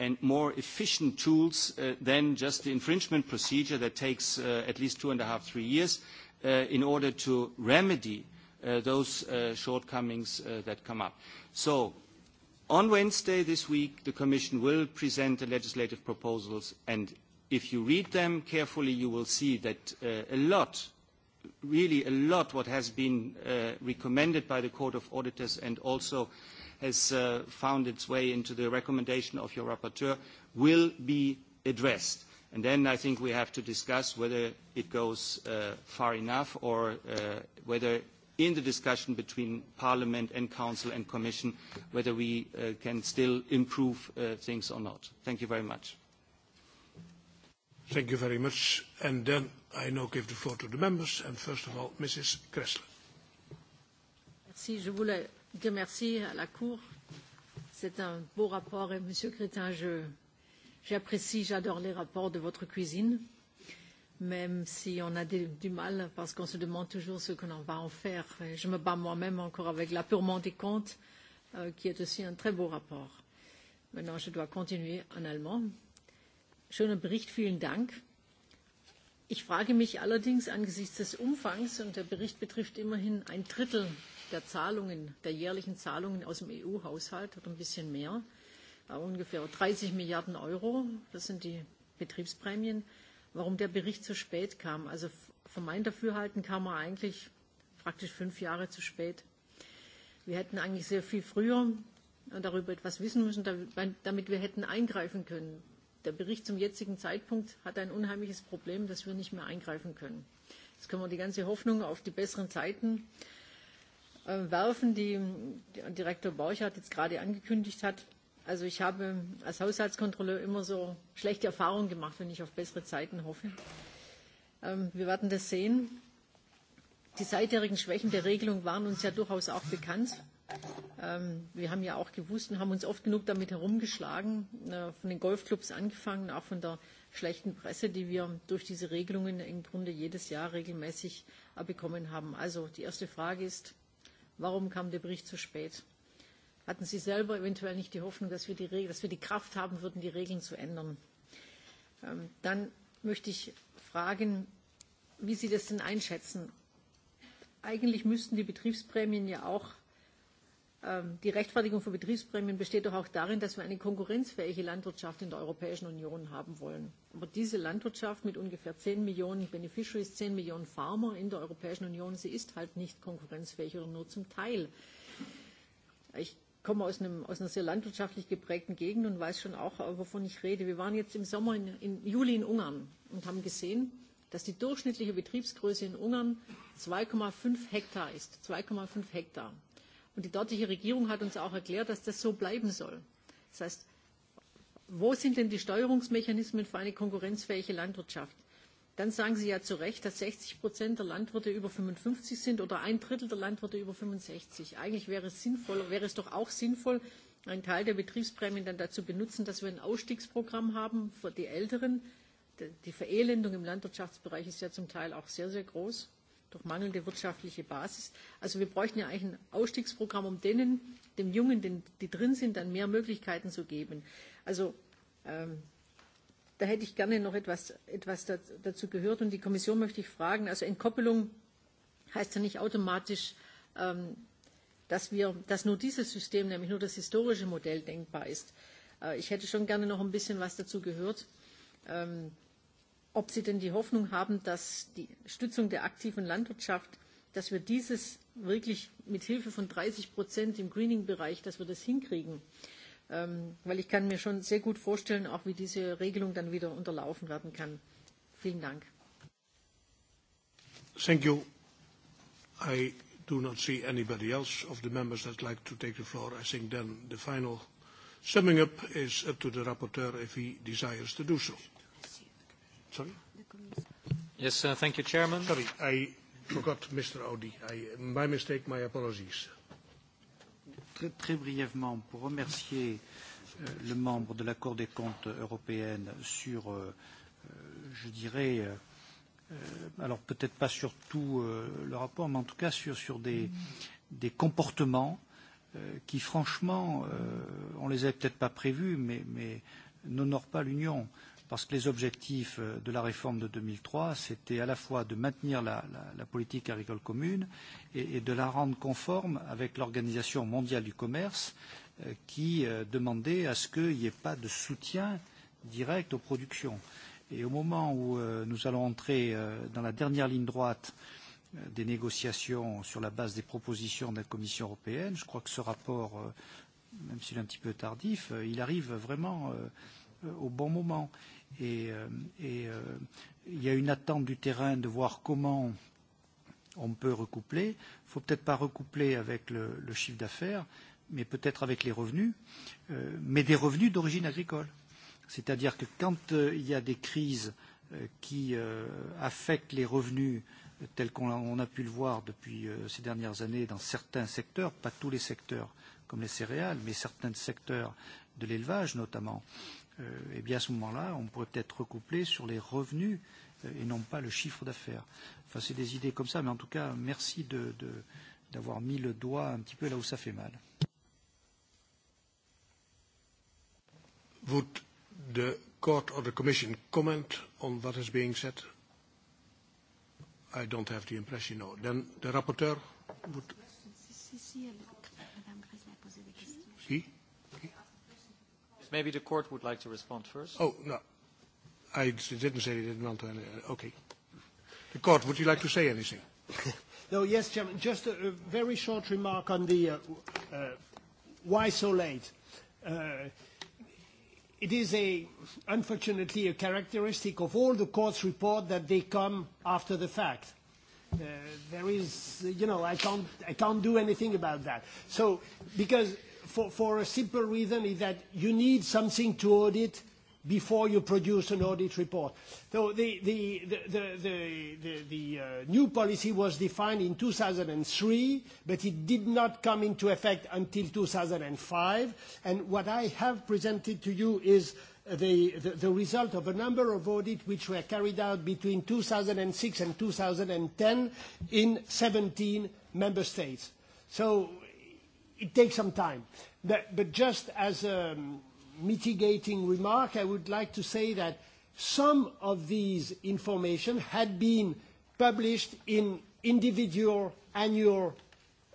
and more efficient tools uh, than just the infringement procedure that takes uh, at least two and a half, three years uh, in order to remedy uh, those uh, shortcomings uh, that come up. So on Wednesday this week, the Commission will present the legislative proposals, and if you read them carefully, you will see that a lot really a lot what has been recommended by the Court of Auditors and also uh, has uh, found its way into the recommendation of your rapporteur, will be addressed. And then I think we have to discuss whether it goes uh, far enough or uh, whether in the discussion between Parliament and Council and Commission, whether we uh, can still improve uh, things or not. Thank you very much. Thank you very much. And then I now give the floor to the members. And first of all, Mrs. Kressler. Merci. Je voulais Dieu merci à la Cour. C'est un beau rapport et Monsieur Crétin, j'apprécie, j'adore les rapports de votre cuisine, même si on a des, du mal parce qu'on se demande toujours ce qu'on en va en faire. Et je me bats moi-même encore avec l'apurement des comptes, euh, qui est aussi un très beau rapport. Maintenant, je dois continuer en allemand. Schönen Bericht, vielen Dank. Ich frage mich allerdings angesichts des Umfangs, und der Bericht betrifft immerhin ein Drittel der Zahlungen, der jährlichen Zahlungen aus dem EU-Haushalt oder ein bisschen mehr, äh, ungefähr 30 Milliarden Euro, das sind die Betriebsprämien, warum der Bericht so spät kam. Also von meinem Dafürhalten kam er eigentlich praktisch fünf Jahre zu spät. Wir hätten eigentlich sehr viel früher äh, darüber etwas wissen müssen, da-, damit wir hätten eingreifen können. Der Bericht zum jetzigen Zeitpunkt hat ein unheimliches Problem, dass wir nicht mehr eingreifen können. Jetzt können wir die ganze Hoffnung auf die besseren Zeiten Äh, werfen, die Direktor Borchardt jetzt gerade angekündigt hat. Also ich habe als Haushaltskontrolleur immer so schlechte Erfahrungen gemacht, wenn ich auf bessere Zeiten hoffe. Ähm, wir werden das sehen. Die seitherigen Schwächen der Regelung waren uns ja durchaus auch bekannt. Ähm, wir haben ja auch gewusst und haben uns oft genug damit herumgeschlagen, äh, von den Golfclubs angefangen, auch von der schlechten Presse, die wir durch diese Regelungen im Grunde jedes Jahr regelmäßig äh, bekommen haben. Also die erste Frage ist, Warum kam der Bericht zu spät? Hatten Sie selber eventuell nicht die Hoffnung, dass wir die, Reg dass wir die Kraft haben würden, die Regeln zu ändern? Ähm, dann möchte ich fragen, wie Sie das denn einschätzen. Eigentlich müssten die Betriebsprämien ja auch Ähm, die Rechtfertigung von Betriebsprämien besteht doch auch darin, dass wir eine konkurrenzfähige Landwirtschaft in der Europäischen Union haben wollen. Aber diese Landwirtschaft mit ungefähr 10 Millionen Beneficiaries, 10 Millionen Farmer in der Europäischen Union, sie ist halt nicht konkurrenzfähig oder nur zum Teil. Ich komme aus, einem, aus einer sehr landwirtschaftlich geprägten Gegend und weiß schon auch, wovon ich rede. Wir waren jetzt im Sommer, in, im Juli in Ungarn und haben gesehen, dass die durchschnittliche Betriebsgröße in Ungarn 2,5 Hektar ist. 2,5 Hektar. Und die dortige Regierung hat uns auch erklärt, dass das so bleiben soll. Das heißt, wo sind denn die Steuerungsmechanismen für eine konkurrenzfähige Landwirtschaft? Dann sagen Sie ja zu Recht, dass 60 Prozent der Landwirte über 55 sind oder ein Drittel der Landwirte über 65. Eigentlich wäre es, sinnvoll, wäre es doch auch sinnvoll, einen Teil der Betriebsprämien dann dazu benutzen, dass wir ein Ausstiegsprogramm haben für die Älteren. Die Verelendung im Landwirtschaftsbereich ist ja zum Teil auch sehr, sehr groß durch mangelnde wirtschaftliche Basis. Also wir bräuchten ja eigentlich ein Ausstiegsprogramm, um denen, dem Jungen, den, die drin sind, dann mehr Möglichkeiten zu geben. Also ähm, da hätte ich gerne noch etwas, etwas da, dazu gehört. Und die Kommission möchte ich fragen, also Entkoppelung heißt ja nicht automatisch, ähm, dass, wir, dass nur dieses System, nämlich nur das historische Modell denkbar ist. Äh, ich hätte schon gerne noch ein bisschen was dazu gehört. Ähm, ob Sie denn die Hoffnung haben, dass die Stützung der aktiven Landwirtschaft, dass wir dieses wirklich mit Hilfe von 30 Prozent im Greening-Bereich, dass wir das hinkriegen. Ähm, weil ich kann mir schon sehr gut vorstellen, auch wie diese Regelung dann wieder unterlaufen werden kann. Vielen Dank. Thank you. I do not see anybody else of the members that like to take the floor. I think then the final summing up is up to the rapporteur if he desires to do so. Sorry? Yes, uh, thank you, Chairman. Sorry, I forgot Mr. Audi. I, my mistake, my apologies. Très, très brièvement, pour remercier euh, le membre de la Cour des comptes européenne sur, euh, euh, je dirais, euh, alors peut-être pas sur tout euh, le rapport, mais en tout cas sur, sur des, des comportements euh, qui, franchement, euh, on les avait peut-être pas prévus, mais, mais n'honorent pas l'Union. Euh, parce que les objectifs euh, de la réforme de 2003, c'était à la fois de maintenir la, la, la politique agricole commune et, et de la rendre conforme avec l'Organisation mondiale du commerce euh, qui euh, demandait à ce qu'il n'y ait pas de soutien direct aux productions. Et au moment où euh, nous allons entrer euh, dans la dernière ligne droite euh, des négociations sur la base des propositions de la Commission européenne, je crois que ce rapport, euh, même s'il est un petit peu tardif, euh, il arrive vraiment euh, euh au bon moment. Et, euh, et euh, il y a une attente du terrain de voir comment on peut recoupler. Il ne faut peut-être pas recoupler avec le, le chiffre d'affaires, mais peut-être avec les revenus, euh, mais des revenus d'origine agricole. C'est-à-dire que quand euh, il y a des crises euh, qui euh, affectent les revenus euh, tels qu'on a pu le voir depuis euh, ces dernières années dans certains secteurs, pas tous les secteurs comme les céréales, mais certains secteurs de l'élevage notamment, euh, euh, et bien à ce moment-là, on pourrait peut-être recoupler sur les revenus euh, et non pas le chiffre d'affaires. Enfin, c'est des idées comme ça, mais en tout cas, merci de, de, mis le doigt un petit peu là où ça fait mal. Would the court or the commission comment on what is being said? I don't have the impression, no. Then the rapporteur would... Si, si, si, Madame Grèce a posé des questions. Si Maybe the court would like to respond first. Oh, no. I didn't say they didn't want to. Uh, okay. The court, would you like to say anything? [laughs] no, yes, Chairman. Just a, a very short remark on the uh, uh, why so late. Uh, it is a, unfortunately a characteristic of all the court's report that they come after the fact. Uh, there is, you know, I can't, I can't do anything about that. So, because for, for a simple reason is that you need something to audit before you produce an audit report. So the, the, the, the uh, new policy was defined in 2003, but it did not come into effect until 2005. And what I have presented to you is the, the, the result of a number of audits which were carried out between 2006 and 2010 in 17 member states. So it takes some time. But, but just as a mitigating remark, I would like to say that some of these information had been published in individual annual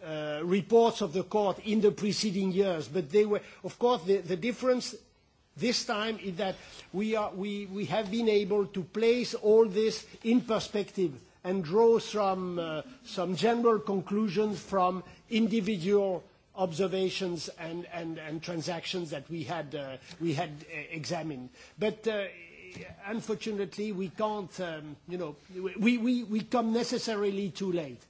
uh, reports of the court in the preceding years. But they were, of course, the, the difference this time is that we, are, we, we have been able to place all this in perspective and draw some, uh, some general conclusions from individual observations and, and, and transactions that we had, uh, we had uh, examined. But uh, unfortunately, we can't, um, you know, we, come necessarily too late.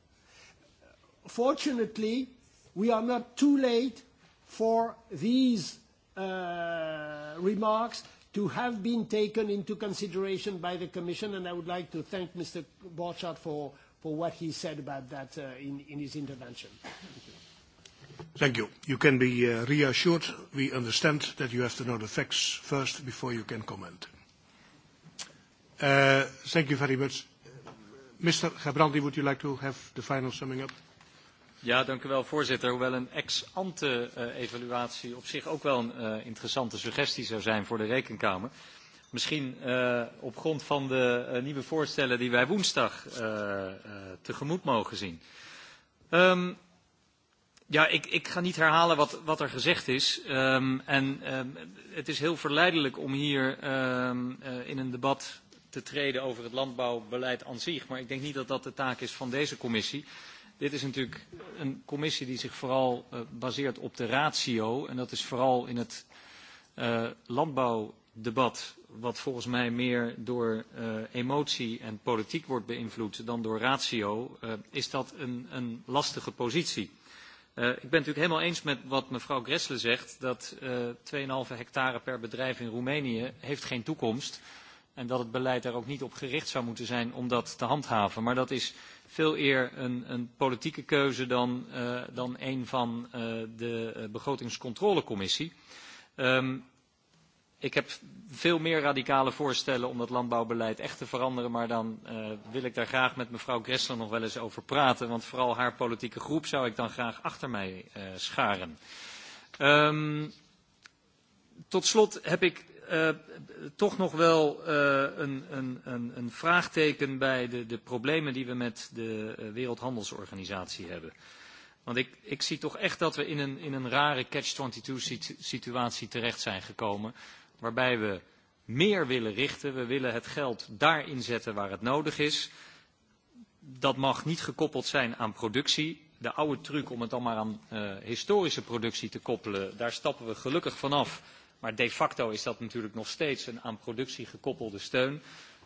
Fortunately, we are not too late for these remarks to have been taken into consideration by the Commission, and I would like to thank Mr. Borchardt for, what he said about that in, in his intervention. Thank you. Thank you. You can be uh, reassured we understand that you have to know the facts first before you can comment. Uh, thank you very much. Mr. Gerbrandy, would you like to have the final summing up? Ja, dank u wel, voorzitter. Hoewel een ex-ante eh, evaluatie op zich ook wel een eh, interessante suggestie zou zijn voor de Rekenkamer. Misschien eh, op grond van de nieuwe voorstellen die wij woensdag tegemoet mogen zien. Ehm, Ja, ik, ik ga niet herhalen wat, wat er gezegd is. Um, en um, het is heel verleidelijk om hier um, uh, in een debat te treden over het landbouwbeleid aan zich. Maar ik denk niet dat dat de taak is van deze commissie. Dit is natuurlijk een commissie die zich vooral uh, baseert op de ratio. En dat is vooral in het uh, landbouwdebat, wat volgens mij meer door uh, emotie en politiek wordt beïnvloed dan door ratio, uh, is dat een, een lastige positie. Eh, ik ben het natuurlijk helemaal eens met wat mevrouw Gressle zegt, dat uh, eh, 2,5 hectare per bedrijf in Roemenië heeft geen toekomst. En dat het beleid daar ook niet op gericht zou moeten zijn om dat te handhaven. Maar dat is veel eer een, een politieke keuze dan, uh, dan een van uh, de begrotingscontrolecommissie. Um, Ik heb veel meer radicale voorstellen om dat landbouwbeleid echt te veranderen. Maar dan uh, wil ik daar graag met mevrouw Gressler nog wel eens over praten. Want vooral haar politieke groep zou ik dan graag achter mij uh, scharen. Um, tot slot heb ik uh, toch nog wel uh, een, een, een, vraagteken bij de, de problemen die we met de Wereldhandelsorganisatie hebben. Want ik, ik zie toch echt dat we in een, in een rare catch-22 situatie terecht zijn gekomen waarbij we meer willen richten. We willen het geld daar inzetten waar het nodig is. Dat mag niet gekoppeld zijn aan productie. De oude truc om het dan maar aan uh, historische productie te koppelen, daar stappen we gelukkig vanaf. Maar de facto is dat natuurlijk nog steeds een aan productie gekoppelde steun.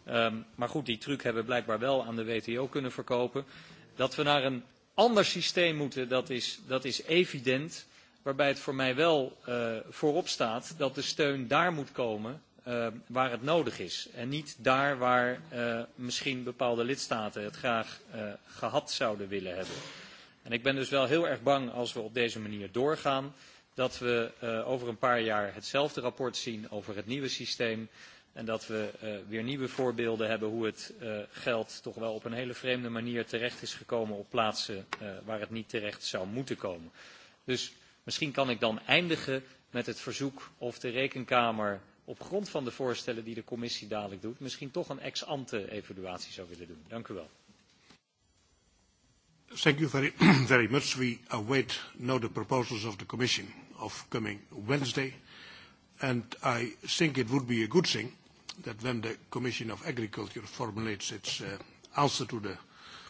Um, maar goed, die truc hebben we blijkbaar wel aan de WTO kunnen verkopen. Dat we naar een ander systeem moeten, dat is, dat is evident waarbij het voor mij wel uh, voorop staat dat de steun daar moet komen uh, waar het nodig is. En niet daar waar uh, misschien bepaalde lidstaten het graag uh, gehad zouden willen hebben. En ik ben dus wel heel erg bang als we op deze manier doorgaan dat we uh, over een paar jaar hetzelfde rapport zien over het nieuwe systeem. En dat we uh, weer nieuwe voorbeelden hebben hoe het uh, geld toch wel op een hele vreemde manier terecht is gekomen op plaatsen uh, waar het niet terecht zou moeten komen. Dus Misschien kan ik dan eindigen met het verzoek of de Rekenkamer op grond van de voorstellen die de commissie dadelijk doet, misschien toch een ex-ante evaluatie zou willen doen. Dank u wel. Thank you very, [clears throat] very much. We await now the proposals of the Commission of coming Wednesday. And I think it would be a good thing that when the Commission of Agriculture formulates its uh, answer to the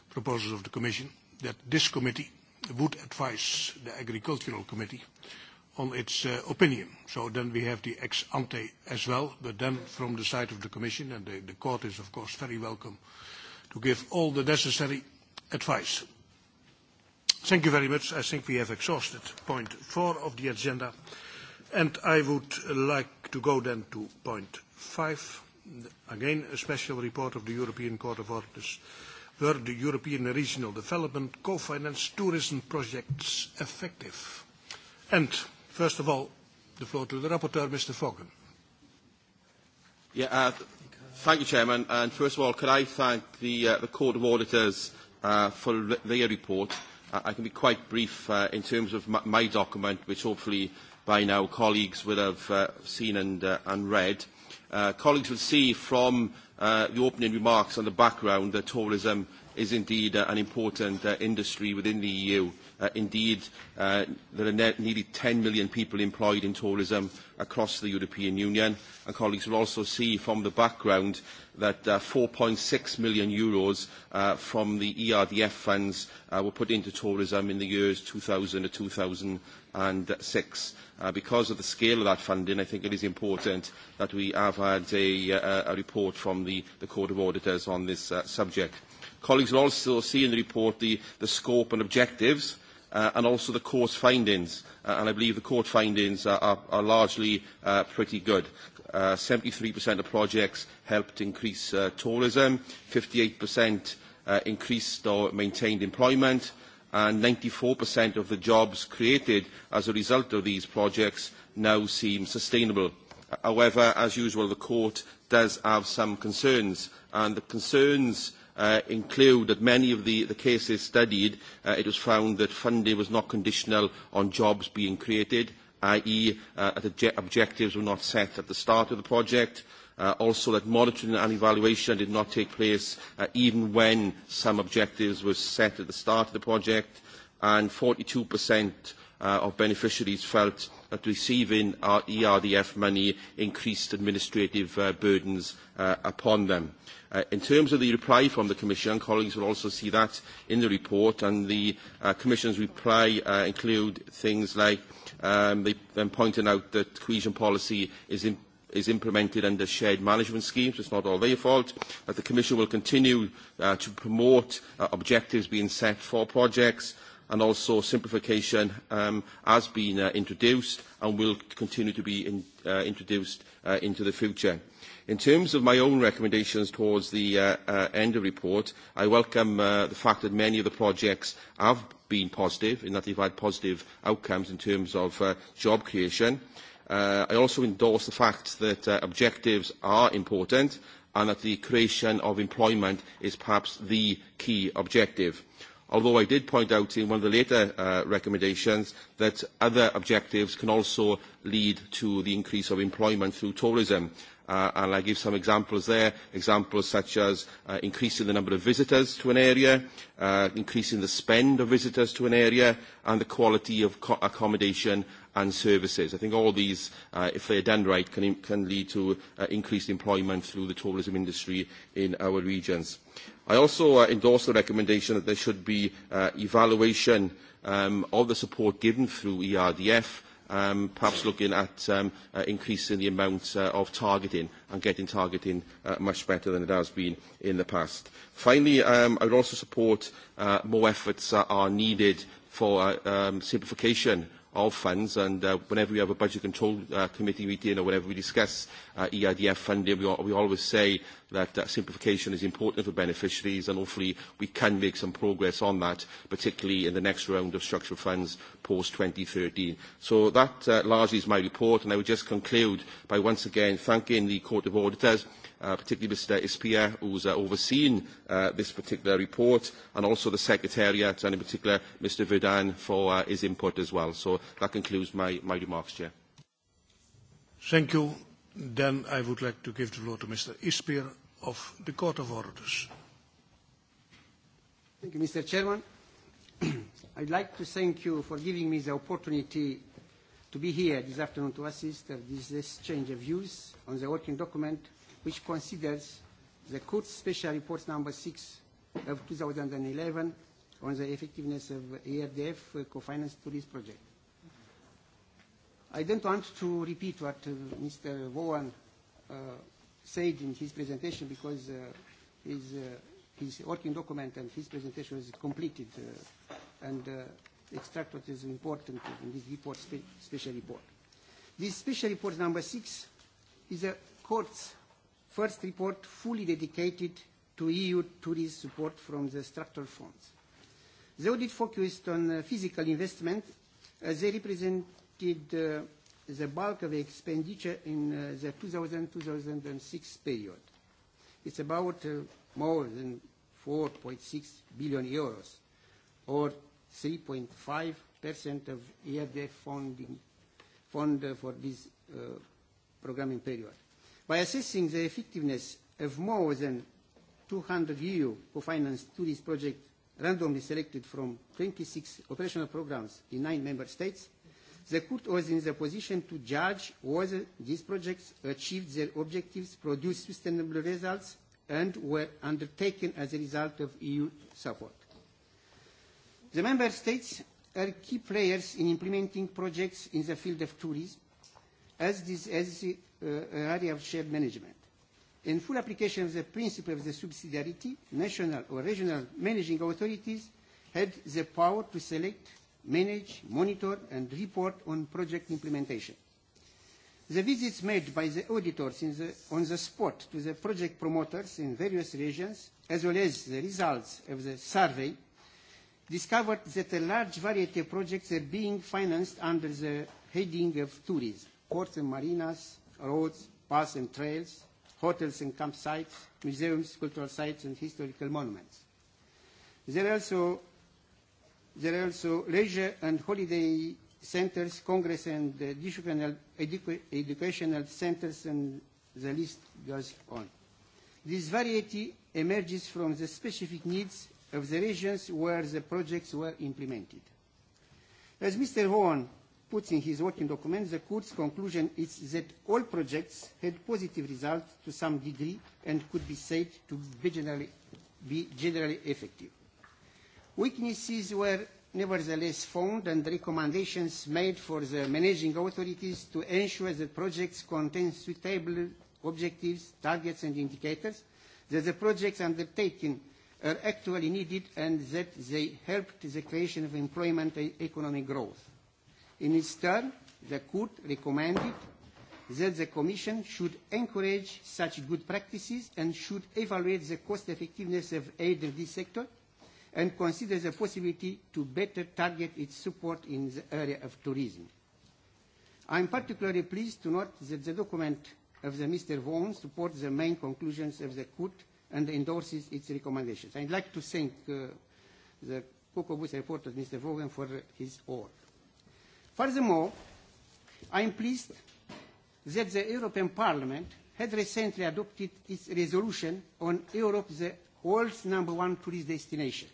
proposals of the Commission, that this committee would advise the Agricultural Committee on its uh, opinion. So then we have the ex ante as well, but then from the side of the Commission, and the, the Court is of course very welcome to give all the necessary advice. Thank you very much. I think we have exhausted point four of the agenda. And I would like to go then to point five, again a special report of the European Court of Auditors were the European Regional Development Co-Financed Tourism Projects effective? And first of all, the floor to the rapporteur, Mr. Vaughan. Yeah, uh, thank you, Chairman. And first of all, could I thank the, uh, Court of Auditors uh, for their report. I can be quite brief in terms of my, document, which hopefully by now colleagues will have seen and, read. Uh, colleagues will see from uh, the opening remarks on the background that tourism is indeed uh, an important uh, industry within the EU Uh, indeed, uh, there are nearly 10 million people employed in tourism across the European Union. And colleagues will also see from the background that uh, 4.6 million euros uh, from the ERDF funds uh, were put into tourism in the years 2000 to 2006. Uh, because of the scale of that funding, I think it is important that we have had a, uh, a report from the, the Court of Auditors on this uh, subject. Colleagues will also see in the report the, the scope and objectives uh, uh, and also the court's findings. Uh, and I believe the court findings are, are, are largely uh, pretty good. Uh, 73% of projects helped increase uh, tourism, 58% uh, increased or maintained employment, and 94% of the jobs created as a result of these projects now seem sustainable. However, as usual, the court does have some concerns, and the concerns uh, include that many of the, the cases studied, uh, it was found that funding was not conditional on jobs being created, i.e. Uh, that objectives were not set at the start of the project, uh, also that monitoring and evaluation did not take place uh, even when some objectives were set at the start of the project, and 42% uh, of beneficiaries felt at receiving our ERDF money increased administrative uh, burdens uh, upon them. Uh, in terms of the reply from the Commission, colleagues will also see that in the report, and the uh, Commission's reply uh, include things like um, they, them pointing out that cohesion policy is in is implemented under shared management schemes. It's not all their fault. That the Commission will continue uh, to promote uh, objectives being set for projects and also simplification um, has been uh, introduced and will continue to be in, uh, introduced uh, into the future. In terms of my own recommendations towards the uh, uh, end of the report, I welcome uh, the fact that many of the projects have been positive in that they've had positive outcomes in terms of uh, job creation. Uh, I also endorse the fact that uh, objectives are important and that the creation of employment is perhaps the key objective although I did point out in one of the later uh, recommendations that other objectives can also lead to the increase of employment through tourism. Uh, and I give some examples there, examples such as uh, increasing the number of visitors to an area, uh, increasing the spend of visitors to an area, and the quality of accommodation and services. I think all these, uh, if they are done right, can, can lead to uh, increased employment through the tourism industry in our regions. I also uh, endorse the recommendation that there should be uh, evaluation um, of the support given through ERDF um, perhaps looking at um, uh, increasing the amount uh, of targeting and getting targeting uh, much better than it has been in the past. Finally, um, I would also support uh, more efforts that are needed for uh, um, simplification of funds and uh, whenever we have a budget control uh, committee meeting or whenever we discuss uh, EIDF funding. We, we always say that uh, simplification is important for beneficiaries and hopefully we can make some progress on that, particularly in the next round of structural funds post-2013. So that uh, largely is my report and I would just conclude by once again thanking the Court of Auditors uh, particularly Mr Ispia, who's uh, overseen uh, this particular report, and also the Secretariat, and in particular Mr Verdan, for uh, his input as well. So that concludes my, my remarks, Chair. Thank you Then I would like to give the floor to Mr. Ispir of the Court of Auditors. Thank you, Mr. Chairman. [clears throat] I'd like to thank you for giving me the opportunity to be here this afternoon to assist at this exchange of views on the working document, which considers the Court's Special Report number 6 of 2011 on the effectiveness of ERDF co-financed tourist project. I don't want to repeat what uh, Mr. Vaughan uh, said in his presentation because uh, his, uh, his working document and his presentation was completed uh, and uh, extract what is important in this report, spe special report. This special report number six is a court's first report fully dedicated to EU tourist support from the structural funds. The audit focused on uh, physical investment as they represent did uh, the bulk of the expenditure in uh, the 2000-2006 period. It's about uh, more than 4.6 billion euros, or 3.5% of EFDF funding fund uh, for this uh, programming period. By assessing the effectiveness of more than 200 EU co-financed tourist projects randomly selected from 26 operational programs in nine member states, The court was in the position to judge whether these projects achieved their objectives, produced sustainable results, and were undertaken as a result of EU support. The Member States are key players in implementing projects in the field of tourism, as this as the uh, area of shared management. In full application of the principle of the subsidiarity, national or regional managing authorities had the power to select manage, monitor and report on project implementation. The visits made by the auditors in the, on the spot to the project promoters in various regions, as well as the results of the survey, discovered that a large variety of projects are being financed under the heading of tourism, ports and marinas, roads, paths and trails, hotels and campsites, museums, cultural sites and historical monuments. There are also There are also leisure and holiday centers, congress and uh, educational, edu educational centers, and the list goes on. This variety emerges from the specific needs of the regions where the projects were implemented. As Mr. Hohen puts in his working document, the Court's conclusion is that all projects had positive results to some degree and could be said to be generally, be generally effective. Weaknesses were nevertheless found and recommendations made for the managing authorities to ensure that projects contain suitable objectives, targets and indicators, that the projects undertaken are actually needed and that they help to the creation of employment and economic growth. In its turn, the Court recommended that the Commission should encourage such good practices and should evaluate the cost effectiveness of aid in this sector and considers the possibility to better target its support in the area of tourism. I am particularly pleased to note that the document of the Mr. Vaughan supports the main conclusions of the Court and endorses its recommendations. I'd like to thank uh, the Kokobus report of Mr. Vaughan for his work. Furthermore, I am pleased that the European Parliament had recently adopted its resolution on Europe, the world's number one tourist destination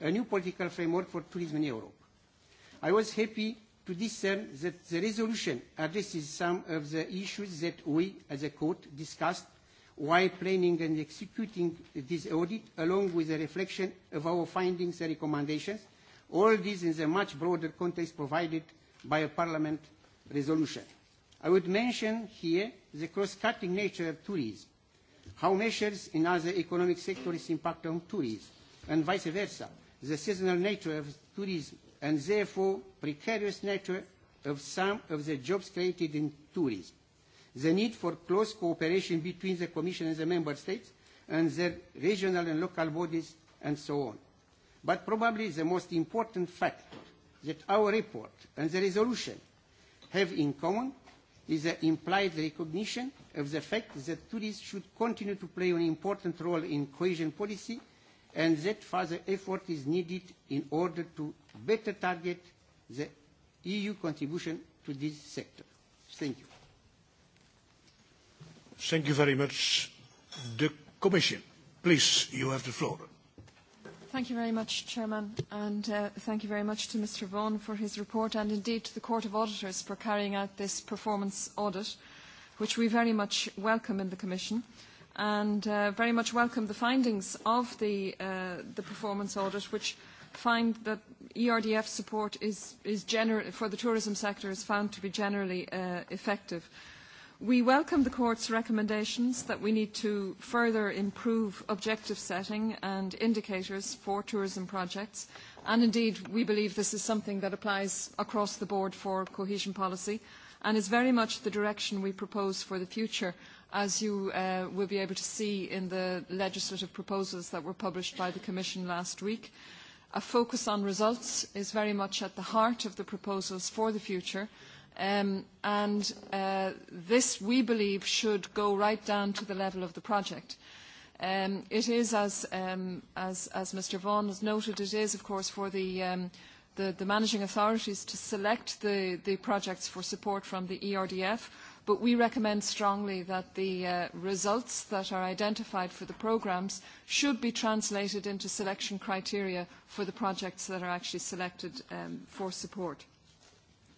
a new political framework for tourism in Europe. I was happy to discern that the resolution addresses some of the issues that we, as a court, discussed while planning and executing this audit, along with a reflection of our findings and recommendations, all this in the much broader context provided by a Parliament resolution. I would mention here the cross-cutting nature of tourism, how measures in other economic sectors impact on tourism, and vice versa, the seasonal nature of tourism and therefore precarious nature of some of the jobs created in tourism, the need for close cooperation between the Commission and the Member States and their regional and local bodies and so on. But probably the most important factor that our report and the resolution have in common is the implied recognition of the fact that tourism should continue to play an important role in cohesion policy and that further effort is needed in order to better target the EU contribution to this sector. Thank you. Thank you very much. The Commission, please, you have the floor. Thank you very much, Chairman, and uh, thank you very much to Mr Vaughan for his report and indeed to the Court of Auditors for carrying out this performance audit, which we very much welcome in the Commission and uh, very much welcome the findings of the, uh, the performance audit, which find that ERDF support is, is for the tourism sector is found to be generally uh, effective. We welcome the Court's recommendations that we need to further improve objective setting and indicators for tourism projects. And indeed, we believe this is something that applies across the board for cohesion policy and is very much the direction we propose for the future as you uh, will be able to see in the legislative proposals that were published by the Commission last week, a focus on results is very much at the heart of the proposals for the future. Um, and uh, this, we believe, should go right down to the level of the project. Um, it is, as, um, as, as, Mr Vaughan has noted, it is, of course, for the, um, the, the managing authorities to select the, the projects for support from the ERDF but we recommend strongly that the uh, results that are identified for the programmes should be translated into selection criteria for the projects that are actually selected um, for support.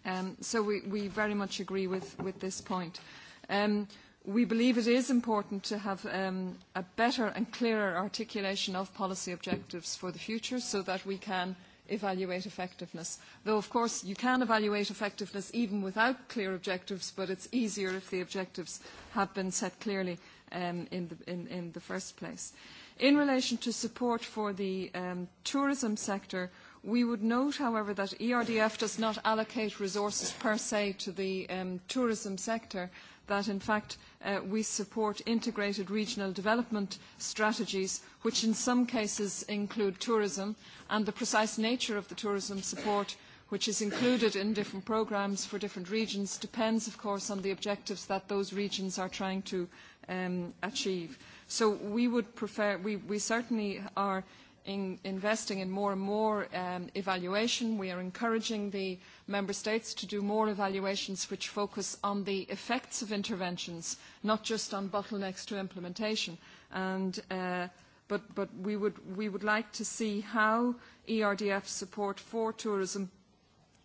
Um, so we, we, very much agree with, with this point. Um, we believe it is important to have um, a better and clearer articulation of policy objectives for the future so that we can – evaluate effectiveness. Though, of course, you can evaluate effectiveness even without clear objectives, but it's easier if the objectives have been set clearly um, in, the, in, in the first place. In relation to support for the um, tourism sector, we would note, however, that ERDF does not allocate resources per se to the um, tourism sector that in fact uh, we support integrated regional development strategies which in some cases include tourism and the precise nature of the tourism support which is included in different programmes for different regions depends of course on the objectives that those regions are trying to um, achieve. So we would prefer, we, we certainly are in investing in more and more um, evaluation. We are encouraging the Member States to do more evaluations which focus on the effects of interventions, not just on bottlenecks to implementation. And, uh, but, but we, would, we would like to see how ERDF support for tourism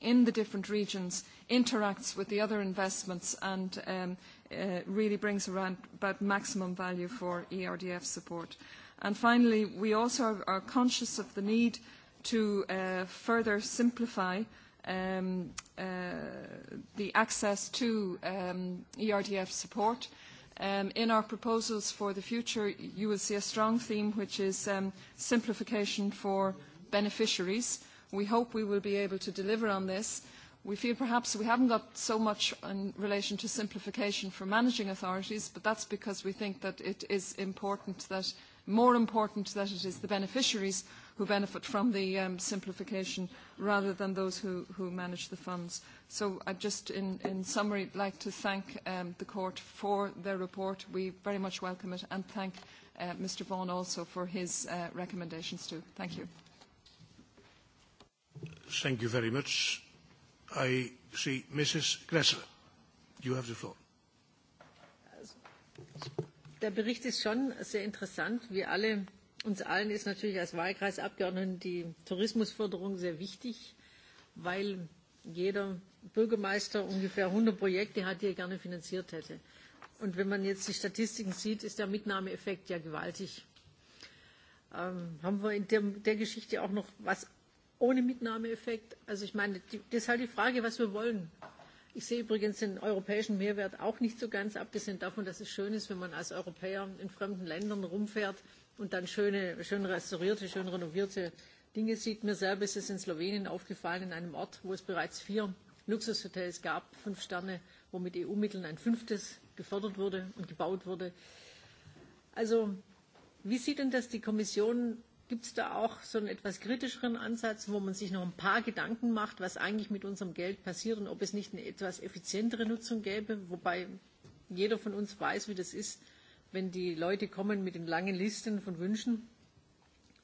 in the different regions interacts with the other investments and um, uh, really brings around about maximum value for ERDF support. And finally, we also are, are conscious of the need to uh, further simplify uh, um, uh, the access to um, ERDF support. Um, in our proposals for the future, you will see a strong theme, which is um, simplification for beneficiaries. We hope we will be able to deliver on this. We feel perhaps we haven't got so much in relation to simplification for managing authorities, but that's because we think that it is important that, more important that it is the beneficiaries who benefit from the um, simplification rather than those who, who manage the funds. So I just, in, in summary, like to thank um, the court for their report. We very much welcome it and thank uh, Mr Vaughan also for his uh, recommendations too. Thank you. Thank you very much. I see Mrs. Gressler. You have the floor. Der Bericht ist schon sehr interessant. Wir alle Uns allen ist natürlich als Wahlkreisabgeordneten die Tourismusförderung sehr wichtig, weil jeder Bürgermeister ungefähr 100 Projekte hat, die er gerne finanziert hätte. Und wenn man jetzt die Statistiken sieht, ist der Mitnahmeeffekt ja gewaltig. Ähm, haben wir in der, der Geschichte auch noch was ohne Mitnahmeeffekt? Also ich meine, die, das ist halt die Frage, was wir wollen. Ich sehe übrigens den europäischen Mehrwert auch nicht so ganz, abgesehen davon, dass es schön ist, wenn man als Europäer in fremden Ländern rumfährt und dann schöne, schön restaurierte, schön renovierte Dinge sieht. Mir selber ist es in Slowenien aufgefallen, in einem Ort, wo es bereits vier Luxushotels gab, fünf Sterne, wo mit EU-Mitteln ein fünftes gefördert wurde und gebaut wurde. Also wie sieht denn das die Kommission? Gibt es da auch so einen etwas kritischeren Ansatz, wo man sich noch ein paar Gedanken macht, was eigentlich mit unserem Geld passiert und ob es nicht eine etwas effizientere Nutzung gäbe? Wobei jeder von uns weiß, wie das ist, wenn die Leute kommen mit den langen Listen von Wünschen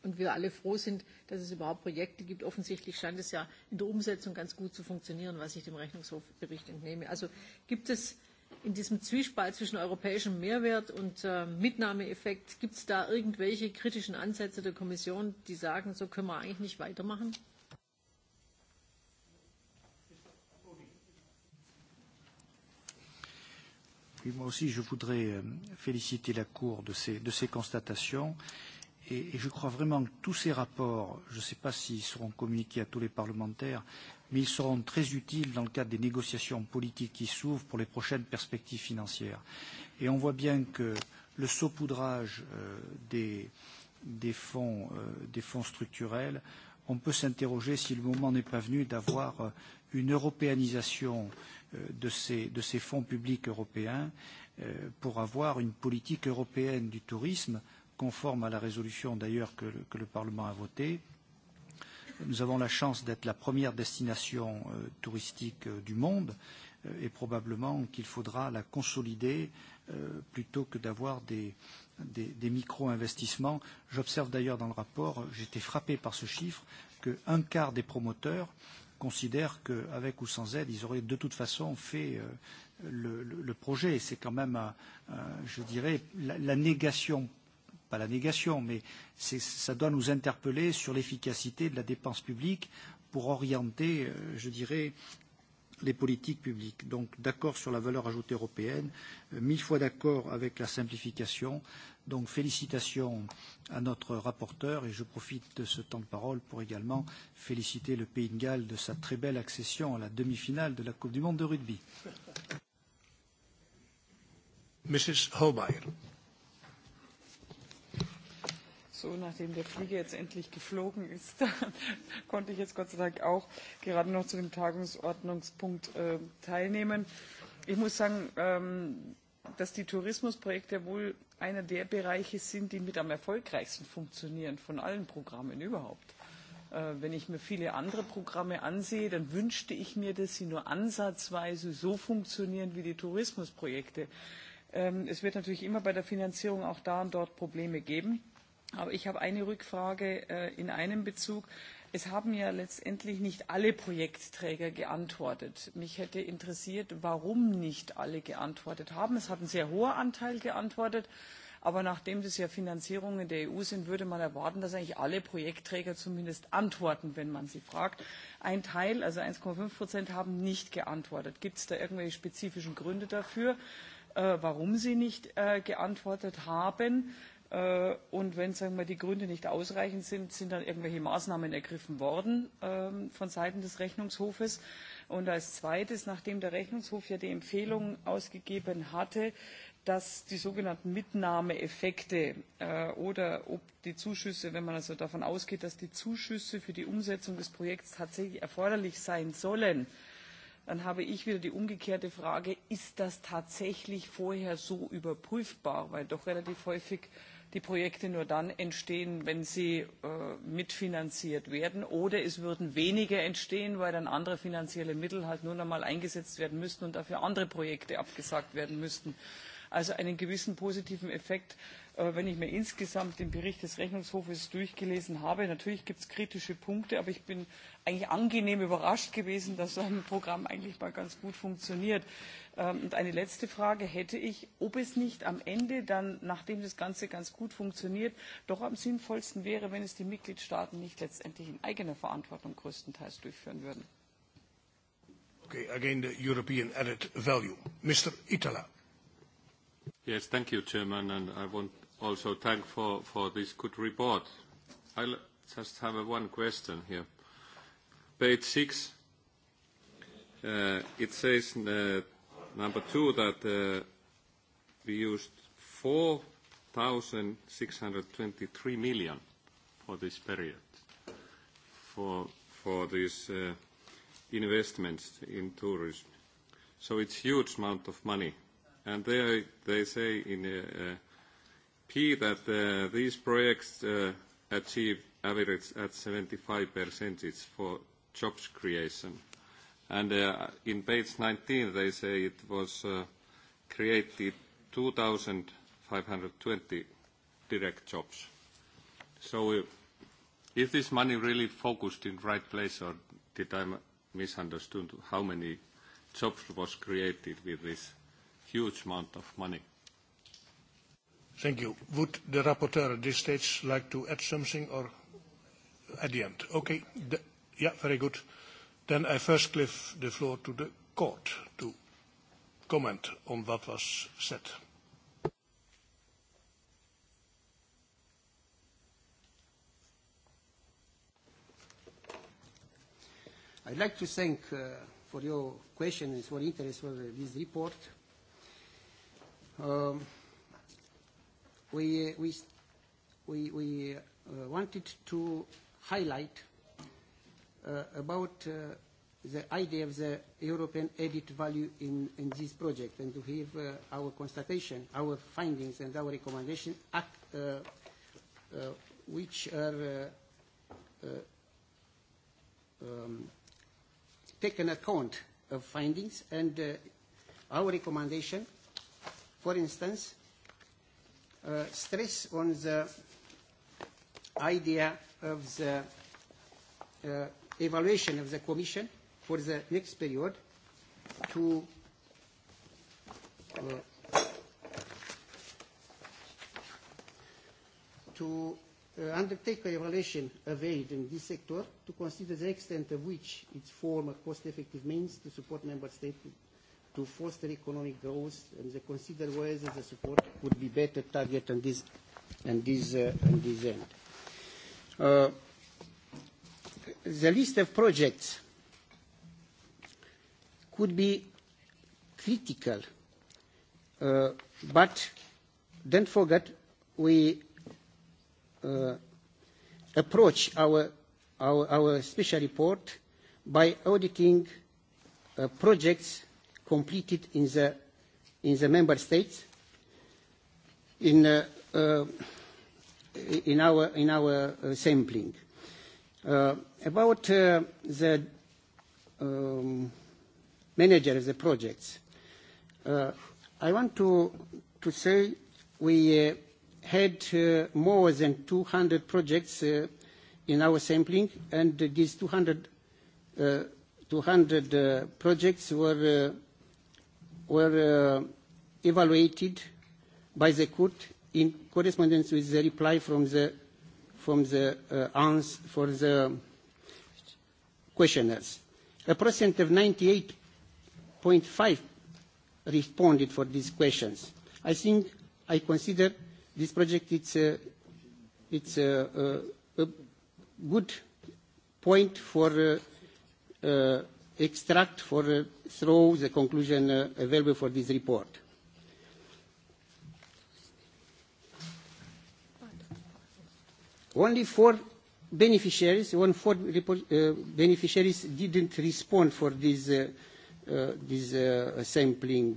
und wir alle froh sind, dass es überhaupt Projekte gibt. Offensichtlich scheint es ja in der Umsetzung ganz gut zu funktionieren, was ich dem Rechnungshofbericht entnehme. Also gibt es in diesem Zwiespalt zwischen europäischem Mehrwert und äh, Mitnahmeeffekt, gibt es da irgendwelche kritischen Ansätze der Kommission, die sagen, so können wir eigentlich nicht weitermachen? Oui, moi aussi, je voudrais euh, féliciter la Cour de ces, de ces constatations. Et, et je crois vraiment que tous ces rapports, je ne sais pas s'ils seront communiqués à tous les parlementaires, mais ils seront très utiles dans le cadre des négociations politiques qui s'ouvrent pour les prochaines perspectives financières. Et on voit bien que le saupoudrage euh, des, des, fonds, euh, des fonds structurels, on peut s'interroger si le moment n'est pas venu d'avoir euh, une européanisation euh, de ces, de ces fonds publics européens euh, pour avoir une politique européenne du tourisme conforme à la résolution d'ailleurs que, que le Parlement a votée. Nous avons la chance d'être la première destination euh, touristique du monde et probablement qu'il faudra la consolider plutôt que d'avoir des, des, des micro-investissements. J'observe d'ailleurs dans le rapport, j'étais frappé par ce chiffre, qu'un quart des promoteurs euh, considèrent qu'avec ou sans aide, ils auraient de toute façon fait euh, le, le, projet. C'est quand même, je dirais, la, la négation pas la négation, mais ça doit nous interpeller sur l'efficacité de la dépense publique pour orienter, euh, je dirais, les politiques publiques. Donc d'accord sur la valeur ajoutée européenne, euh, mille fois d'accord avec la simplification. Donc félicitations à notre rapporteur et je profite de ce temps de parole pour également féliciter le Pays de Galles de sa très belle accession à la demi-finale de la Coupe du Monde de rugby. Mrs. Holmeyer so, nachdem der Flieger jetzt endlich geflogen ist, [laughs] konnte ich jetzt Gott sei Dank auch gerade noch zu dem Tagungsordnungspunkt äh, teilnehmen. Ich muss sagen, ähm, dass die Tourismusprojekte wohl einer der Bereiche sind, die mit am erfolgreichsten funktionieren von allen Programmen überhaupt. Äh, wenn ich mir viele andere Programme ansehe, dann wünschte ich mir, dass sie nur ansatzweise so funktionieren wie die Tourismusprojekte. Ähm, es wird natürlich immer bei der Finanzierung auch da und dort Probleme geben. Aber ich habe eine Rückfrage äh, in einem Bezug. Es haben ja letztendlich nicht alle Projektträger geantwortet. Mich hätte interessiert, warum nicht alle geantwortet haben. Es hat ein sehr hoher Anteil geantwortet. Aber nachdem das ja Finanzierungen der EU sind, würde man erwarten, dass eigentlich alle Projektträger zumindest antworten, wenn man sie fragt. Ein Teil, also 1,5 Prozent, haben nicht geantwortet. Gibt es da irgendwelche spezifischen Gründe dafür, äh, warum sie nicht äh, geantwortet haben? Äh, und wenn sagen wir, die Gründe nicht ausreichend sind, sind dann irgendwelche Maßnahmen ergriffen worden ähm, von Seiten des Rechnungshofes. Und als zweites, nachdem der Rechnungshof ja die Empfehlung ausgegeben hatte, dass die sogenannten Mitnahmeeffekte äh, oder ob die Zuschüsse, wenn man also davon ausgeht, dass die Zuschüsse für die Umsetzung des Projekts tatsächlich erforderlich sein sollen, dann habe ich wieder die umgekehrte Frage, ist das tatsächlich vorher so überprüfbar? Weil doch relativ häufig äh, die Projekte nur dann entstehen, wenn sie äh, mitfinanziert werden oder es würden weniger entstehen, weil dann andere finanzielle Mittel halt nur noch mal eingesetzt werden müssten und dafür andere Projekte abgesagt werden müssten also einen gewissen positiven effekt äh, wenn ich mir insgesamt den bericht des rechnungshofes durchgelesen habe natürlich gibt es kritische punkte aber ich bin eigentlich angenehm überrascht gewesen dass so ein programm eigentlich mal ganz gut funktioniert. Ähm, und eine letzte frage hätte ich ob es nicht am ende dann nachdem das ganze ganz gut funktioniert doch am sinnvollsten wäre wenn es die mitgliedstaaten nicht letztendlich in eigener verantwortung größtenteils durchführen würden. Okay, again the European added value. Mr. Itala. Yes, thank you, Chairman, and I want also thank for, for this good report. I'll just have a one question here. Page six, uh, it says uh, number two that uh, we used 4,623 million for this period for, for these uh, investments in tourism. So it's huge amount of money and they say in uh, uh, P that uh, these projects uh, achieve average at 75 for jobs creation. And uh, in page 19 they say it was uh, created 2,520 direct jobs. So uh, is this money really focused in right place or did I misunderstand how many jobs was created with this huge amount of money. Thank you. Would the rapporteur at this stage like to add something or at the end? Okay. The, yeah, very good. Then I first give the floor to the court to comment on what was said. I'd like to thank uh, for your questions, for interest for this report uh, we, we, we, we uh, wanted to highlight uh, about uh, the idea of the European added value in, in this project and to give uh, our constatation, our findings and our recommendation uh, uh, which are uh, uh, um, taken account of findings and uh, our recommendation For instance, uh, stress on the idea of the uh, evaluation of the Commission for the next period to uh, to uh, undertake an evaluation of aid in this sector to consider the extent of which its former cost-effective means to support member states to foster economic growth, and they consider whether the support could be better targeted on this, and this, uh, and this end. Uh, the list of projects could be critical, uh, but don't forget we uh, approach our, our, our special report by auditing uh, projects completed in the, in the member states in, uh, uh, in our, in our uh, sampling. Uh, about uh, the um, manager of the projects, uh, I want to, to say we uh, had uh, more than 200 projects uh, in our sampling, and these 200, uh, 200 uh, projects were uh, were uh, evaluated by the court in correspondence with the reply from the from the uh, ans for the questioners. A percent of 98.5 responded for these questions. I think I consider this project it's a, it's a, a, a good point for uh, uh, extract for uh, through the conclusion uh, available for this report. Only four beneficiaries, one four uh, beneficiaries didn't respond for this, uh, uh, this uh, sampling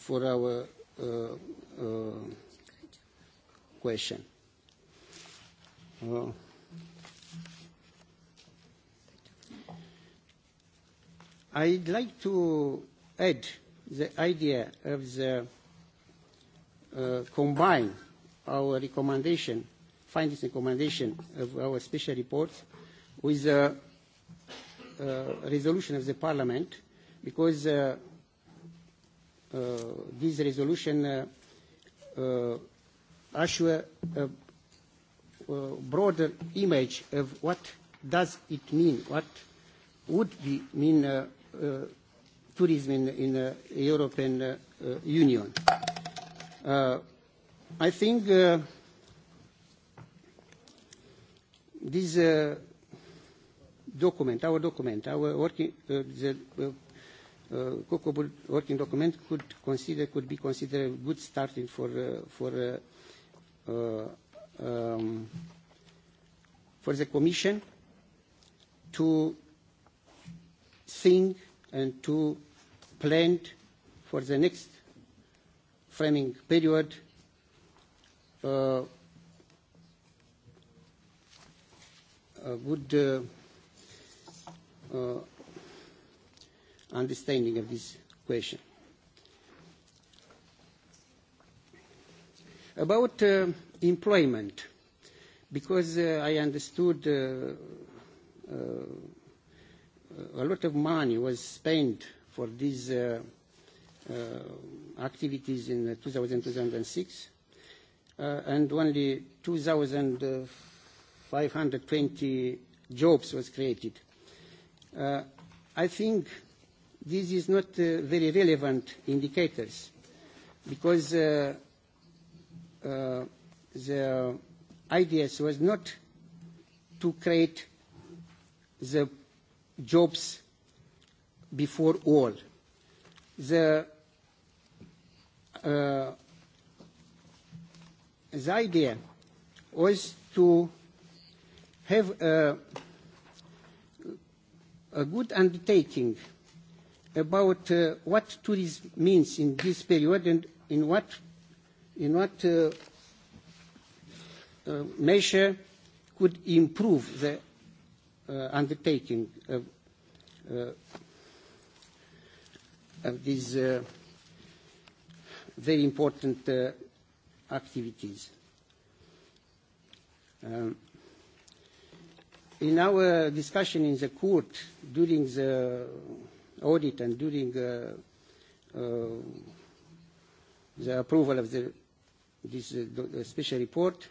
for our question. I'd like to add the idea of the uh, combine our recommendation, findings and recommendation of our special report with the uh, resolution of the Parliament because uh, uh, this resolution uh, uh, assure a, a broader image of what does it mean, what would be mean uh, Uh, tourism in, in the uh, European uh, Union. Uh, I think uh, this uh, document, our document, our working, uh, the uh, uh, COCOBO working document could consider could be considered a good starting for uh, for uh, uh, um, for the Commission to think and to plan for the next framing period uh, good uh, uh, understanding of this question. About uh, employment, because uh, I understood uh, uh, a lot of money was spent for these uh, uh, activities in 2000, 2006, uh, and only 2,520 jobs was created. Uh, I think this is not uh, very relevant indicators because uh, uh, the IDS was not to create the jobs before all. The, uh, the idea was to have a, a good undertaking about uh, what tourism means in this period and in what, in what uh, uh, measure could improve the Uh, undertaking of, uh, of these uh, very important activities. Um, in our discussion in the court during the audit and during uh, uh, the approval of the, this uh, special report,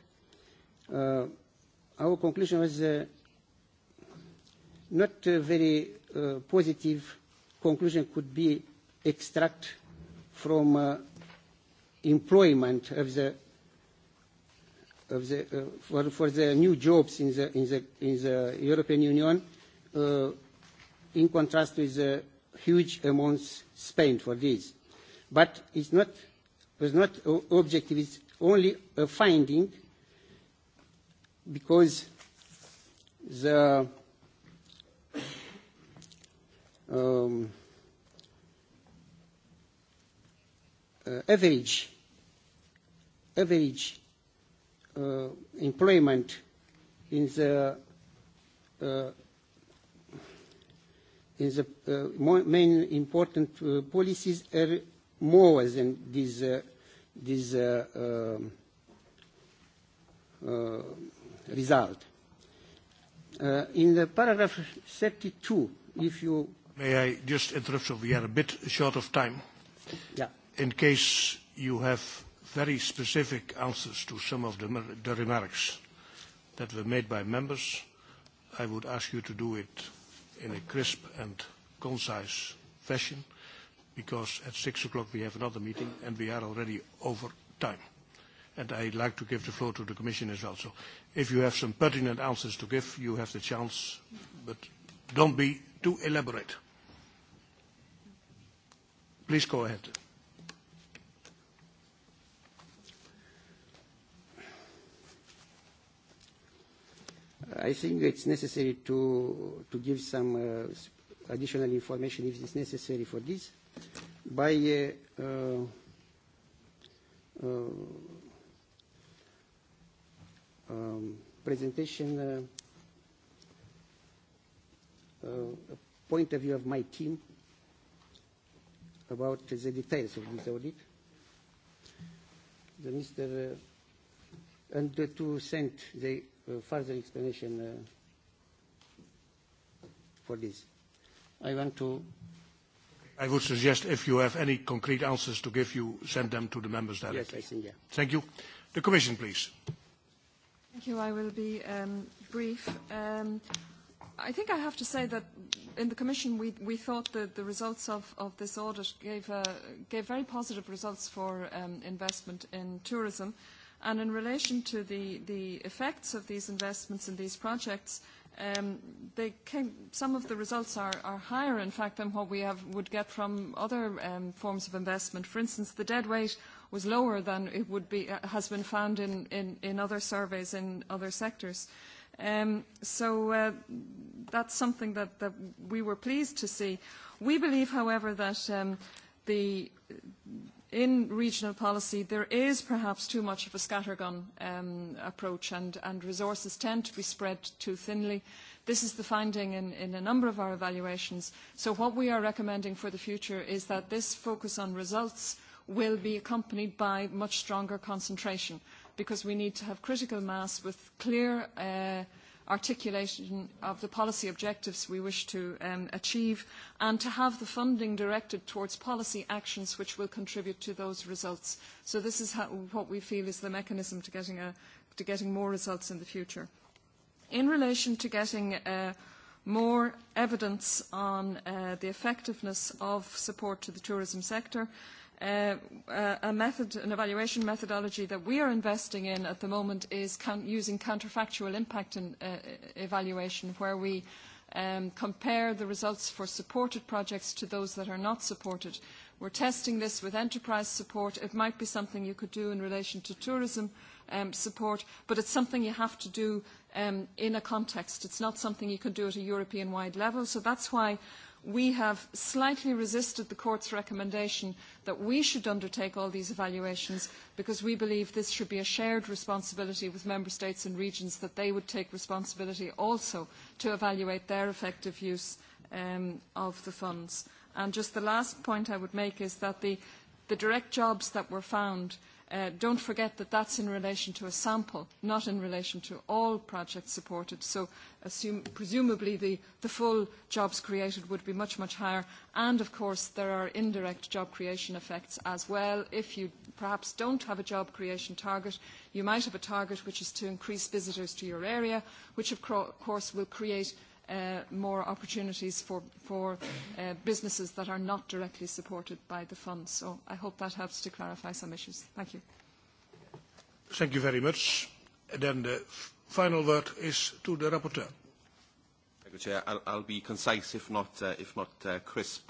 uh, our conclusion was uh, not a very uh, positive conclusion could be extract from uh, employment of the of the uh, for, for the new jobs in the in the in the European Union uh, in contrast with the huge amounts spent for this but it's not was not uh, objective it's only a finding because the Um, uh, average average uh, employment in the uh, in the uh, more main important uh, policies are more than this uh, this uh, um, uh, result. Uh, in the paragraph 32, if you May I just interrupt, you? We are a bit short of time. Yeah. In case you have very specific answers to some of the, the remarks that were made by members, I would ask you to do it in a crisp and concise fashion, because at six o'clock we have another meeting, and we are already over time. And I'd like to give the floor to the commission as well. So if you have some pertinent answers to give, you have the chance, but don't be too elaborate. Please go ahead. I think it's necessary to, to give some uh, additional information if it's necessary for this by uh, uh, uh um, presentation uh, uh, point of view of my team about the details of this audit. The Mr. Uh, and uh, to send the uh, further explanation uh, for this. I want to... I would suggest if you have any concrete answers to give, you send them to the members directly. Yes, I think, yeah. Thank you. The Commission, please. Thank you. I will be um, brief. Um, I think I have to say that in the Commission we, we thought that the results of, of this audit gave, uh, gave very positive results for um, investment in tourism. And in relation to the, the effects of these investments in these projects, um, they came, some of the results are, are higher, in fact, than what we have, would get from other um, forms of investment. For instance, the dead weight was lower than it would be, uh, has been found in, in, in other surveys in other sectors. Uh, Um, so uh, that's something that, that we were pleased to see. We believe, however, that um, the, in regional policy there is perhaps too much of a scattergun um, approach and, and resources tend to be spread too thinly. This is the finding in, in a number of our evaluations. So what we are recommending for the future is that this focus on results will be accompanied by much stronger concentration because we need to have critical mass with clear uh, articulation of the policy objectives we wish to um, achieve and to have the funding directed towards policy actions which will contribute to those results. So this is how, what we feel is the mechanism to getting, a, to getting more results in the future. In relation to getting uh, more evidence on uh, the effectiveness of support to the tourism sector, Uh, uh, a method, an evaluation methodology that we are investing in at the moment is count, using counterfactual impact in, uh, evaluation, where we um, compare the results for supported projects to those that are not supported. We're testing this with enterprise support. It might be something you could do in relation to tourism um, support, but it's something you have to do um, in a context. It's not something you can do at a European-wide level, so that's why we have slightly resisted the court's recommendation that we should undertake all these evaluations because we believe this should be a shared responsibility with member states and regions that they would take responsibility also to evaluate their effective use um, of the funds. And just the last point I would make is that the, the direct jobs that were found – Uh, don't forget that that's in relation to a sample, not in relation to all projects supported. So assume, presumably the, the full jobs created would be much, much higher. And of course, there are indirect job creation effects as well. If you perhaps don't have a job creation target, you might have a target which is to increase visitors to your area, which of course will create uh, more opportunities for, for uh, businesses that are not directly supported by the fund. So I hope that helps to clarify some issues. Thank you. Thank you very much. And then the final word is to the rapporteur. Chair. Uh, I'll, I'll be concise, if not, uh, if not uh, crisp,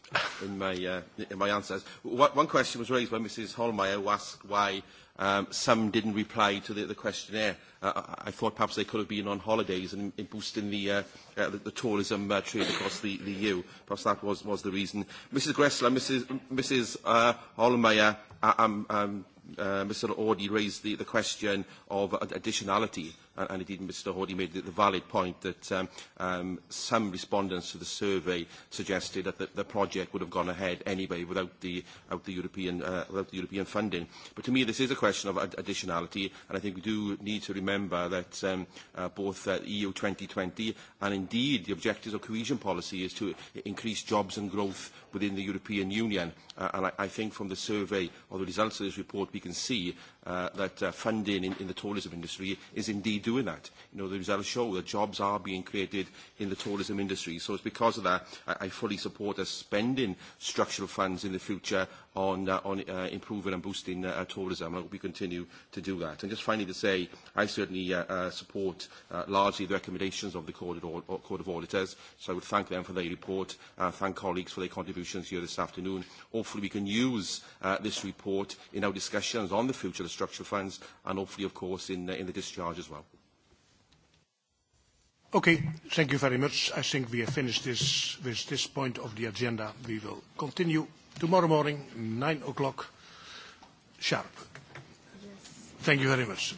in my, uh, in my answers. What, one question was raised by Mrs Holmeyer, who asked why um, some didn't reply to the, the questionnaire. Uh, I thought perhaps they could have been on holidays and in boosting the, uh, uh, the, the tourism uh, trade across the, the EU. Perhaps that was, was the reason. Mrs Gressler, Mrs, Mrs uh, Holmeyer, uh, um, um, uh, Mr Audi raised the, the question of additionality and, and indeed Mr Hody made the, the valid point that um, um, some respondents to the survey suggested that the, the project would have gone ahead anyway without the, out the European, uh, without the European funding. But to me this is a question of ad additionality and I think we do need to remember that um, uh, both uh, EU 2020 and indeed the objectives of cohesion policy is to increase jobs and growth within the European Union. Uh, and I, I think from the survey or the results of this report we can see uh, that uh, funding in, in the tourism industry is indeed doing that. You know, the results show that jobs are being created in the tourism industry. So it's because of that I, I fully support us spending structural funds in the future on, uh, on uh, improving and boosting uh, tourism. I hope we continue to do that. And just finally to say, I certainly uh, uh, support uh, largely the recommendations of the Court of, uh, Court of Auditors, so I would thank them for their report, uh, thank colleagues for their contributions here this afternoon. Hopefully we can use uh, this report in our discussions on the future of structural funds and hopefully, of course, in, uh, in the discharge as well. Okay, thank you very much. I think we have finished this, with this point of the agenda. We will continue tomorrow morning, nine o'clock sharp. Yes. Thank you very much.